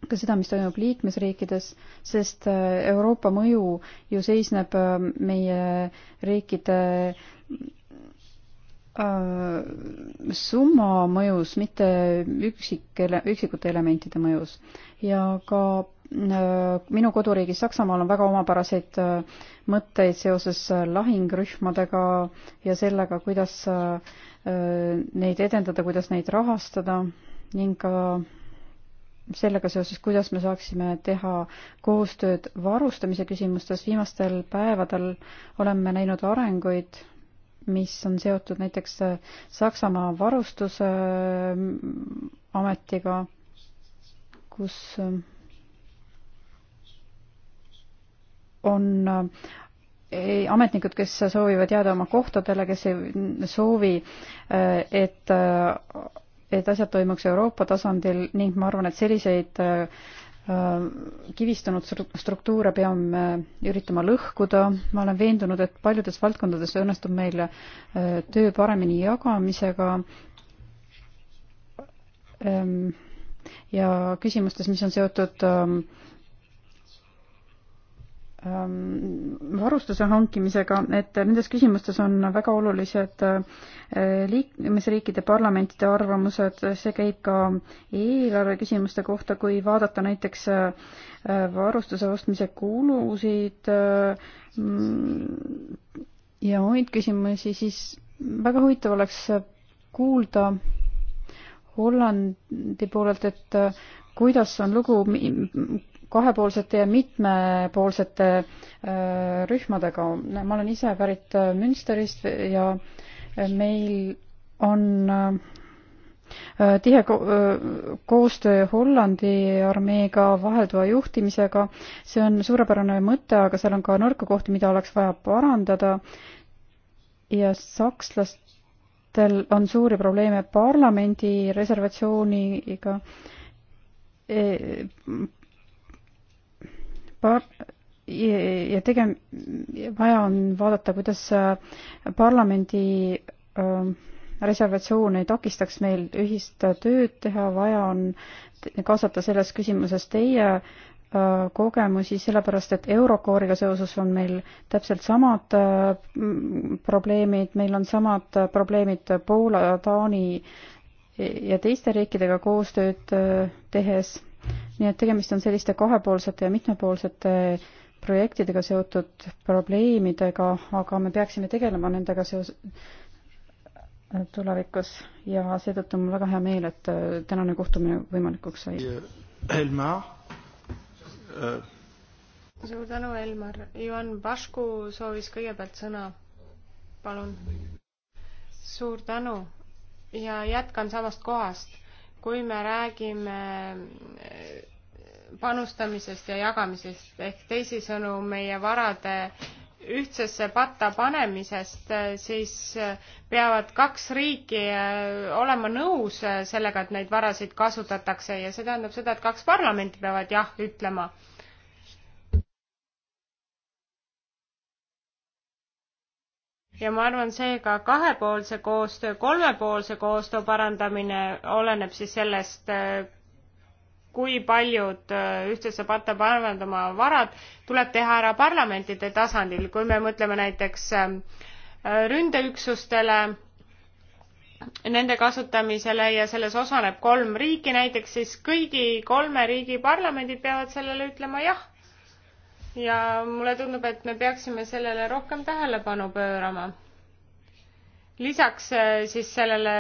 ka seda, mis toimub liikmesriikides, sest äh, Euroopa mõju ju seisneb äh, meie riikide äh, summa mõjus, mitte üksikele, üksikute elementide mõjus. ja ka minu koduriigis Saksamaal on väga omapäraseid mõtteid seoses lahingrühmadega ja sellega, kuidas äh, neid edendada, kuidas neid rahastada ning ka sellega seoses, kuidas me saaksime teha koostööd varustamise küsimustes. viimastel päevadel oleme näinud arenguid, mis on seotud näiteks äh, Saksamaa varustuse ametiga, kus äh, on äh, ametnikud, kes soovivad jääda oma kohtadele, kes ei soovi, äh, et, äh, et asjad toimuks Euroopa tasandil ning ma arvan, et selliseid äh, kivistunud struktuure peame üritama lõhkuda. ma olen veendunud, et paljudes valdkondades õnnestub meil töö paremini jagamisega ähm, ja küsimustes, mis on seotud ähm, Ähm, varustuse hankimisega, et nendes küsimustes on väga olulised äh, liikmesriikide parlamentide arvamused, see käib ka eelarve küsimuste kohta, kui vaadata näiteks äh, varustuse ostmise kulusid äh, ja muid küsimusi, siis väga huvitav oleks kuulda Hollandi poolelt, et kuidas on lugu kahepoolsete ja mitmepoolsete äh, rühmadega. ma olen ise pärit äh, Münsterist ja äh, meil on tihe koostöö Hollandi armeega, vahelduva juhtimisega, see on suurepärane mõte, aga seal on ka nõrku kohti, mida oleks vaja parandada. ja sakslastel on suuri probleeme parlamendi reservatsiooniga e, par- ja tege-, vaja on vaadata, kuidas äh, parlamendi ähm, reservatsioon ei takistaks meil ühist tööd teha, vaja on kaasata selles küsimuses teie äh, kogemusi, sellepärast et Eurokooriga seoses on meil täpselt samad äh, probleemid, meil on samad probleemid Poola, Taani ja teiste riikidega koostööd tehes nii et tegemist on selliste kahepoolsete ja mitmepoolsete projektidega seotud probleemidega, aga me peaksime tegelema nendega seos-, tulevikus ja seetõttu on mul väga hea meel, et äh, tänane kohtumine võimalikuks sai. Elmar äh.. suur tänu, Elmar. Ivan Pašku soovis kõigepealt sõna. palun. suur tänu ja jätkan samast kohast kui me räägime äh, panustamisest ja jagamisest ehk teisisõnu meie varade ühtsesse patta panemisest, äh, siis äh, peavad kaks riiki olema nõus sellega, et neid varasid kasutatakse ja see tähendab seda, et kaks parlamenti peavad jah ütlema ja ma arvan, seega ka kahepoolse koostöö, kolmepoolse koostöö parandamine oleneb siis sellest, kui paljud äh, ühtsesse patta panevad oma varad, tuleb teha ära parlamentide tasandil, kui me mõtleme näiteks äh, ründeüksustele, nende kasutamisele ja selles osaleb kolm riiki näiteks, siis kõigi kolme riigi parlamendid peavad sellele ütlema jah ja mulle tundub, et me peaksime sellele rohkem tähelepanu pöörama. lisaks äh, siis sellele,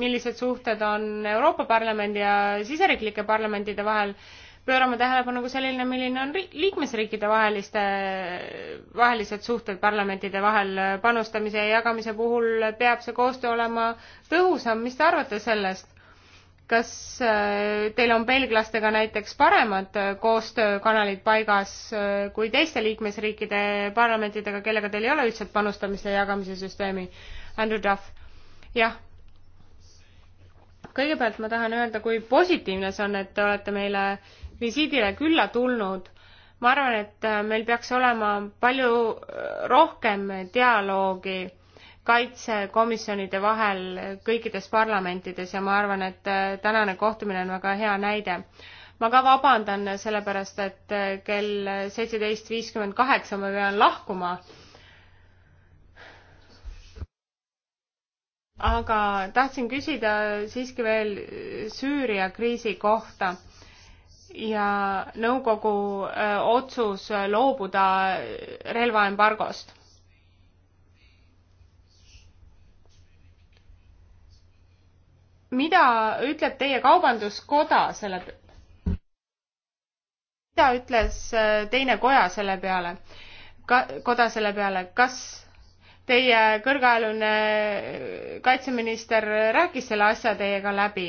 millised suhted on Euroopa Parlamendi ja siseriiklike parlamentide vahel, pöörama tähelepanu ka selline, milline on liikmesriikide vaheliste, vahelised suhted parlamentide vahel panustamise ja jagamise puhul peab see koostöö olema tõhusam, mis te arvate sellest? kas äh, teil on belglastega näiteks paremad äh, koostöökanalid paigas äh, kui teiste liikmesriikide parlamentidega, kellega teil ei ole ühtset panustamise ja jagamise süsteemi? Andrew Duff. jah. kõigepealt ma tahan öelda, kui positiivne see on, et te olete meile visiidile külla tulnud. ma arvan, et meil peaks olema palju rohkem dialoogi kaitsekomisjonide vahel kõikides parlamentides ja ma arvan, et äh, tänane kohtumine on väga hea näide. ma ka vabandan selle pärast, et äh, kell seitseteist viiskümmend kaheksa ma pean lahkuma. aga tahtsin küsida siiski veel Süüria kriisi kohta ja nõukogu äh, otsus loobuda relvaembargost mida ütleb teie kaubanduskoda selle, mida ütles äh, teine koja selle peale, ka-, koda selle peale, kas teie kõrgeajaline äh, kaitseminister rääkis selle asja teiega läbi?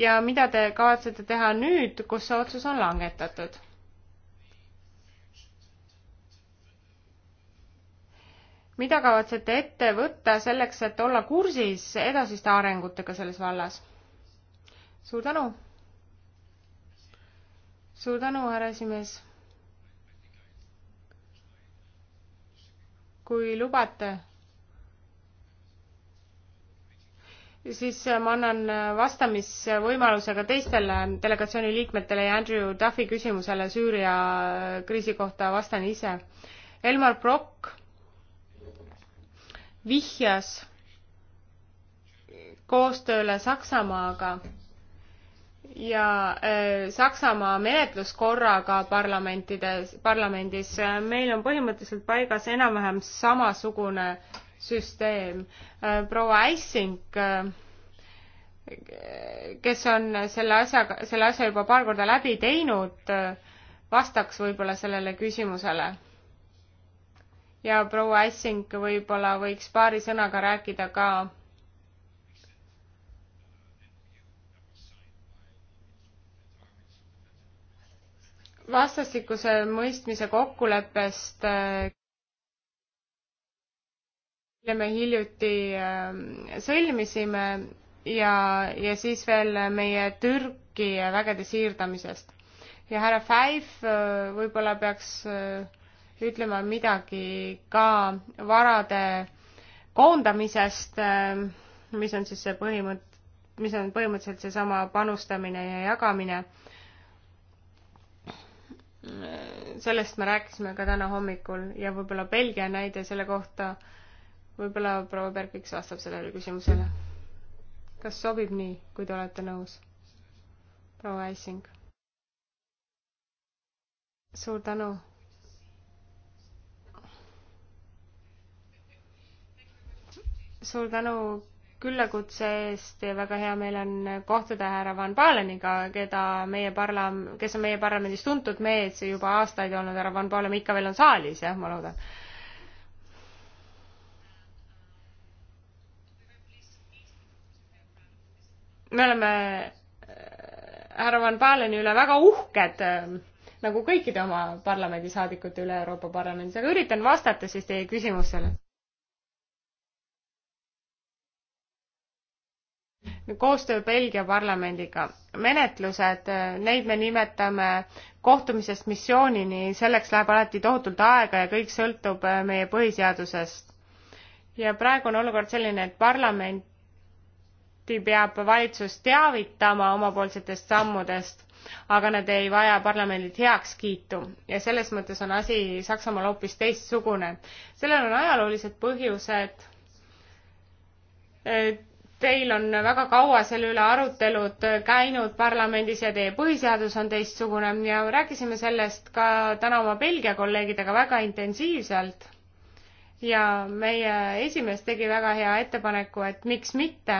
ja mida te kavatsete teha nüüd, kus see otsus on langetatud? mida kavatsete ette võtta selleks, et olla kursis edasiste arengutega selles vallas? suur tänu! suur tänu, härra esimees! kui lubate, siis ma annan vastamisvõimaluse ka teistele delegatsiooni liikmetele ja Andrew Duffy küsimusele Süüria kriisi kohta vastan ise. Elmar Brock vihjas koostööle Saksamaaga ja äh, Saksamaa menetluskorraga parlamentides, parlamendis. meil on põhimõtteliselt paigas enam-vähem samasugune süsteem. Äh, proua Ässink, äh, kes on selle asjaga, selle asja juba paar korda läbi teinud, vastaks võib-olla sellele küsimusele ja proua Essing võib-olla võiks paari sõnaga rääkida ka vastastikuse mõistmise kokkuleppest, mille me hiljuti ähm, sõlmisime ja, ja siis veel meie Türgi vägede siirdamisest. ja härra Fäif äh, võib-olla peaks äh, ütlema midagi ka varade koondamisest, äh, mis on siis see põhimõte, mis on põhimõtteliselt seesama panustamine ja jagamine. sellest me rääkisime ka täna hommikul ja võib-olla Belgia näide selle kohta, võib-olla proua Berkiks vastab sellele küsimusele. kas sobib nii, kui te olete nõus? proua Essing. suur tänu suur tänu küllakutse eest ja väga hea meel on kohtuda härra Van Baleniga, keda meie parla-, kes on meie parlamendis tuntud mees juba aastaid olnud, härra Van Balen ikka veel on saalis, jah, ma loodan. me oleme äh, härra Van Baleni üle väga uhked, äh, nagu kõikide oma parlamendisaadikute üle Euroopa Parlamendis, aga üritan vastata siis teie küsimustele koostöö Belgia parlamendiga. menetlused, neid me nimetame kohtumisest missioonini, selleks läheb alati tohutult aega ja kõik sõltub äh, meie põhiseadusest. ja praegu on olukord selline, et parlamenti peab valitsus teavitama omapoolsetest sammudest, aga nad ei vaja parlamendilt heakskiitu ja selles mõttes on asi Saksamaal hoopis teistsugune. sellel on ajaloolised põhjused Teil on väga kaua selle üle arutelud käinud parlamendis ja teie põhiseadus on teistsugune ja rääkisime sellest ka täna oma Belgia kolleegidega väga intensiivselt. ja meie esimees tegi väga hea ettepaneku, et miks mitte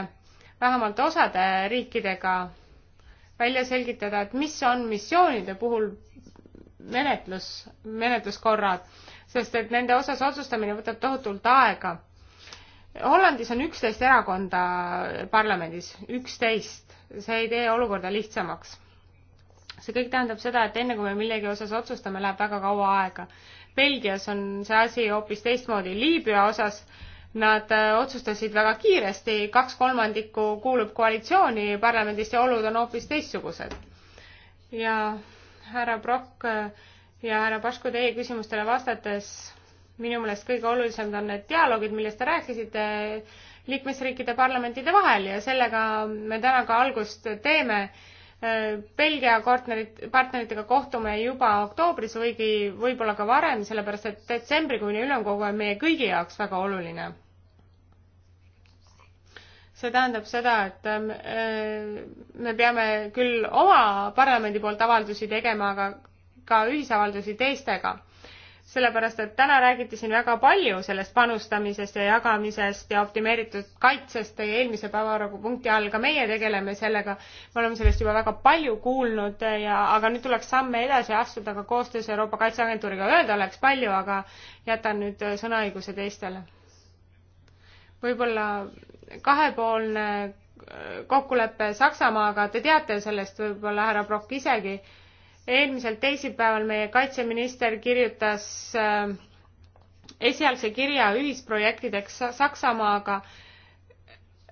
vähemalt osade riikidega välja selgitada, et mis on missioonide puhul menetlus, menetluskorrad, sest et nende osas otsustamine võtab tohutult aega Hollandis on üksteist erakonda parlamendis, üksteist. see ei tee olukorda lihtsamaks. see kõik tähendab seda, et enne kui me millegi osas otsustame, läheb väga kaua aega. Belgias on see asi hoopis teistmoodi, Liibüa osas nad äh, otsustasid väga kiiresti, kaks kolmandikku kuulub koalitsiooni parlamendist ja olud on hoopis teistsugused. ja härra Brock äh, ja härra Pašku, teie küsimustele vastates minu meelest kõige olulisemad on need dialoogid, millest te rääkisite liikmesriikide parlamentide vahel ja sellega me täna ka algust teeme. Belgia partnerit, partneritega kohtume juba oktoobris, kuigi võib-olla ka varem, sellepärast et detsembrikuine ülemkogu on meie kõigi jaoks väga oluline. see tähendab seda, et äh, me peame küll oma parlamendi poolt avaldusi tegema, aga ka ühisavaldusi teistega sellepärast et täna räägiti siin väga palju sellest panustamisest ja jagamisest ja optimeeritud kaitsest teie eelmise päevaarvupunkti all, ka meie tegeleme sellega. me oleme sellest juba väga palju kuulnud ja, aga nüüd tuleks samme edasi astuda ka koostöös Euroopa Kaitseagentuuriga. Öelda oleks palju, aga jätan nüüd sõnaõiguse teistele. võib-olla kahepoolne kokkulepe Saksamaaga, te teate sellest võib-olla, härra Brock, isegi eelmisel teisipäeval meie kaitseminister kirjutas äh, esialgse kirja ühisprojektideks Saksamaaga.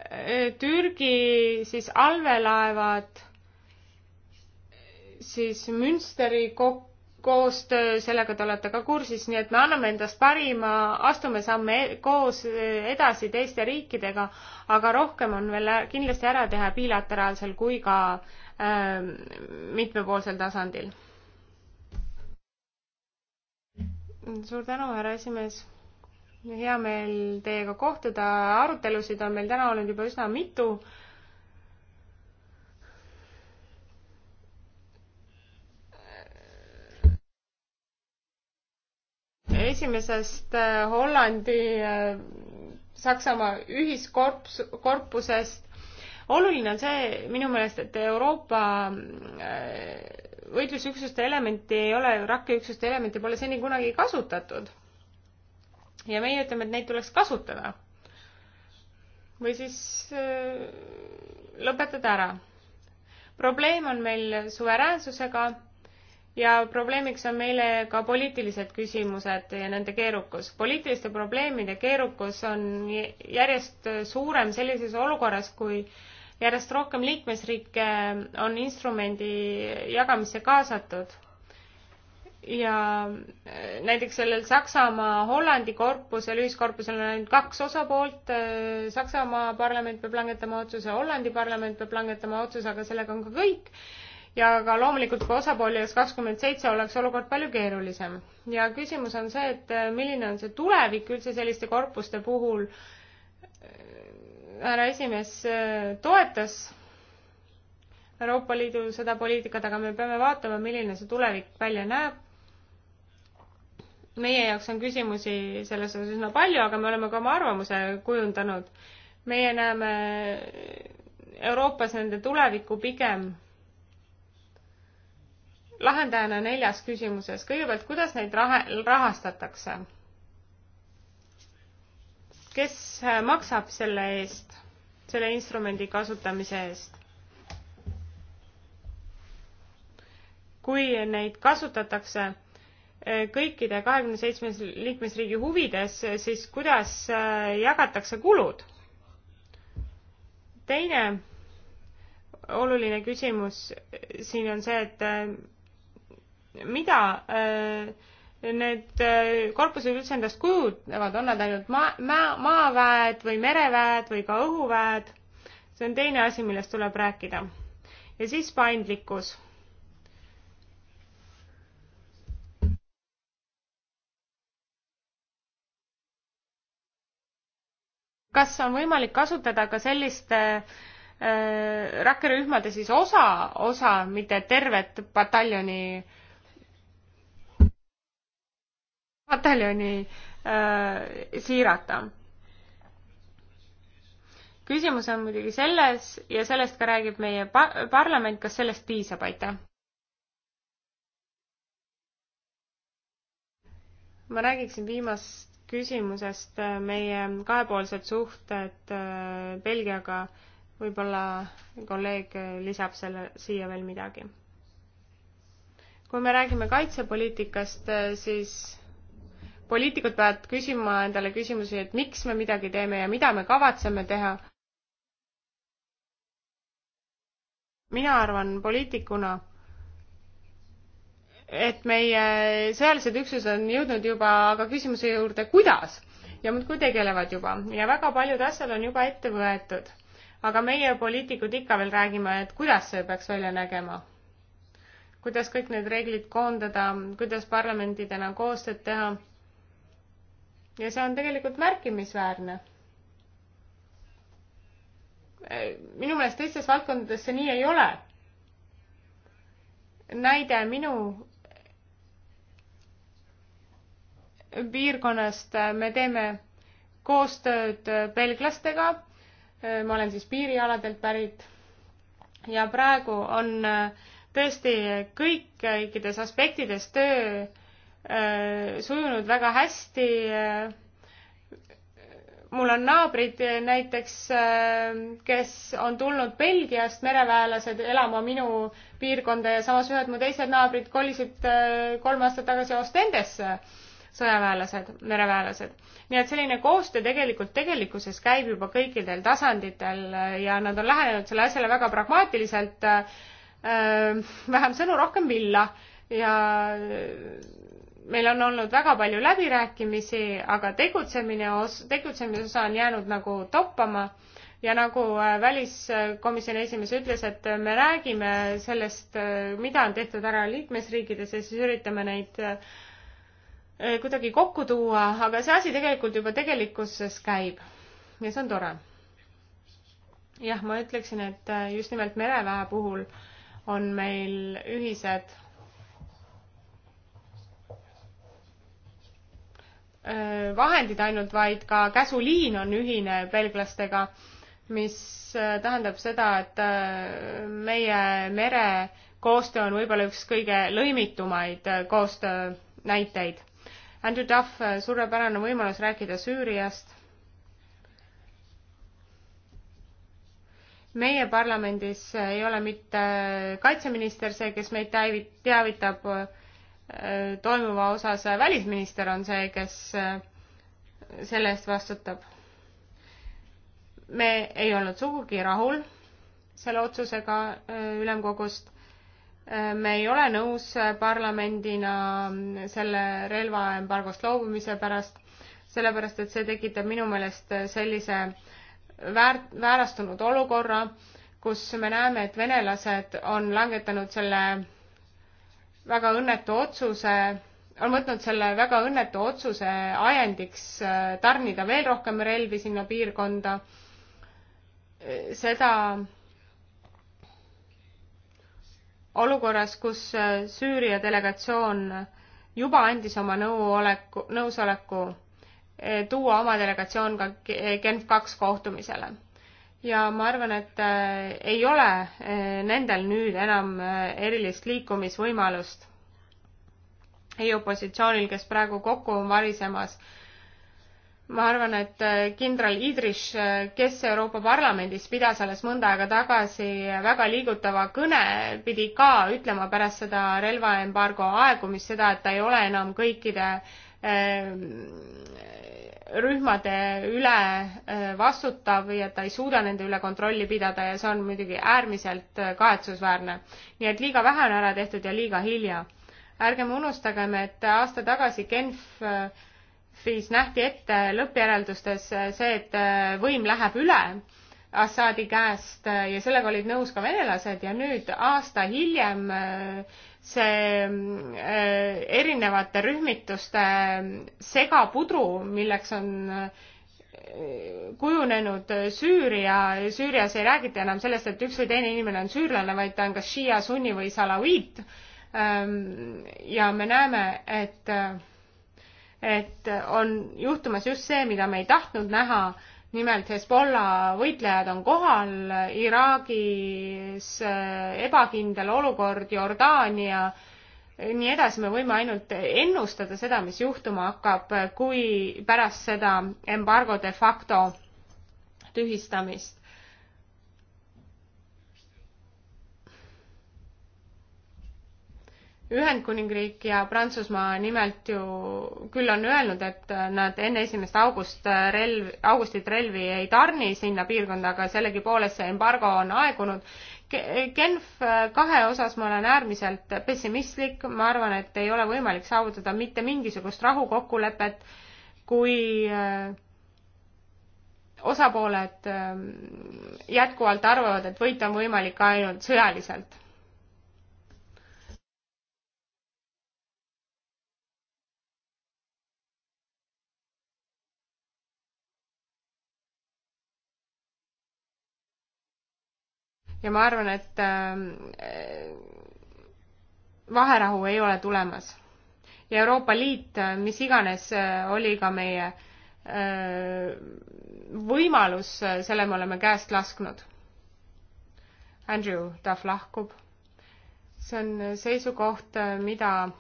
Äh, Türgi siis allveelaevad, siis Münsteri kokku koostöö, sellega te olete ka kursis, nii et me anname endast parima, astume samme e-, koos äh, edasi teiste riikidega, aga rohkem on veel kindlasti ära teha bilateraalsel kui ka Ähm, mitmepoolsel tasandil. suur tänu, härra esimees. hea meel teiega kohtuda, arutelusid on meil täna olnud juba üsna mitu. esimesest äh, Hollandi äh, Saksamaa ühiskorpus, korpusest oluline on see minu meelest, et Euroopa äh, võitlusüksuste elementi ei ole, rakkeüksuste elementi pole seni kunagi kasutatud. ja meie ütleme, et neid tuleks kasutada. või siis äh, lõpetada ära. probleem on meil suveräänsusega ja probleemiks on meile ka poliitilised küsimused ja nende keerukus. poliitiliste probleemide keerukus on järjest suurem sellises olukorras, kui järjest rohkem liikmesriike on instrumendi jagamisse kaasatud ja äh, näiteks sellel Saksamaa Hollandi korpusel, ühiskorpusel on ainult kaks osapoolt, äh, Saksamaa parlament peab langetama otsuse, Hollandi parlament peab langetama otsuse, aga sellega on ka kõik. ja ka loomulikult, kui osapooli oleks kakskümmend seitse, oleks olukord palju keerulisem. ja küsimus on see, et äh, milline on see tulevik üldse selliste korpuste puhul härra esimees äh, toetas Euroopa Liidu seda poliitikat, aga me peame vaatama, milline see tulevik välja näeb. meie jaoks on küsimusi selles osas üsna palju, aga me oleme ka oma arvamuse kujundanud. meie näeme Euroopas nende tulevikku pigem lahendajana neljas küsimuses. kõigepealt, kuidas neid raha, rahastatakse? kes äh, maksab selle eest? selle instrumendi kasutamise eest. kui neid kasutatakse eh, kõikide kahekümne seitsmes liikmesriigi huvides, siis kuidas eh, jagatakse kulud? teine oluline küsimus eh, siin on see, et mida äh, need äh, korpused üldse endast kujutavad, on nad ainult maa, maa, maaväed või mereväed või ka õhuväed. see on teine asi, millest tuleb rääkida. ja siis paindlikkus. kas on võimalik kasutada ka sellist äh, rakkerühmade siis osa, osa, mitte tervet pataljoni äh, pataljoni äh, siirata. küsimus on muidugi selles ja sellest ka räägib meie pa-, parlament, kas sellest piisab, aitäh. ma räägiksin viimast küsimusest, äh, meie kahepoolsed suhted äh, Belgiaga, võib-olla kolleeg äh, lisab selle, siia veel midagi. kui me räägime kaitsepoliitikast, äh, siis poliitikud peavad küsima endale küsimusi, et miks me midagi teeme ja mida me kavatseme teha. mina arvan poliitikuna, et meie sõjalised üksused on jõudnud juba aga küsimuse juurde, kuidas ja muudkui tegelevad juba ja väga paljud asjad on juba ette võetud. aga meie poliitikud ikka veel räägime, et kuidas see peaks välja nägema kuidas kõik need reeglid koondada, kuidas parlamentidena koostööd teha ja see on tegelikult märkimisväärne. minu meelest teistes valdkondades see nii ei ole. näide minu piirkonnast me teeme koostööd belglastega. ma olen siis piirialadelt pärit ja praegu on tõesti kõikides aspektides töö Äh, sujunud väga hästi. mul on naabrid näiteks, äh, kes on tulnud Belgiast, mereväelased, elama minu piirkonda ja samas ühed mu teised naabrid kolisid äh, kolm aastat tagasi Ostendesse sõjaväelased, mereväelased. nii et selline koostöö tegelikult tegelikkuses käib juba kõikidel tasanditel ja nad on lähenenud selle asjale väga pragmaatiliselt. vähem sõnu, rohkem villa ja meil on olnud väga palju läbirääkimisi, aga tegutsemine os-, tegutsemise osa on jäänud nagu toppama ja nagu äh, väliskomisjoni esimees ütles, et äh, me räägime sellest, äh, mida on tehtud ära liikmesriikides ja siis üritame neid kuidagi kokku tuua, aga see asi tegelikult juba tegelikkuses käib ja see on tore. jah, ma ütleksin, et just nimelt mereväe puhul on meil ühised vahendid ainult, vaid ka käsuliin on ühine belglastega, mis tähendab seda, et meie merekoostöö on võib-olla üks kõige lõimitumaid koostöö näiteid. Andrew Duff, suurepärane võimalus rääkida Süüriast. meie parlamendis ei ole mitte kaitseminister see, kes meid teavitab toimuva osas välisminister on see, kes äh, selle eest vastutab. me ei olnud sugugi rahul selle otsusega äh, ülemkogust. Äh, me ei ole nõus parlamendina mm, selle relvaembargost loobumise pärast, sellepärast et see tekitab minu meelest sellise väärt, väärastunud olukorra, kus me näeme, et venelased on langetanud selle väga õnnetu otsuse, on võtnud selle väga õnnetu otsuse ajendiks äh, tarnida veel rohkem relvi sinna piirkonda. seda olukorras, kus äh, Süüria delegatsioon juba andis oma nõuoleku, nõusoleku äh, tuua oma delegatsioon ka Genf kaks kohtumisele ja ma arvan, et äh, ei ole äh, nendel nüüd enam äh, erilist liikumisvõimalust. ei opositsioonil, kes praegu kokku on varisemas. ma arvan, et kindral Idris, kes Euroopa Parlamendis pidas alles mõnda aega tagasi väga liigutava kõne, pidi ka ütlema pärast seda relvaembargo aegumist seda, et ta ei ole enam kõikide rühmade üle äh, vastutav ja ta ei suuda nende üle kontrolli pidada ja see on muidugi äärmiselt äh, kahetsusväärne. nii et liiga vähe on ära tehtud ja liiga hilja. ärgem unustagem, et aasta tagasi Genfis äh, nähti ette lõppjäreldustes see, et võim läheb üle Assaadi käest ja sellega olid nõus ka venelased ja nüüd aasta hiljem äh, see äh, erinevate rühmituste segapudru, milleks on äh, kujunenud Süüria, Süürias ei räägita enam sellest, et üks või teine inimene on süürlane, vaid ta on kas šiia, sunni või salaviit. Ähm, ja me näeme, et, äh, et on juhtumas just see, mida me ei tahtnud näha nimelt Hezbollah võitlejad on kohal, Iraagis eh, ebakindel olukord, Jordaania, nii edasi, me võime ainult ennustada seda, mis juhtuma hakkab, kui pärast seda embargo de facto tühistamist. Ühendkuningriik ja Prantsusmaa nimelt ju küll on öelnud, et nad enne esimest august äh, relv, augustit relvi ei tarni sinna piirkonda, aga sellegipoolest see embargo on aegunud. Genf äh, kahe osas ma olen äärmiselt pessimistlik, ma arvan, et ei ole võimalik saavutada mitte mingisugust rahukokkulepet, kui äh, osapooled ähm, jätkuvalt arvavad, et võita on võimalik ainult sõjaliselt ja ma arvan, et äh, vaherahu ei ole tulemas. ja Euroopa Liit, äh, mis iganes äh, oli ka meie võimalus, selle me oleme käest lasknud. Andrew Duff lahkub. see on seisukoht, mida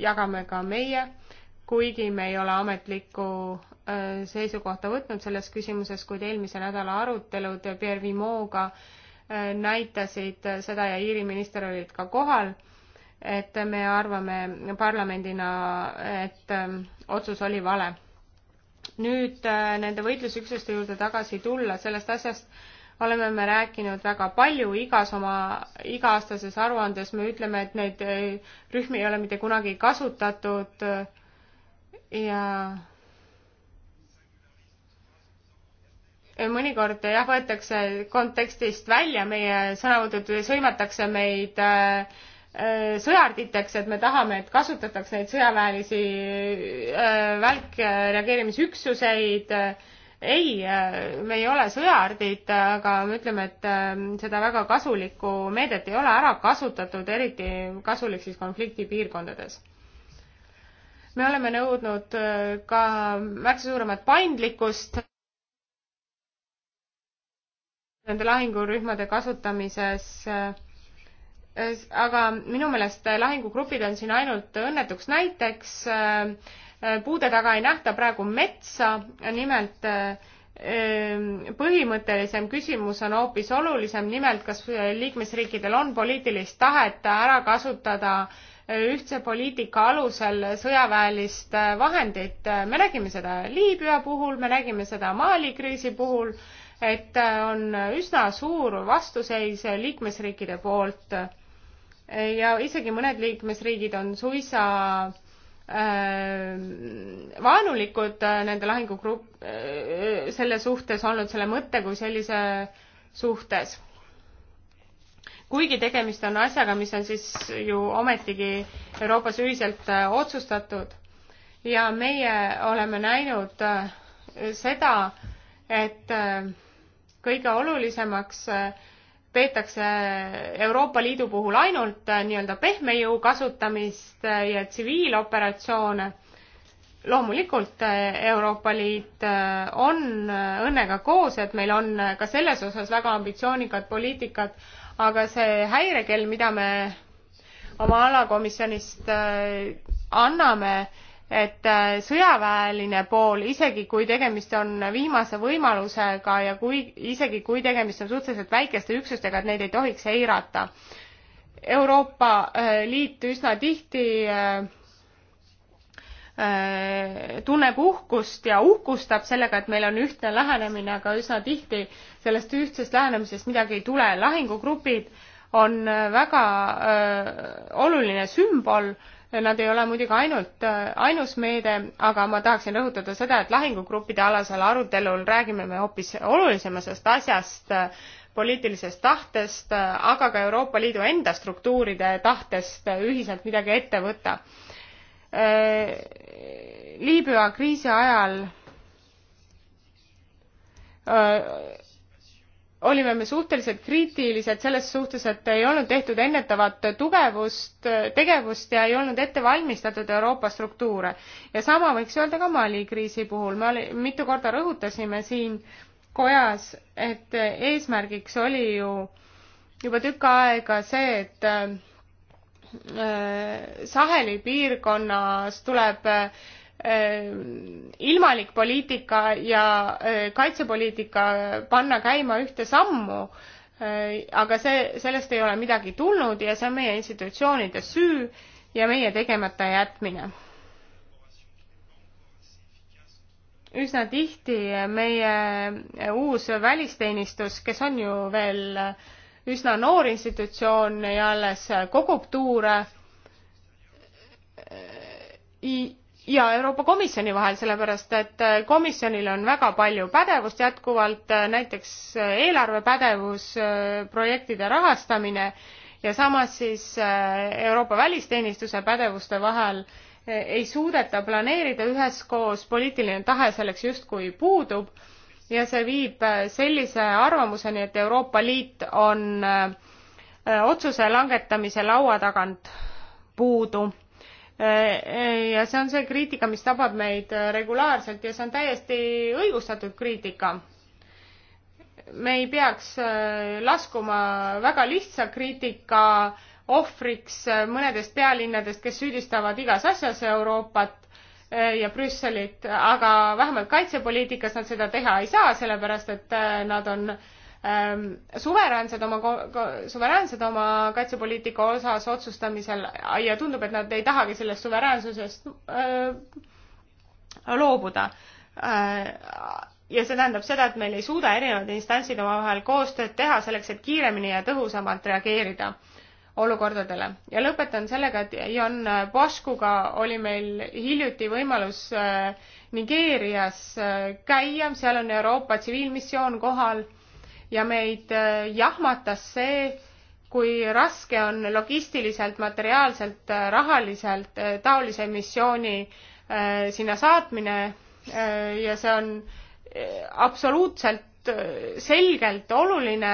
jagame ka meie, kuigi me ei ole ametlikku Äh, seisukohta võtnud selles küsimuses, kuid eelmise nädala arutelud Pierre Vimoga äh, näitasid seda ja Iiri minister olid ka kohal, et me arvame parlamendina, et ähm, otsus oli vale. nüüd äh, nende võitlusüksuste juurde tagasi tulla, sellest asjast oleme me rääkinud väga palju, igas oma iga-aastases aruandes me ütleme, et neid rühmi ei ole mitte kunagi kasutatud ja mõnikord jah, võetakse kontekstist välja meie sõnavõtud, sõimatakse meid äh, äh sõjarditeks, et me tahame, et kasutataks neid sõjaväelisi äh, välkreageerimisüksuseid. ei, äh, me ei ole sõjardid, aga me ütleme, et seda väga kasulikku meedet ei ole ära kasutatud, eriti kasulik siis konfliktipiirkondades me oleme nõudnud ka märksa suuremat paindlikkust nende lahingurühmade kasutamises aga minu meelest lahingugrupid on siin ainult õnnetuks näiteks. puude taga ei nähta praegu metsa, nimelt põhimõttelisem küsimus on hoopis olulisem, nimelt kas liikmesriikidel on poliitilist tahet ära kasutada ühtse poliitika alusel sõjaväelist vahendit. me nägime seda Liibüa puhul, me nägime seda Mali kriisi puhul et äh, on üsna suur vastuseis liikmesriikide poolt ja isegi mõned liikmesriigid on suisa äh, vaenulikud äh, nende lahingugrupp, selle suhtes olnud, selle mõtte kui sellise suhtes. kuigi tegemist on asjaga, mis on siis ju ometigi Euroopas ühiselt otsustatud ja meie oleme näinud seda, et äh, kõige olulisemaks äh, peetakse Euroopa Liidu puhul ainult äh, nii-öelda pehme jõu kasutamist äh, ja tsiviiloperatsioone. loomulikult Euroopa Liit on õnnega koos, et meil on ka selles osas väga ambitsioonikad poliitikad, aga see häirekell, mida me oma alakomisjonist anname, et äh, sõjaväeline pool, isegi kui tegemist on viimase võimalusega ja kui, isegi kui tegemist on suhteliselt väikeste üksustega, et neid ei tohiks eirata. Euroopa äh, Liit üsna tihti äh, tunneb uhkust ja uhkustab sellega, et meil on ühtne lähenemine, aga üsna tihti sellest ühtsest lähenemisest midagi ei tule. lahingugrupid on väga öö, oluline sümbol Nad ei ole muidugi ainult äh, ainus meede, aga ma tahaksin rõhutada seda, et lahingugruppide alasel arutelul räägime me hoopis olulisemast asjast, äh, poliitilisest tahtest, äh, aga ka Euroopa Liidu enda struktuuride tahtest ühiselt midagi ette võtta. Liibüa kriisi ajal olime me suhteliselt kriitilised selles suhtes, et ei olnud tehtud ennetavat tugevust, tegevust ja ei olnud ette valmistatud Euroopa struktuure. ja sama võiks öelda ka Mali kriisi puhul, me oli, mitu korda rõhutasime siin kojas, et eesmärgiks oli ju juba tükk aega see, et äh, Saheli piirkonnas tuleb äh, Äh, ilmalik poliitika ja äh, kaitsepoliitika panna käima ühte sammu, äh, aga see, sellest ei ole midagi tulnud ja see on meie institutsioonide süü ja meie tegemata jätmine. üsna tihti meie uus välisteenistus, kes on ju veel üsna noor institutsioon ja alles kogub tuure, ja Euroopa Komisjoni vahel, sellepärast et äh, komisjonil on väga palju pädevust jätkuvalt, äh, näiteks äh, eelarvepädevus, projektide rahastamine ja samas siis Euroopa välisteenistuse pädevuste vahel ei suudeta planeerida üheskoos, poliitiline tahe selleks justkui puudub ja see viib sellise arvamuseni, et Euroopa Liit on otsuse langetamise laua tagant puudu ja see on see kriitika, mis tabab meid regulaarselt ja see on täiesti õigustatud kriitika. me ei peaks äh, laskuma väga lihtsa kriitika ohvriks äh, mõnedest pealinnadest, kes süüdistavad igas asjas Euroopat äh, ja Brüsselit, aga vähemalt kaitsepoliitikas nad seda teha ei saa, sellepärast et nad on äh, Ehm, suveräänsed oma, suveräänsed oma kaitsepoliitika osas otsustamisel ja tundub, et nad ei tahagi sellest suveräänsusest ehm, loobuda ehm, ja see tähendab seda, et meil ei suuda erinevad instantsid omavahel koostööd teha selleks, et kiiremini ja tõhusamalt reageerida olukordadele. ja lõpetan sellega, et Jan Boškuga oli meil hiljuti võimalus Nigeerias käia, seal on Euroopa tsiviilmissioon kohal ja meid äh, jahmatas see, kui raske on logistiliselt, materiaalselt, äh, rahaliselt äh, taolise missiooni sinna saatmine ja see on absoluutselt selgelt oluline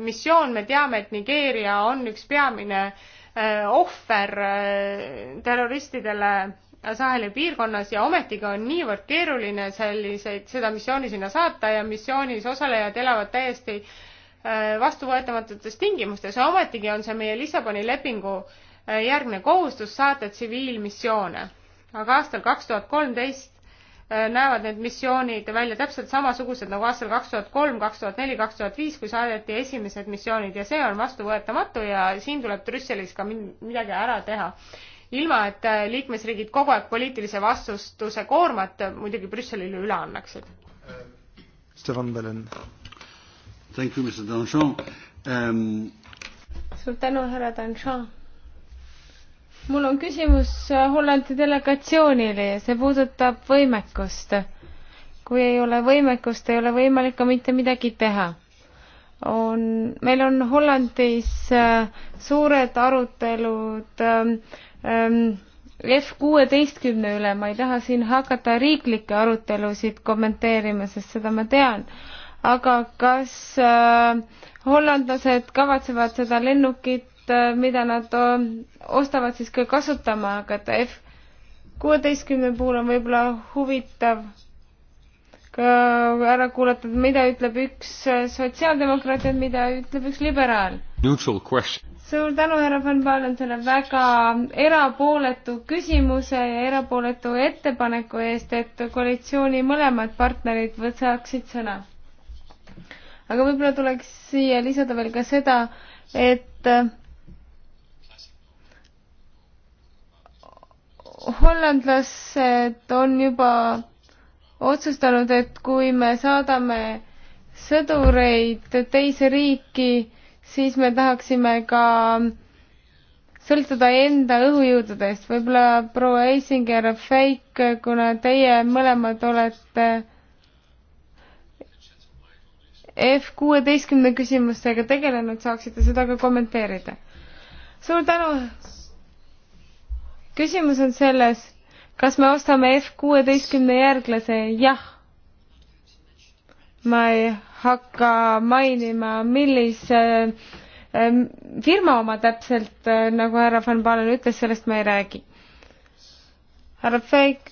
missioon, me teame, et Nigeeria on üks peamine ohver terroristidele Saheli piirkonnas ja ometigi on niivõrd keeruline selliseid, seda missiooni sinna saata ja missioonis osalejad elavad täiesti äh, vastuvõetamatutes tingimustes ja ometigi on see meie Lissaboni lepingu äh, järgne kohustus saata tsiviilmissioone. aga aastal kaks tuhat kolmteist äh, näevad need missioonid välja täpselt samasugused nagu aastal kaks tuhat kolm, kaks tuhat neli, kaks tuhat viis, kui saadeti esimesed missioonid ja see on vastuvõetamatu ja siin tuleb Brüsselis ka midagi ära teha ilma et äh, liikmesriigid kogu aeg poliitilise vastutuse koormat muidugi Brüsselile üle annaksid. Stefan Belen. Thank you, Mr Danchon um.... suur tänu, härra Danchon. mul on küsimus äh, Hollandi delegatsioonile ja see puudutab võimekust. kui ei ole võimekust, ei ole võimalik ka mitte midagi teha on, meil on Hollandis äh, suured arutelud ähm, Ehm, F kuueteistkümne üle, ma ei taha siin hakata riiklikke arutelusid kommenteerima, sest seda ma tean. aga kas äh, hollandlased kavatsevad seda lennukit äh,, mida nad äh, ostavad siis ka kasutama hakata, F kuueteistkümne puhul on võib-olla huvitav ära kuulatud, mida ütleb üks äh, sotsiaaldemokraat ja mida ütleb üks liberaal. suur tänu, härra Van Balen, selle väga erapooletu küsimuse ja erapooletu ettepaneku eest, et koalitsiooni mõlemad partnerid saaksid sõna. aga võib-olla tuleks siia lisada veel ka seda, et äh, hollandlased on juba otsustanud, et kui me saadame sõdureid teise riiki, siis me tahaksime ka sõltuda enda õhujõududest. võib-olla proua Eising ja Rafeik, kuna teie mõlemad olete F kuueteistkümne küsimustega tegelenud, saaksite seda ka kommenteerida. suur tänu. küsimus on selles kas me ostame F kuueteistkümne järglase? jah. ma ei hakka mainima, millise ähm, firma oma täpselt, äh, nagu härra Van Balen ütles, sellest ma ei räägi. härra Feik,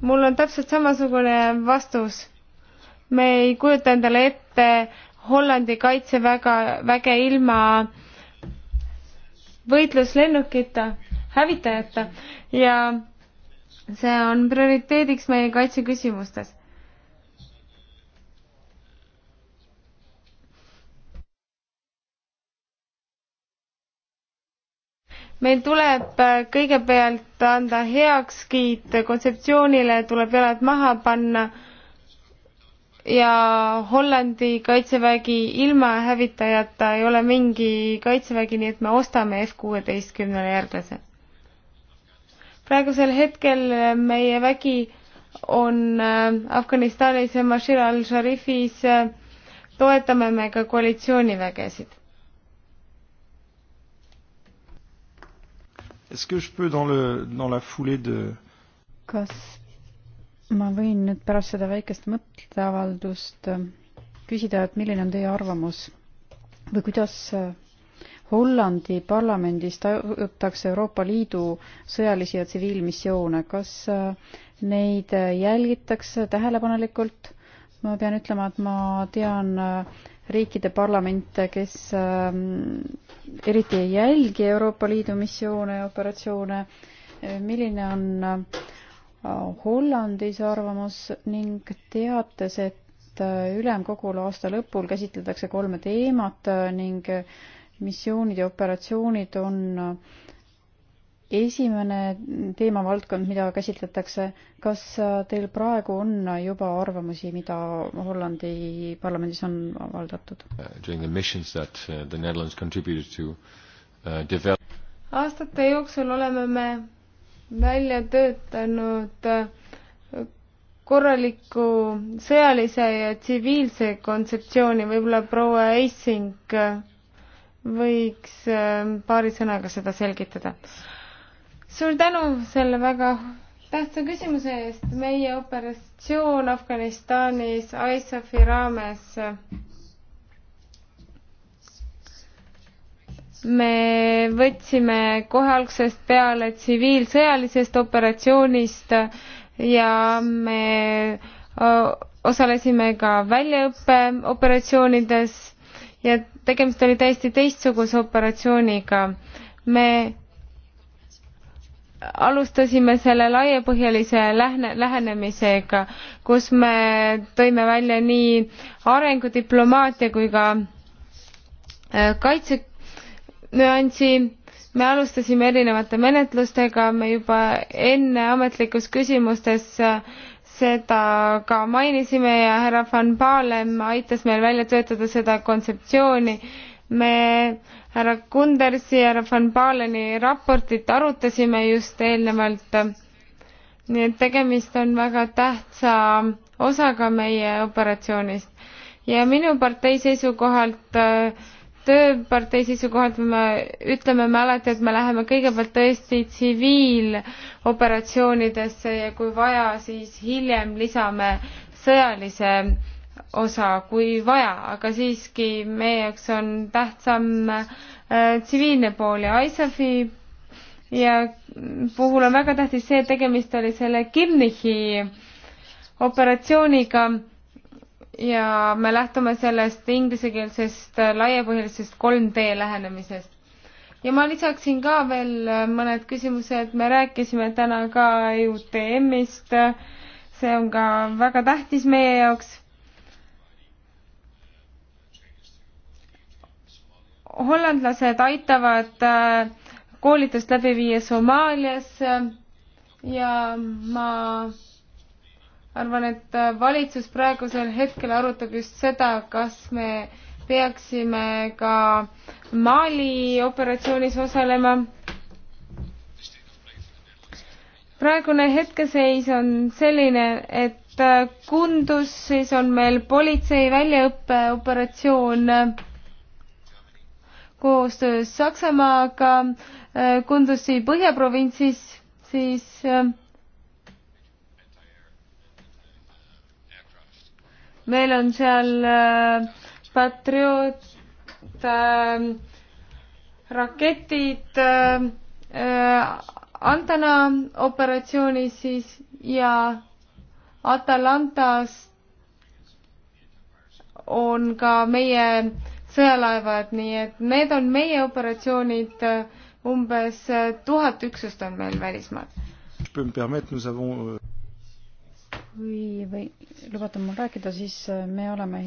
mul on täpselt samasugune vastus. me ei kujuta endale ette Hollandi kaitseväga, väge ilma võitluslennukita hävitajata ja see on prioriteediks meie kaitseküsimustes. meil tuleb kõigepealt anda heakskiit kontseptsioonile, tuleb jalad maha panna ja Hollandi kaitsevägi ilma hävitajata ei ole mingi kaitsevägi, nii et me ostame F kuueteistkümnele järglase praegusel hetkel äh, meie vägi on äh, Afganistanis ja Bashir al-Sharifis äh, toetame me ka koalitsioonivägesid. kas ma võin nüüd pärast seda väikest mõtteavaldust küsida, et milline on teie arvamus või kuidas Hollandi parlamendis tajutakse Euroopa Liidu sõjalisi ja tsiviilmissioone. kas äh, neid äh, jälgitakse tähelepanelikult? ma pean ütlema, et ma tean äh, riikide parlamente, kes ähm, eriti ei jälgi Euroopa Liidu missioone ja operatsioone. milline on Hollandis arvamus ning teates, et ülemkogul aasta lõpul käsitletakse kolme teemat ning missioonid ja operatsioonid on esimene teemavaldkond, mida käsitletakse. kas teil praegu on juba arvamusi, mida Hollandi parlamendis on avaldatud? Uh, uh, aastate jooksul oleme me välja töötanud uh, korraliku sõjalise ja tsiviilse kontseptsiooni, võib-olla proua Eissing võiks ähm, paari sõnaga seda selgitada. suur tänu selle väga tähtsa küsimuse eest. meie operatsioon Afganistanis ISAF-i raames. me võtsime kohe algusest peale tsiviilsõjalisest operatsioonist ja me äh, osalesime ka väljaõppeoperatsioonides ja tegemist oli täiesti teistsuguse operatsiooniga. me alustasime selle laiapõhjalise lähne, lähenemisega, kus me tõime välja nii arengudiplomaatia kui ka äh, kaitsenüansi me alustasime erinevate menetlustega, me juba enne ametlikus küsimustes äh, seda ka mainisime ja härra Van Paalem aitas meil välja töötada seda kontseptsiooni. me härra Kundersi ja härra Van Paaleni raportit arutasime just eelnevalt. nii et tegemist on väga tähtsa osaga meie operatsioonist ja minu partei seisukohalt äh, tööpartei seisukohalt me ütleme me alati, et me läheme kõigepealt tõesti tsiviiloperatsioonidesse ja kui vaja, siis hiljem lisame sõjalise osa, kui vaja, aga siiski meie jaoks on tähtsam äh, tsiviilne äh, pool ja ISAF-i ja puhul on väga tähtis see, et tegemist oli selle Kirnichi operatsiooniga ja me lähtume sellest inglisekeelsest laiapõhjalisest 3D lähenemisest. ja ma lisaksin ka veel mõned küsimused, me rääkisime täna ka UTM-ist, see on ka väga tähtis meie jaoks. hollandlased aitavad äh, koolitust läbi viia Somaalias ja ma arvan, et äh, valitsus praegusel hetkel arutab just seda, kas me peaksime ka Mali operatsioonis osalema. praegune hetkeseis on selline, et äh, Kundus siis on meil politsei väljaõppeoperatsioon äh, koostöös Saksamaaga Kundusi põhjaprovintsis, siis, siis meil on seal äh, Patriot äh, raketid äh, äh, Antana operatsioonis siis ja Atalantas on ka meie sõjalaevad, nii et need on meie operatsioonid, umbes äh, tuhat üksust on meil välismaal kui või lubate mul rääkida, siis äh, me oleme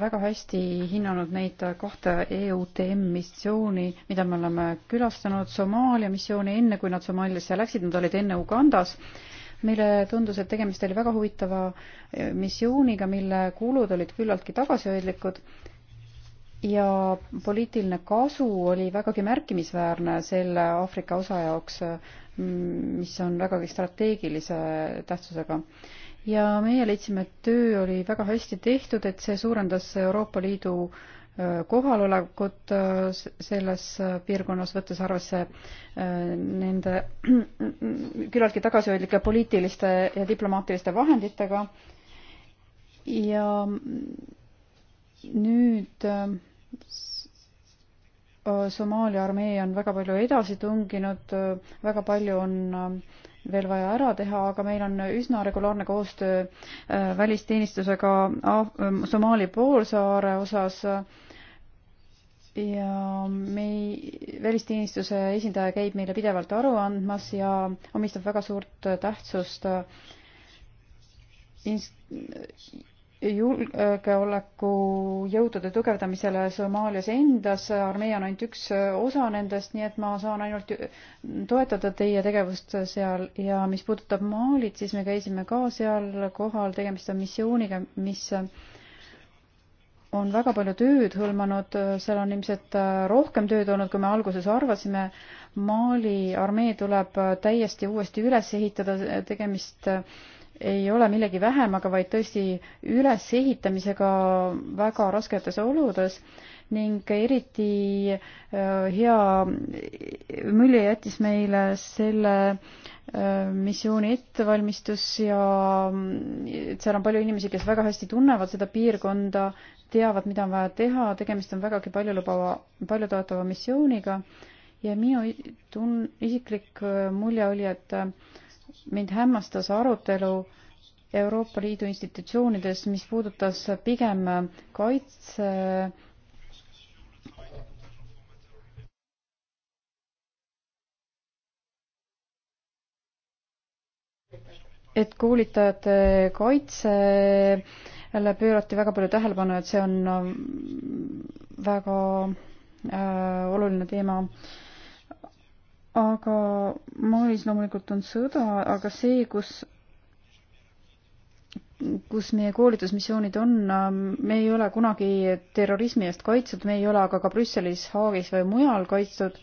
väga hästi hinnanud neid äh, kahte EUTM missiooni, mida me oleme külastanud, Somaalia missiooni, enne kui nad Somaaliasse läksid, nad olid enne Ugandas. meile tundus, et tegemist oli väga huvitava äh, missiooniga, mille kulud olid küllaltki tagasihoidlikud ja poliitiline kasu oli vägagi märkimisväärne selle Aafrika osa jaoks, mis on vägagi strateegilise tähtsusega ja meie leidsime, et töö oli väga hästi tehtud, et see suurendas Euroopa Liidu äh, kohalolekut äh, selles äh, piirkonnas, võttes arvesse nende küllaltki tagasihoidlike poliitiliste ja diplomaatiliste vahenditega. ja nüüd Somaalia armee on väga palju edasi tunginud, väga palju on veel vaja ära teha, aga meil on üsna regulaarne koostöö äh, välisteenistusega ähm, Somaalia poolsaare osas ja me, välisteenistuse esindaja käib meile pidevalt aru andmas ja omistab väga suurt äh, tähtsust äh, ins-, julgeolekujõudude tugevdamisele Somaalias endas, armee on ainult üks osa nendest, nii et ma saan ainult toetada teie tegevust seal ja mis puudutab Malit, siis me käisime ka seal kohal, tegemist on missiooniga, mis on väga palju tööd hõlmanud, seal on ilmselt rohkem tööd olnud, kui me alguses arvasime. Mali armee tuleb täiesti uuesti üles ehitada, tegemist ei ole millegi vähemaga, vaid tõesti ülesehitamisega väga rasketes oludes ning eriti äh, hea mulje jättis meile selle äh, missiooni ettevalmistus ja mm, et seal on palju inimesi, kes väga hästi tunnevad seda piirkonda, teavad, mida on vaja teha, tegemist on vägagi paljulubava, paljutoetava missiooniga ja minu tun-, isiklik äh, mulje oli, et mind hämmastas arutelu Euroopa Liidu institutsioonides, mis puudutas pigem kaitse et koolitajate kaitsele pöörati väga palju tähelepanu, et see on väga äh, oluline teema äh, aga Malis loomulikult on sõda, aga see, kus kus meie koolitusmissioonid on, ähm, me ei ole kunagi terrorismi eest kaitstud, me ei ole aga ka Brüsselis, Haagis või mujal kaitstud.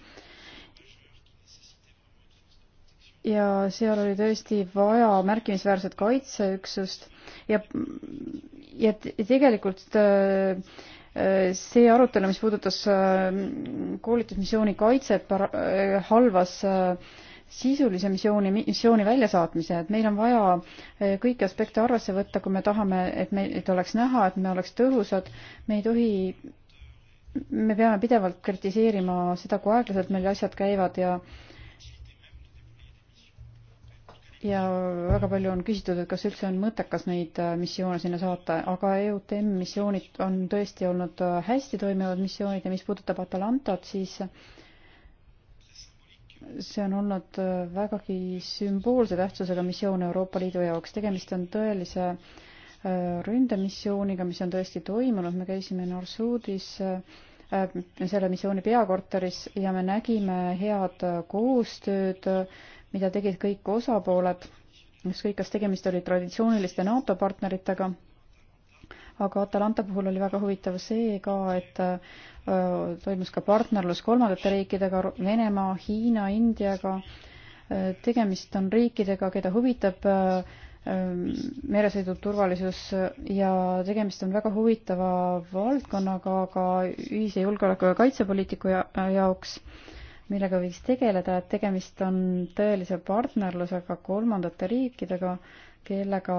ja seal oli tõesti vaja märkimisväärset kaitseüksust ja, ja tegelikult äh, Äh, see arutelu, mis puudutas äh, koolitusmissiooni kaitset, äh, halvas sisulise missiooni, missiooni väljasaatmise, et meil on vaja kõiki aspekte arvesse võtta, kui me tahame, et meid oleks näha, et me oleks tõhusad, me ei tohi me peame pidevalt kritiseerima seda, kui aeglaselt meil asjad käivad ja äh, ja väga palju on küsitud, et kas üldse on mõttekas neid äh, missioone sinna saata, aga EUTM missioonid on tõesti olnud äh, hästi toimivad missioonid ja mis puudutab Atalantat, siis see on olnud äh, vägagi sümboolse tähtsusega missioon Euroopa Liidu jaoks, tegemist on tõelise ründemissiooniga, mis on tõesti toimunud, me käisime Norsuudis selle missiooni peakorteris ja me nägime head koostööd äh, mida tegid kõik osapooled, ükskõik, kas tegemist oli traditsiooniliste NATO partneritega, aga Atalanta puhul oli väga huvitav see ka, et äh, toimus ka partnerlus kolmandate riikidega, Venemaa, Hiina, Indiaga. Äh, tegemist on riikidega, keda huvitab äh, meresõidu turvalisus ja tegemist on väga huvitava valdkonnaga ka ühise julgeoleku ja kaitsepoliitiku ja, jaoks ja millega võiks tegeleda, et tegemist on tõelise partnerlusega kolmandate riikidega, kellega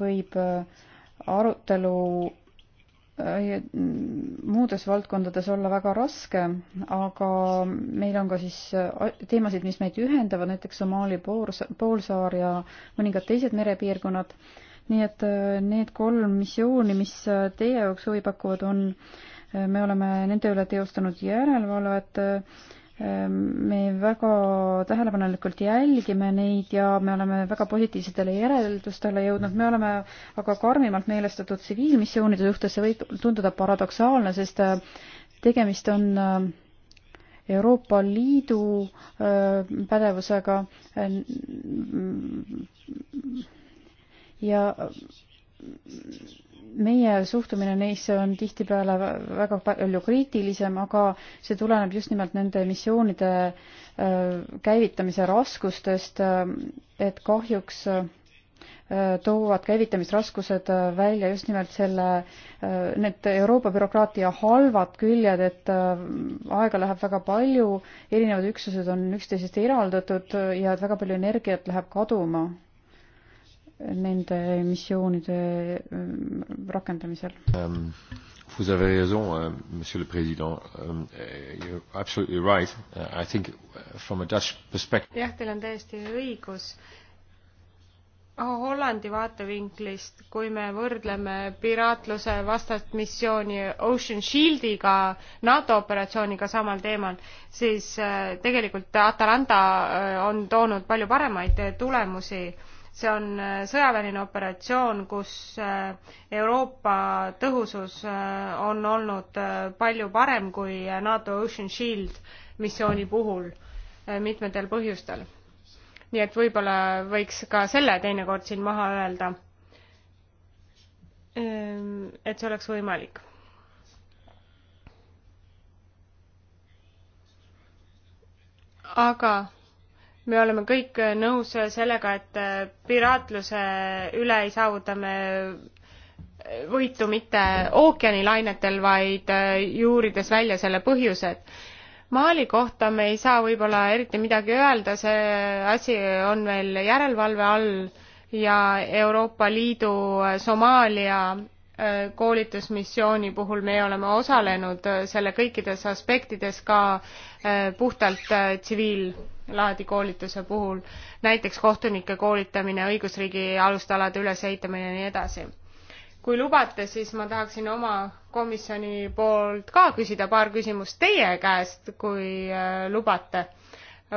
võib äh, arutelu äh, muudes valdkondades olla väga raske, aga meil on ka siis äh, teemasid, mis meid ühendavad, näiteks Somaali poolsaar ja mõningad teised merepiirkonnad. nii et need kolm missiooni, mis teie jaoks huvi pakuvad, on, me oleme nende üle teostanud järelevalvet Ehm, me väga tähelepanelikult jälgime neid ja me oleme väga positiivsetele järeldustele jõudnud. me oleme aga karmimalt meelestatud tsiviilmissioonide suhtes, see võib tunduda paradoksaalne, sest äh, tegemist on äh, Euroopa Liidu äh, pädevusega ja meie suhtumine neisse on tihtipeale väga palju kriitilisem, aga see tuleneb just nimelt nende missioonide äh, käivitamise raskustest, äh, et kahjuks äh, toovad käivitamisraskused välja just nimelt selle, need Euroopa bürokraatia halvad küljed, et aega läheb väga palju, erinevad üksused on üksteisest eraldatud ja et väga palju energiat läheb kaduma nende missioonide mm, rakendamisel um,? Vous avez raison, euh, Monsieur le Président. Um, you're absolutely right. Uh, I think uh, from a Dutch perspective. jah, teil on täiesti õigus. Oh, Hollandi vaatevinklist, kui me võrdleme piraatluse vastast missiooni Ocean Shieldiga, NATO operatsiooniga samal teemal, siis uh, tegelikult Atalanta uh, on toonud palju paremaid tulemusi see on äh, sõjaväeline operatsioon, kus äh, Euroopa tõhusus äh, on olnud palju parem kui NATO Ocean Shield missiooni puhul mitmetel põhjustel. nii et võib-olla võiks ka selle teinekord siin maha öelda. Ähm, et see oleks võimalik. aga me oleme kõik nõus sellega, et piraatluse üle ei saavuta me võitu mitte ookeanilainetel, vaid juurides välja selle põhjused. Mali kohta me ei saa võib-olla eriti midagi öelda, see asi on veel järelevalve all ja Euroopa Liidu Somaalia koolitusmissiooni puhul me oleme osalenud äh, selle kõikides aspektides ka äh, puhtalt äh, tsiviillaadi koolituse puhul, näiteks kohtunike koolitamine, õigusriigi alustalade ülesehitamine ja nii edasi. kui lubate, siis ma tahaksin oma komisjoni poolt ka küsida paar küsimust teie käest, kui lubate.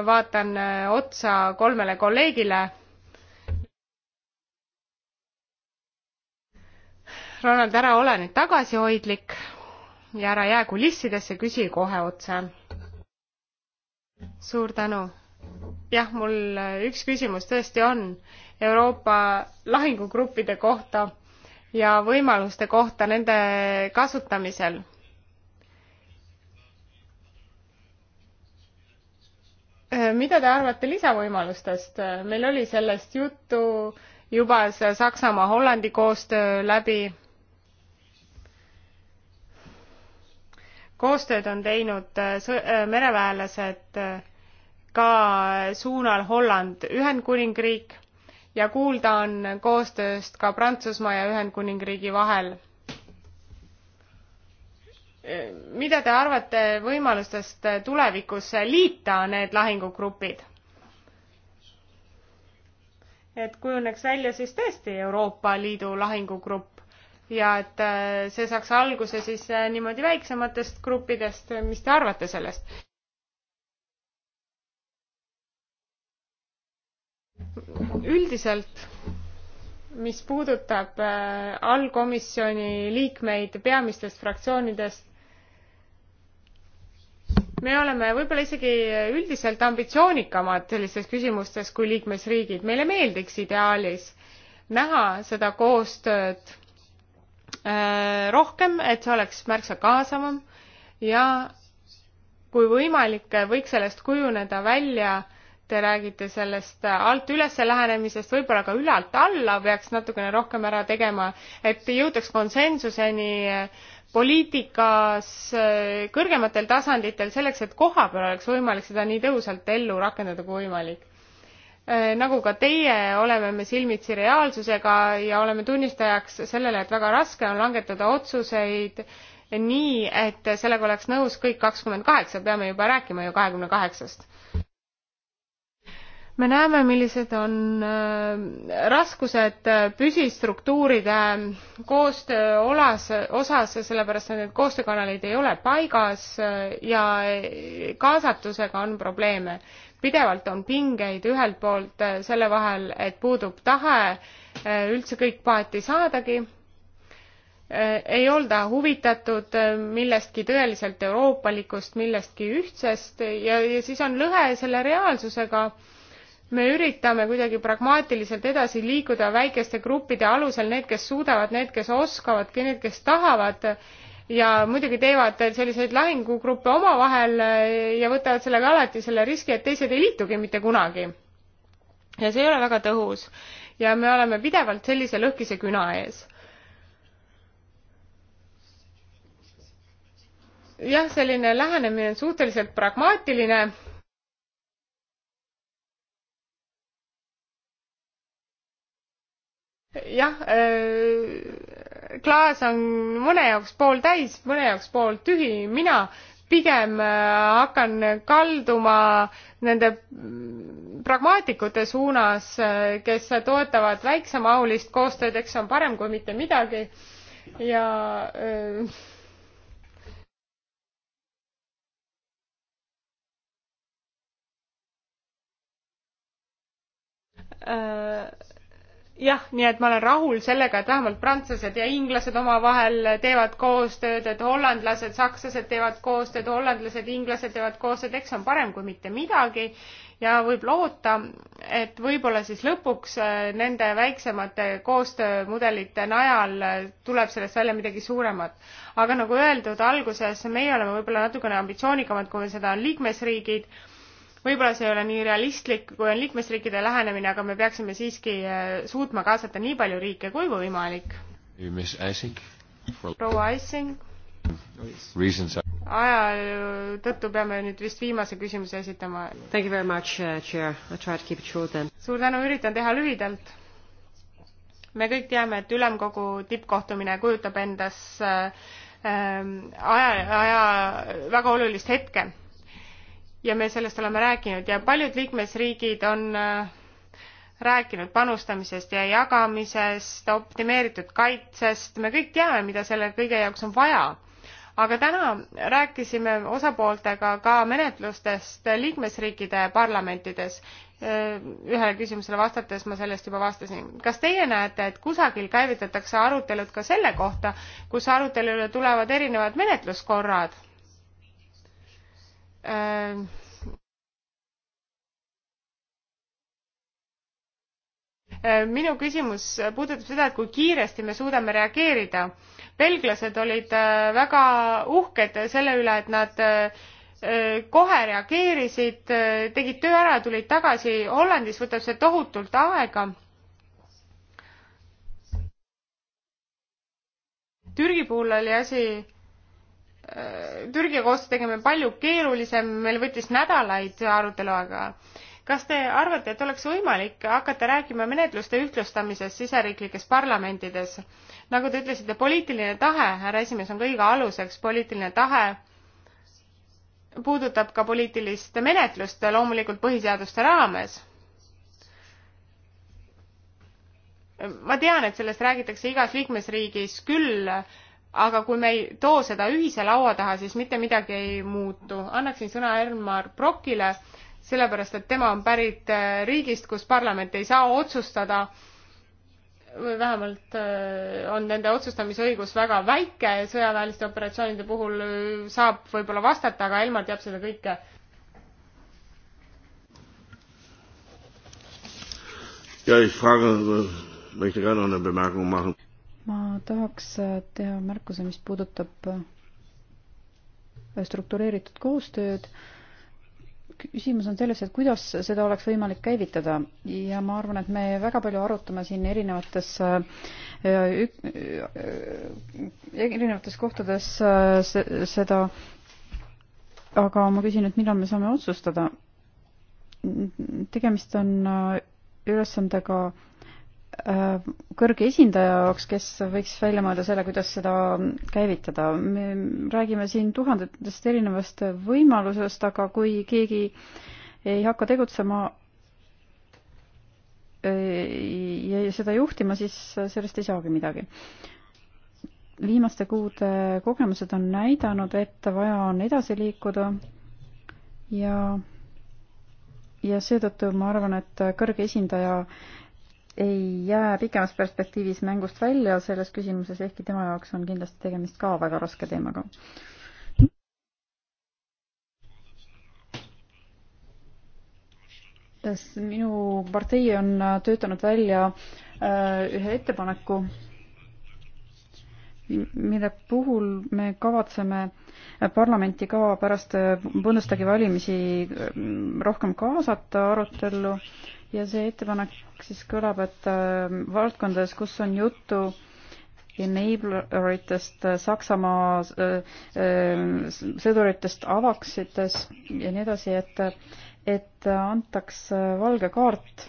vaatan otsa kolmele kolleegile Ronald, ära ole nüüd tagasihoidlik ja ära jää kulissidesse, küsi kohe otse. suur tänu. jah, mul äh, üks küsimus tõesti on Euroopa lahingugruppide kohta ja võimaluste kohta nende kasutamisel. Äh, mida te arvate lisavõimalustest? Äh, meil oli sellest juttu juba see Saksamaa-Hollandi koostöö läbi koostööd on teinud äh, äh, mereväelased äh, ka suunal Holland Ühendkuningriik ja kuulda on koostööst ka Prantsusmaa ja Ühendkuningriigi vahel. mida te arvate võimalustest tulevikus liita need lahingugrupid? et kujuneks välja siis tõesti Euroopa Liidu lahingugrupp ja et äh, see saaks alguse siis äh, niimoodi väiksematest gruppidest, mis te arvate sellest? üldiselt, mis puudutab äh, allkomisjoni liikmeid peamistest fraktsioonidest, me oleme võib-olla isegi üldiselt ambitsioonikamad sellistes küsimustes kui liikmesriigid. meile meeldiks ideaalis näha seda koostööd Äh, rohkem, et see oleks märksa kaasavam ja kui võimalik, võiks sellest kujuneda välja, te räägite sellest alt üles lähenemisest, võib-olla ka ülalt alla peaks natukene rohkem ära tegema, et jõutaks konsensuseni poliitikas äh, kõrgematel tasanditel selleks, et kohapeal oleks võimalik seda nii tõhusalt ellu rakendada kui võimalik. Äh, nagu ka teie oleme me silmitsi reaalsusega ja oleme tunnistajaks sellele, et väga raske on langetada otsuseid nii, et sellega oleks nõus kõik kakskümmend kaheksa, peame juba rääkima ju kahekümne kaheksast. me näeme, millised on äh, raskused äh, püsistruktuuride koostöö olas, osas, sellepärast et need koostöökanalid ei ole paigas ja kaasatusega on probleeme pidevalt on pingeid ühelt poolt äh, selle vahel, et puudub tahe äh, üldse kõik paati saadagi, äh, ei olda huvitatud millestki tõeliselt euroopalikust, millestki ühtsest ja, ja siis on lõhe selle reaalsusega. me üritame kuidagi pragmaatiliselt edasi liikuda väikeste gruppide alusel, need, kes suudavad, need, kes oskavad, need, kes tahavad ja muidugi teevad selliseid lahingugruppe omavahel ja võtavad sellega alati selle riski, et teised ei liitugi mitte kunagi. ja see ei ole väga tõhus ja me oleme pidevalt sellise lõhkise küna ees. jah, selline lähenemine on suhteliselt pragmaatiline jah, klaas on mõne jaoks pooltäis, mõne jaoks pooltühi, mina pigem äh, hakkan kalduma nende pragmaatikute suunas, äh, kes toetavad väiksemahulist koostööd, eks see on parem kui mitte midagi ja öö, äh, äh jah, nii et ma olen rahul sellega, et vähemalt prantslased ja inglased omavahel teevad koostööd, et hollandlased, sakslased teevad koostööd, hollandlased, inglased teevad koostööd, eks on parem kui mitte midagi. ja võib loota, et võib-olla siis lõpuks äh, nende väiksemate koostöömudelite najal äh, tuleb sellest välja midagi suuremat. aga nagu öeldud alguses, meie oleme võib-olla natukene ambitsioonikamad, kui seda on liikmesriigid võib-olla see ei ole nii realistlik, kui on liikmesriikide lähenemine, aga me peaksime siiski äh, suutma kaasata nii palju riike kui võimalik. proua Essing. aja äh, tõttu peame nüüd vist viimase küsimuse esitama. Uh, suur tänu, üritan teha lühidalt. me kõik teame, et ülemkogu tippkohtumine kujutab endas äh, ähm, aja, aja väga olulist hetke ja me sellest oleme rääkinud ja paljud liikmesriigid on äh, rääkinud panustamisest ja jagamisest, optimeeritud kaitsest, me kõik teame, mida selle kõige jaoks on vaja. aga täna rääkisime osapooltega ka menetlustest liikmesriikide parlamentides. Äh, ühele küsimusele vastates ma sellest juba vastasin. kas teie näete, et kusagil käivitatakse arutelud ka selle kohta, kus arutelule tulevad erinevad menetluskorrad? Ähm, äh, minu küsimus puudutab seda, et kui kiiresti me suudame reageerida. belglased olid äh, väga uhked selle üle, et nad äh, äh, kohe reageerisid, tegid töö ära, tulid tagasi. Hollandis võtab see tohutult aega. Türgi puhul oli asi Türgiga koostöö tegemine palju keerulisem, meil võttis nädalaid arutelu aega. kas te arvate, et oleks võimalik hakata rääkima menetluste ühtlustamisest siseriiklikes parlamentides? nagu te ütlesite, poliitiline tahe, härra esimees, on kõige aluseks, poliitiline tahe puudutab ka poliitilist menetlust loomulikult põhiseaduste raames ma tean et sellest räägitakse igas liikmesriigis küll aga kui me ei too seda ühise laua taha, siis mitte midagi ei muutu. annaksin sõna Elmar Brokile, sellepärast et tema on pärit äh, riigist, kus parlament ei saa otsustada või vähemalt äh, on nende otsustamisõigus väga väike, sõjaväeliste operatsioonide puhul äh, saab võib-olla vastata, aga Elmar teab seda kõike. ja, ich frage, möchte gerne eine Bemerkung machen ma tahaks teha märkuse, mis puudutab äh, struktureeritud koostööd. küsimus on selles, et kuidas seda oleks võimalik käivitada ja ma arvan, et me väga palju arutame siin erinevates äh, äh, erinevates kohtades seda, aga ma küsin, et millal me saame otsustada? tegemist on ülesandega Äh, kõrge esindaja jaoks, kes võiks välja mõelda selle, kuidas seda käivitada. me räägime siin tuhandetest erinevast võimalusest, aga kui keegi ei hakka tegutsema äh, ja seda juhtima, siis sellest ei saagi midagi. viimaste kuude kogemused on näidanud, et vaja on edasi liikuda ja ja seetõttu ma arvan, et kõrge esindaja äh, ei jää pikemas perspektiivis mängust välja selles küsimuses, ehkki tema jaoks on kindlasti tegemist ka väga raske teemaga. minu partei on töötanud välja äh, ühe ettepaneku, mille puhul me kavatseme parlamenti ka pärast Bundestagi valimisi äh, rohkem kaasata arutellu ja see ettepanek siis kõlab, et ähm, valdkondades, kus on juttu enabler itest, äh, Saksamaa äh, äh, sõduritest, avaksites ja nii edasi, et, et antaks valge kaart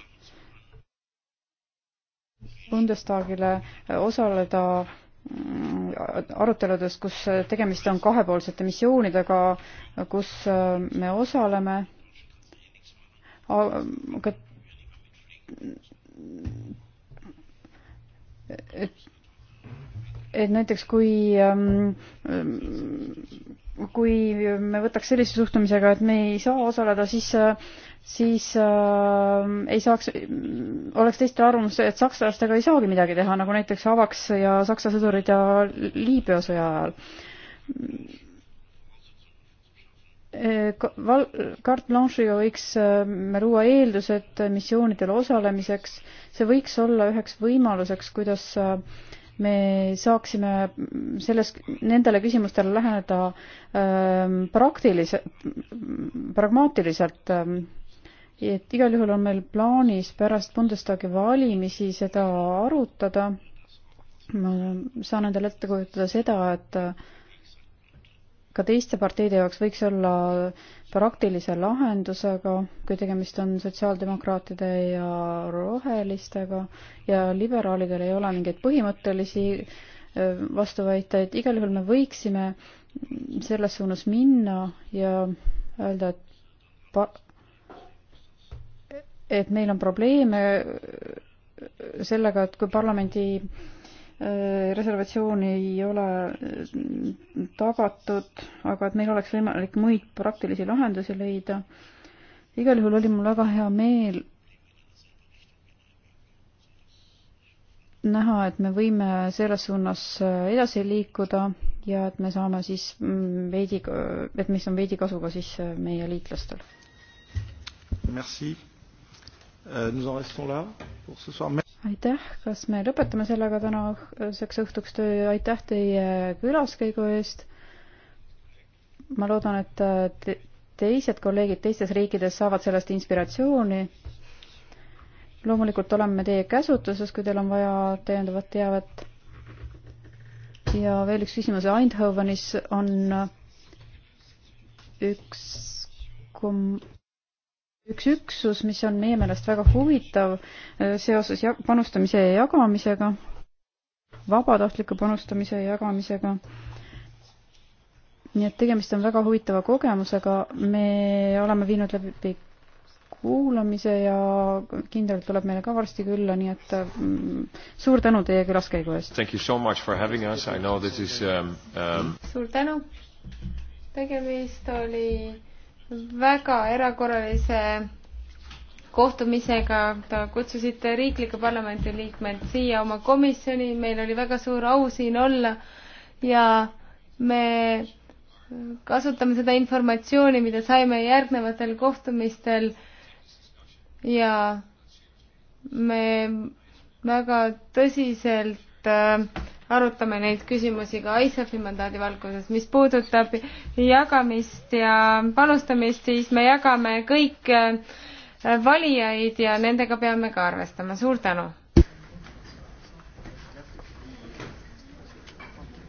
Bundestagile osaleda mm, aruteludes, kus tegemist on kahepoolsete missioonidega, kus me osaleme. aga et, et näiteks kui ähm, ähm, kui me võtaks sellise suhtumisega, et me ei saa osaleda, siis siis äh, ei saaks, oleks teiste arvamus, et sakslastega ei saagi midagi teha, nagu näiteks Avaks ja Saksa sõdurid ja Liibüa sõja ajal Eh, val-, Carte Blanche'iga võiks me eh, luua eeldused eh, missioonidel osalemiseks, see võiks olla üheks võimaluseks, kuidas me saaksime selles, nendele küsimustele läheneda ähm, praktilise, pragmaatiliselt ähm,. et igal juhul on meil plaanis pärast Bundestagi valimisi seda arutada. ma saan endale ette kujutada seda, et äh, ka teiste parteide jaoks võiks olla praktilise lahendusega, kui tegemist on sotsiaaldemokraatide ja rohelistega ja liberaalidel ei ole mingeid põhimõttelisi vastuväiteid, igal juhul me võiksime selles suunas minna ja öelda, et pa-, et meil on probleeme sellega, et kui parlamendi Äh, reservatsioon ei ole mm, tagatud, aga et meil oleks võimalik muid praktilisi lahendusi leida. igal juhul oli mul väga hea meel näha, et me võime selles suunas äh, edasi liikuda ja et me saame siis mm, veidi, et mis on veidi kasu ka siis äh, meie liitlastel. Merci Euh, aitäh, kas me lõpetame sellega tänaseks õhtuks töö, aitäh teie külaskäigu eest. ma loodan, et äh, te, teised kolleegid teistes riikides saavad sellest inspiratsiooni. loomulikult oleme teie käsutuses, kui teil on vaja täiendavat teavet. ja veel üks küsimus, Eindhovenis on üks kom-, üks üksus, mis on meie meelest väga huvitav äh, seoses panustamise ja jagamisega, vabatahtliku panustamise ja jagamisega. nii et tegemist on väga huvitava kogemusega, me oleme viinud läbi kuulamise ja kindral tuleb meile ka varsti külla, nii et mm, suur tänu teie külaskäigu eest! Um, um... suur tänu! tegemist oli väga erakorralise kohtumisega, te kutsusite riiklike parlamendi liikmed siia oma komisjoni, meil oli väga suur au siin olla ja me kasutame seda informatsiooni, mida saime järgnevatel kohtumistel ja me väga tõsiselt äh, arutame neid küsimusi ka ISAF-i mandaadi valguses. mis puudutab jagamist ja panustamist, siis me jagame kõik äh, valijaid ja nendega peame ka arvestama. suur tänu!